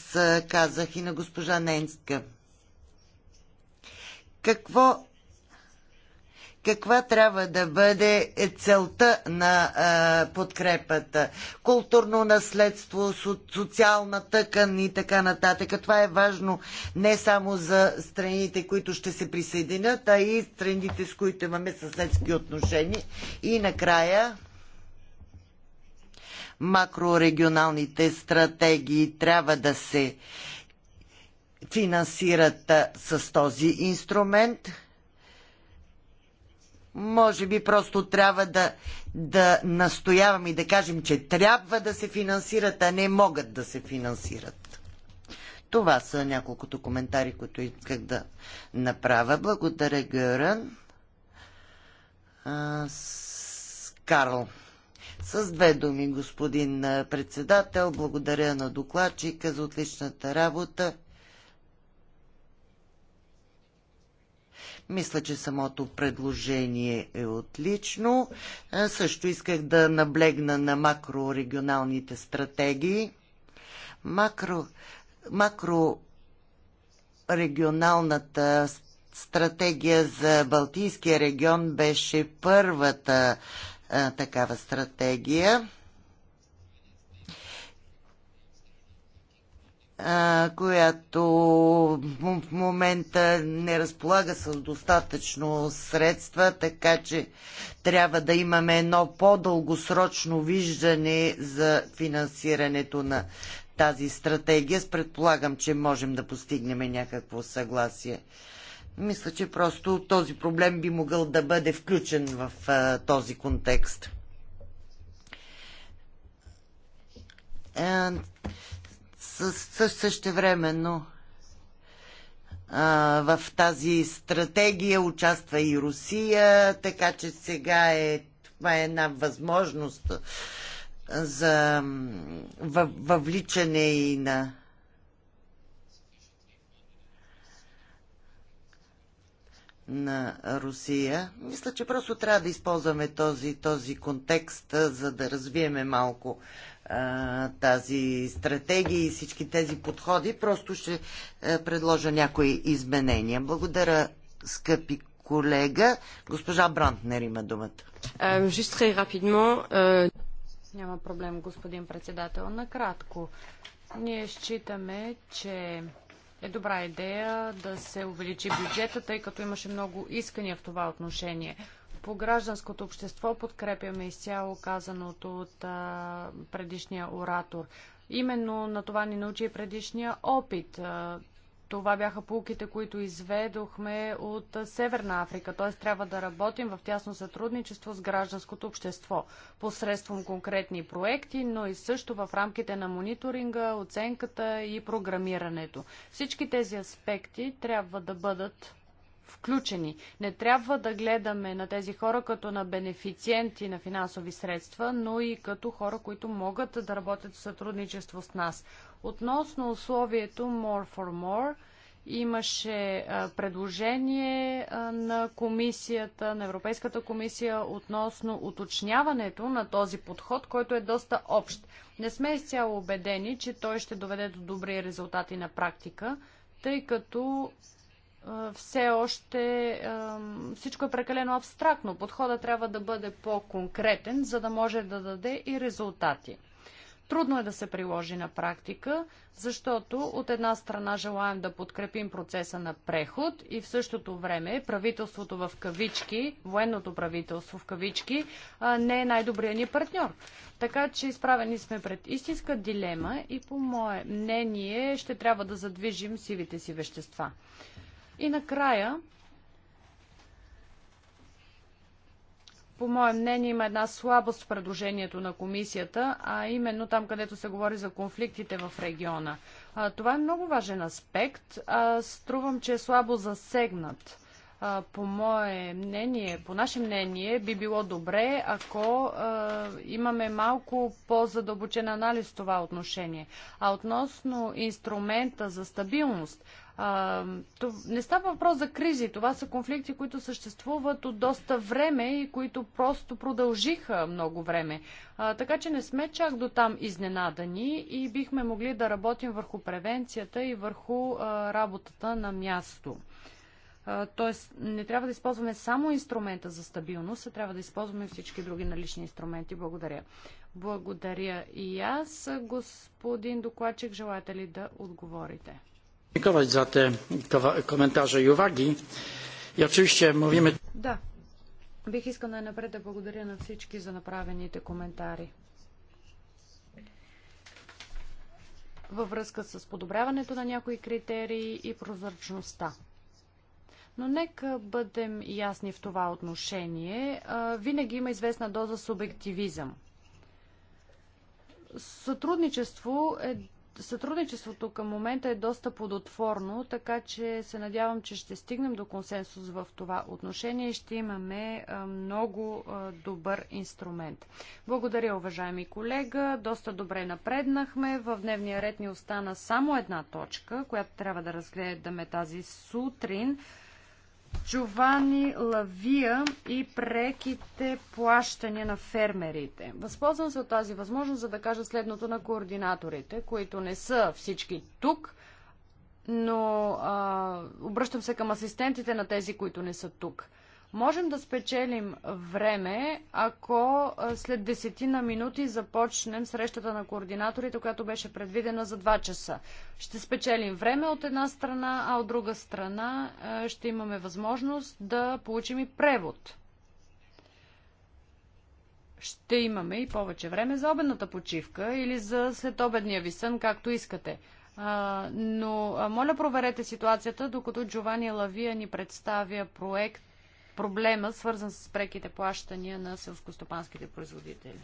казах и на госпожа Ненска. Какво каква трябва да бъде целта на а, подкрепата. Културно наследство, социална тъкан и така нататък. Това е важно не само за страните, които ще се присъединят, а и страните, с които имаме съседски отношения. И накрая макрорегионалните стратегии трябва да се финансират с този инструмент – може би просто трябва да, да и да кажем, че трябва да се финансират, а не могат да се финансират. Това са няколкото коментари, които исках да направя. Благодаря, Гърън. Карл. С две думи, господин председател, благодаря на докладчика за отличната работа. Мисля, че самото предложение е отлично. Е, също исках да наблегна на макрорегионалните стратегии. Макро, макрорегионалната стратегия за Балтийския регион беше първата а, е, такава стратегия. която в момента не разполага с достатъчно средства, така че трябва да имаме едно по-дългосрочно виждане за финансирането на тази стратегия. Предполагам, че можем да постигнем някакво съгласие. Мисля, че просто този проблем би могъл да бъде включен в а, този контекст. А, същевременно в тази стратегия участва и Русия, така че сега е, това е една възможност за въвличане и на на Русия. Мисля, че просто трябва да използваме този, този контекст, за да развиеме малко тази стратегия и всички тези подходи. Просто ще е, предложа някои изменения. Благодаря, скъпи колега. Госпожа Брантнер има думата. Е, е, Няма проблем, господин председател. Накратко, ние считаме, че е добра идея да се увеличи бюджета, тъй като имаше много искания в това отношение по гражданското общество подкрепяме изцяло казаното от а, предишния оратор. Именно на това ни научи и предишния опит. Това бяха полуките, които изведохме от Северна Африка, т.е. трябва да работим в тясно сътрудничество с гражданското общество, посредством конкретни проекти, но и също в рамките на мониторинга, оценката и програмирането. Всички тези аспекти трябва да бъдат включени. Не трябва да гледаме на тези хора като на бенефициенти на финансови средства, но и като хора, които могат да работят в сътрудничество с нас. Относно условието More for More, имаше предложение на комисията, на Европейската комисия относно уточняването на този подход, който е доста общ. Не сме изцяло убедени, че той ще доведе до добри резултати на практика, тъй като все още всичко е прекалено абстрактно. Подхода трябва да бъде по-конкретен, за да може да даде и резултати. Трудно е да се приложи на практика, защото от една страна желаем да подкрепим процеса на преход и в същото време правителството в кавички, военното правителство в кавички, не е най-добрият ни партньор. Така че изправени сме пред истинска дилема и по мое мнение ще трябва да задвижим сивите си вещества. И накрая, по мое мнение, има една слабост в предложението на комисията, а именно там, където се говори за конфликтите в региона. това е много важен аспект. струвам, че е слабо засегнат. по мое мнение, по наше мнение, би било добре, ако е, имаме малко по-задълбочен анализ в това отношение. А относно инструмента за стабилност, а, то не става въпрос за кризи. Това са конфликти, които съществуват от доста време и които просто продължиха много време. А, така че не сме чак до там изненадани и бихме могли да работим върху превенцията и върху а, работата на място. Тоест, не трябва да използваме само инструмента за стабилност, а трябва да използваме всички други налични инструменти. Благодаря. Благодаря и аз. Господин докладчик, желаете ли да отговорите? dziękować za te komentarze i uwagi. И oczywiście mówimy... Да. Бих искал най-напред да благодаря на всички за направените коментари. Във връзка с подобряването на някои критерии и прозрачността. Но нека бъдем ясни в това отношение. Винаги има известна доза субективизъм. Сътрудничество е Сътрудничеството към момента е доста плодотворно, така че се надявам, че ще стигнем до консенсус в това отношение и ще имаме много добър инструмент. Благодаря, уважаеми колега. Доста добре напреднахме. В дневния ред ни остана само една точка, която трябва да разгледаме тази сутрин. Джовани Лавия и преките плащания на фермерите. Възползвам се от тази възможност, за да кажа следното на координаторите, които не са всички тук, но а, обръщам се към асистентите на тези, които не са тук. Можем да спечелим време, ако след десетина минути започнем срещата на координаторите, която беше предвидена за 2 часа. Ще спечелим време от една страна, а от друга страна ще имаме възможност да получим и превод. Ще имаме и повече време за обедната почивка или за следобедния ви сън, както искате но моля проверете ситуацията, докато Джованни Лавия ни представя проект проблема, свързан с преките плащания на селскостопанските производители.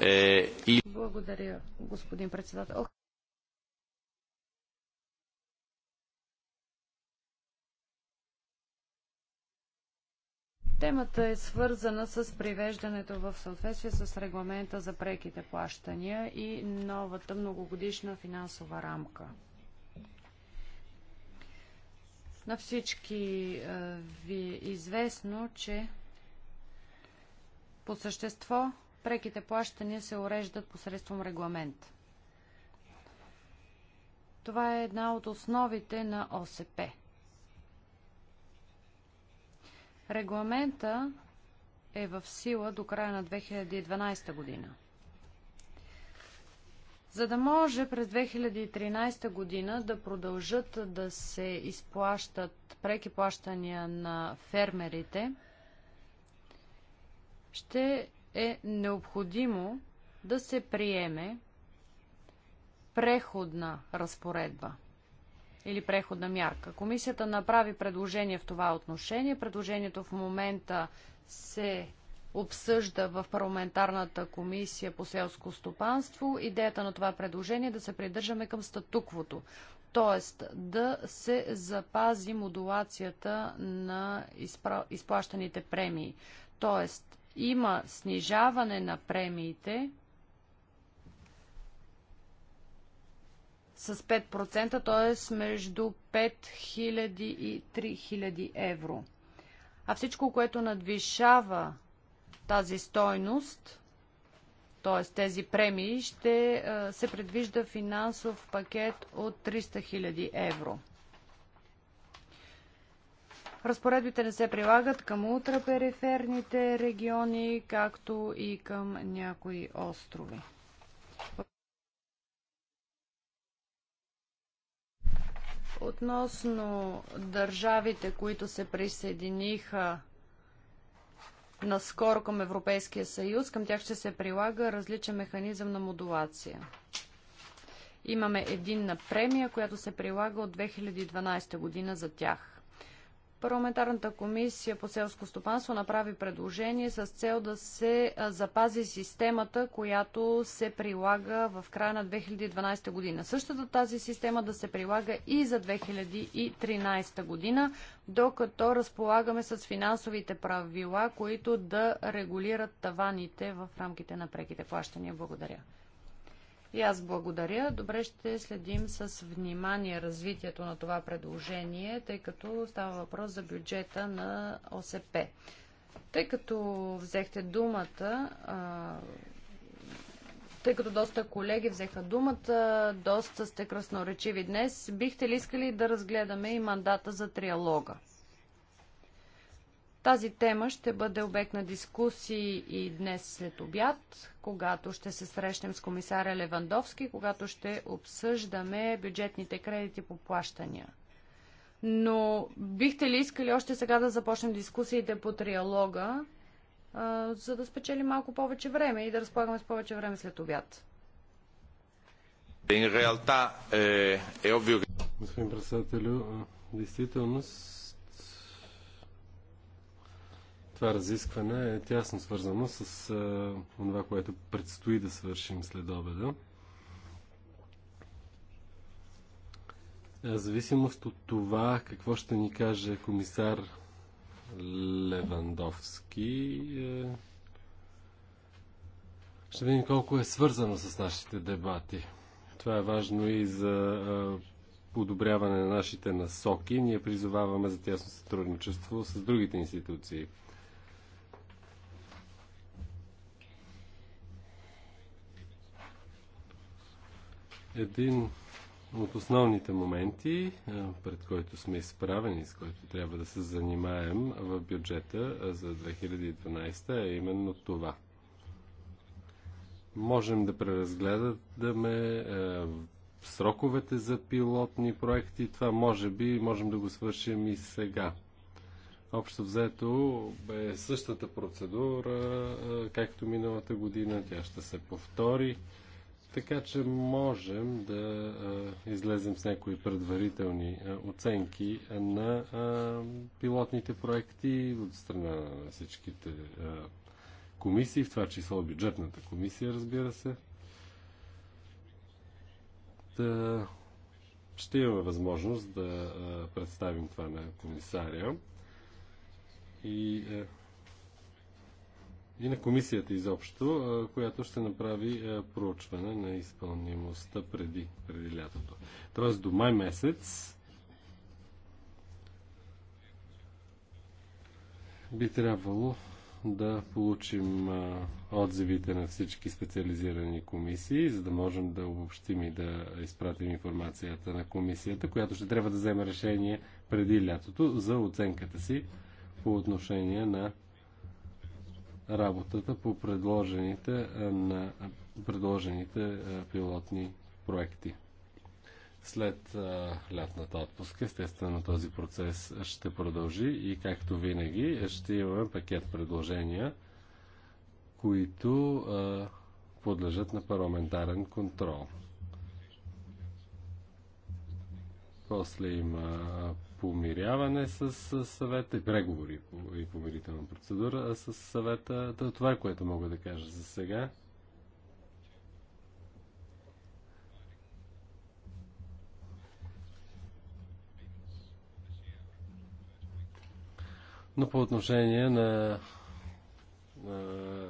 Е, Благодаря, господин председател. Темата е свързана с привеждането в съответствие с регламента за преките плащания и новата многогодишна финансова рамка. На всички е, ви е известно, че по същество преките плащания се уреждат посредством регламент. Това е една от основите на ОСП – Регламента е в сила до края на 2012 година. За да може през 2013 година да продължат да се изплащат преки плащания на фермерите, ще е необходимо да се приеме преходна разпоредба – или преходна мярка. Комисията направи предложение в това отношение. Предложението в момента се обсъжда в парламентарната комисия по селско стопанство. Идеята на това предложение е да се придържаме към статуквото, т.е. да се запази модулацията на изпра... изплащаните премии. Т.е. има снижаване на премиите, с 5%, т.е. между 5000 и 3000 евро. А всичко, което надвишава тази стойност, т.е. тези премии, ще се предвижда финансов пакет от 300 000 евро. Разпоредбите не се прилагат към ултрапериферните региони, както и към някои острови. Относно държавите, които се присъединиха наскоро към Европейския съюз, към тях ще се прилага различен механизъм на модулация. Имаме единна премия, която се прилага от 2012 година за тях. Парламентарната комисия по селско стопанство направи предложение с цел да се запази системата, която се прилага в края на 2012 година. Същата тази система да се прилага и за 2013 година, докато разполагаме с финансовите правила, които да регулират таваните в рамките на преките плащания. Благодаря. И аз благодаря. Добре ще следим с внимание развитието на това предложение, тъй като става въпрос за бюджета на ОСП. Тъй като взехте думата, тъй като доста колеги взеха думата, доста сте красноречиви днес, бихте ли искали да разгледаме и мандата за триалога? Тази тема ще бъде обект на дискусии и днес след обяд, когато ще се срещнем с комисаря Левандовски, когато ще обсъждаме бюджетните кредити по плащания. Но бихте ли искали още сега да започнем дискусиите по триалога, а, за да спечели малко повече време и да разполагаме с повече време след обяд? Eh, Господин председателю, действителност това разискване е тясно свързано с а, това, което предстои да свършим след обеда. А, зависимост от това, какво ще ни каже комисар Левандовски, е... ще видим колко е свързано с нашите дебати. Това е важно и за подобряване на нашите насоки. Ние призоваваме за тясно сътрудничество с другите институции – един от основните моменти, пред който сме изправени, с който трябва да се занимаем в бюджета за 2012, е именно това. Можем да преразгледаме сроковете за пилотни проекти. Това може би можем да го свършим и сега. Общо взето е същата процедура, както миналата година. Тя ще се повтори така че можем да излезем с някои предварителни оценки на пилотните проекти от страна на всичките комисии, в това число бюджетната комисия, разбира се. Да, ще имаме възможност да представим това на комисаря и и на комисията изобщо, която ще направи проучване на изпълнимостта преди, преди лятото. Тоест до май месец би трябвало да получим отзивите на всички специализирани комисии, за да можем да обобщим и да изпратим информацията на комисията, която ще трябва да вземе решение преди лятото за оценката си по отношение на работата по предложените, е, на предложените е, пилотни проекти. След а, е, лятната отпуска, естествено, този процес ще продължи и, както винаги, ще имаме пакет предложения, които а, подлежат на парламентарен контрол. После има помиряване с съвета и преговори и помирителна процедура а с съвета. Това е което мога да кажа за сега. Но по отношение на, на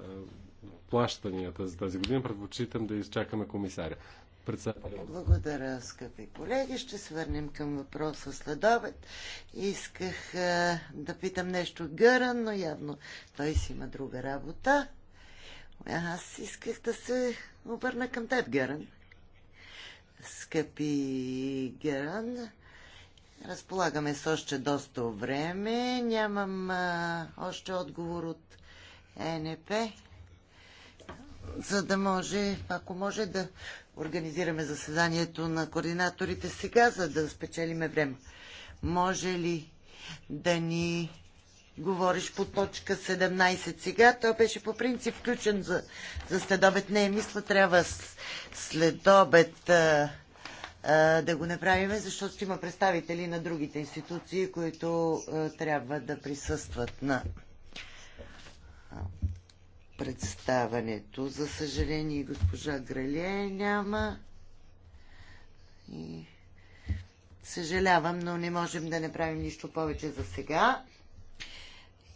плащанията за тази година предпочитам да изчакаме комисаря председателя. Благодаря, скъпи колеги. Ще свърнем към въпроса след обед. Исках а, е, да питам нещо Гъран, но явно той си има друга работа. Аз исках да се обърна към теб, Гъран. Скъпи Геран, разполагаме с още доста време. Нямам а, е, още отговор от ЕНП, за да може, ако може да организираме заседанието на координаторите сега, за да спечелиме време. Може ли да ни говориш по точка 17 сега? Той беше по принцип включен за, за следобед. Не, е мисля, трябва следобед а, а, да го направим, защото има представители на другите институции, които а, трябва да присъстват на представането. За съжаление, госпожа Грале няма. И... Съжалявам, но не можем да направим нищо повече за сега.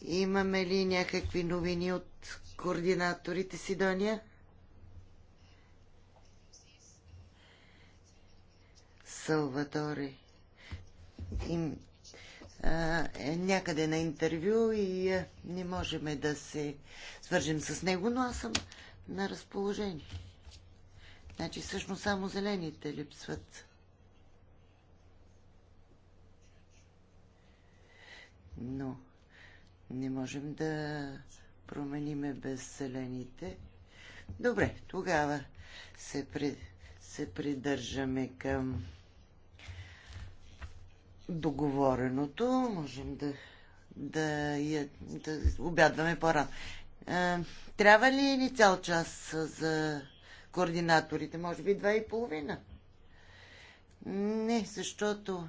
Имаме ли някакви новини от координаторите Сидония? Салваторе. Им е някъде на интервю и не можем да се свържем с него, но аз съм на разположение. Значи всъщност само зелените липсват. Но не можем да промениме без зелените. Добре, тогава се, при... се придържаме към договореното. Можем да, да, да обядваме по-рано. Трябва ли ни цял час за координаторите? Може би два и половина? Не, защото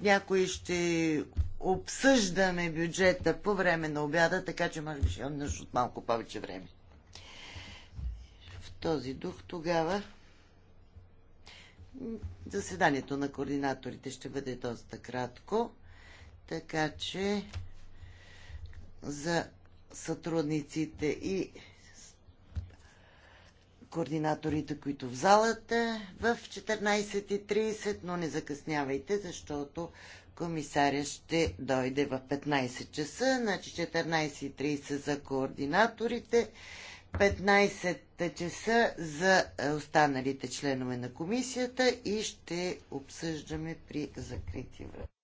някои ще обсъждаме бюджета по време на обяда, така че може би ще имам нужда от малко повече време. В този дух тогава Заседанието на координаторите ще бъде доста кратко, така че за сътрудниците и координаторите, които в залата в 14.30, но не закъснявайте, защото комисаря ще дойде в 15 часа, значи 14.30 за координаторите 15 часа за е, останалите членове на комисията и ще обсъждаме при закрити врата.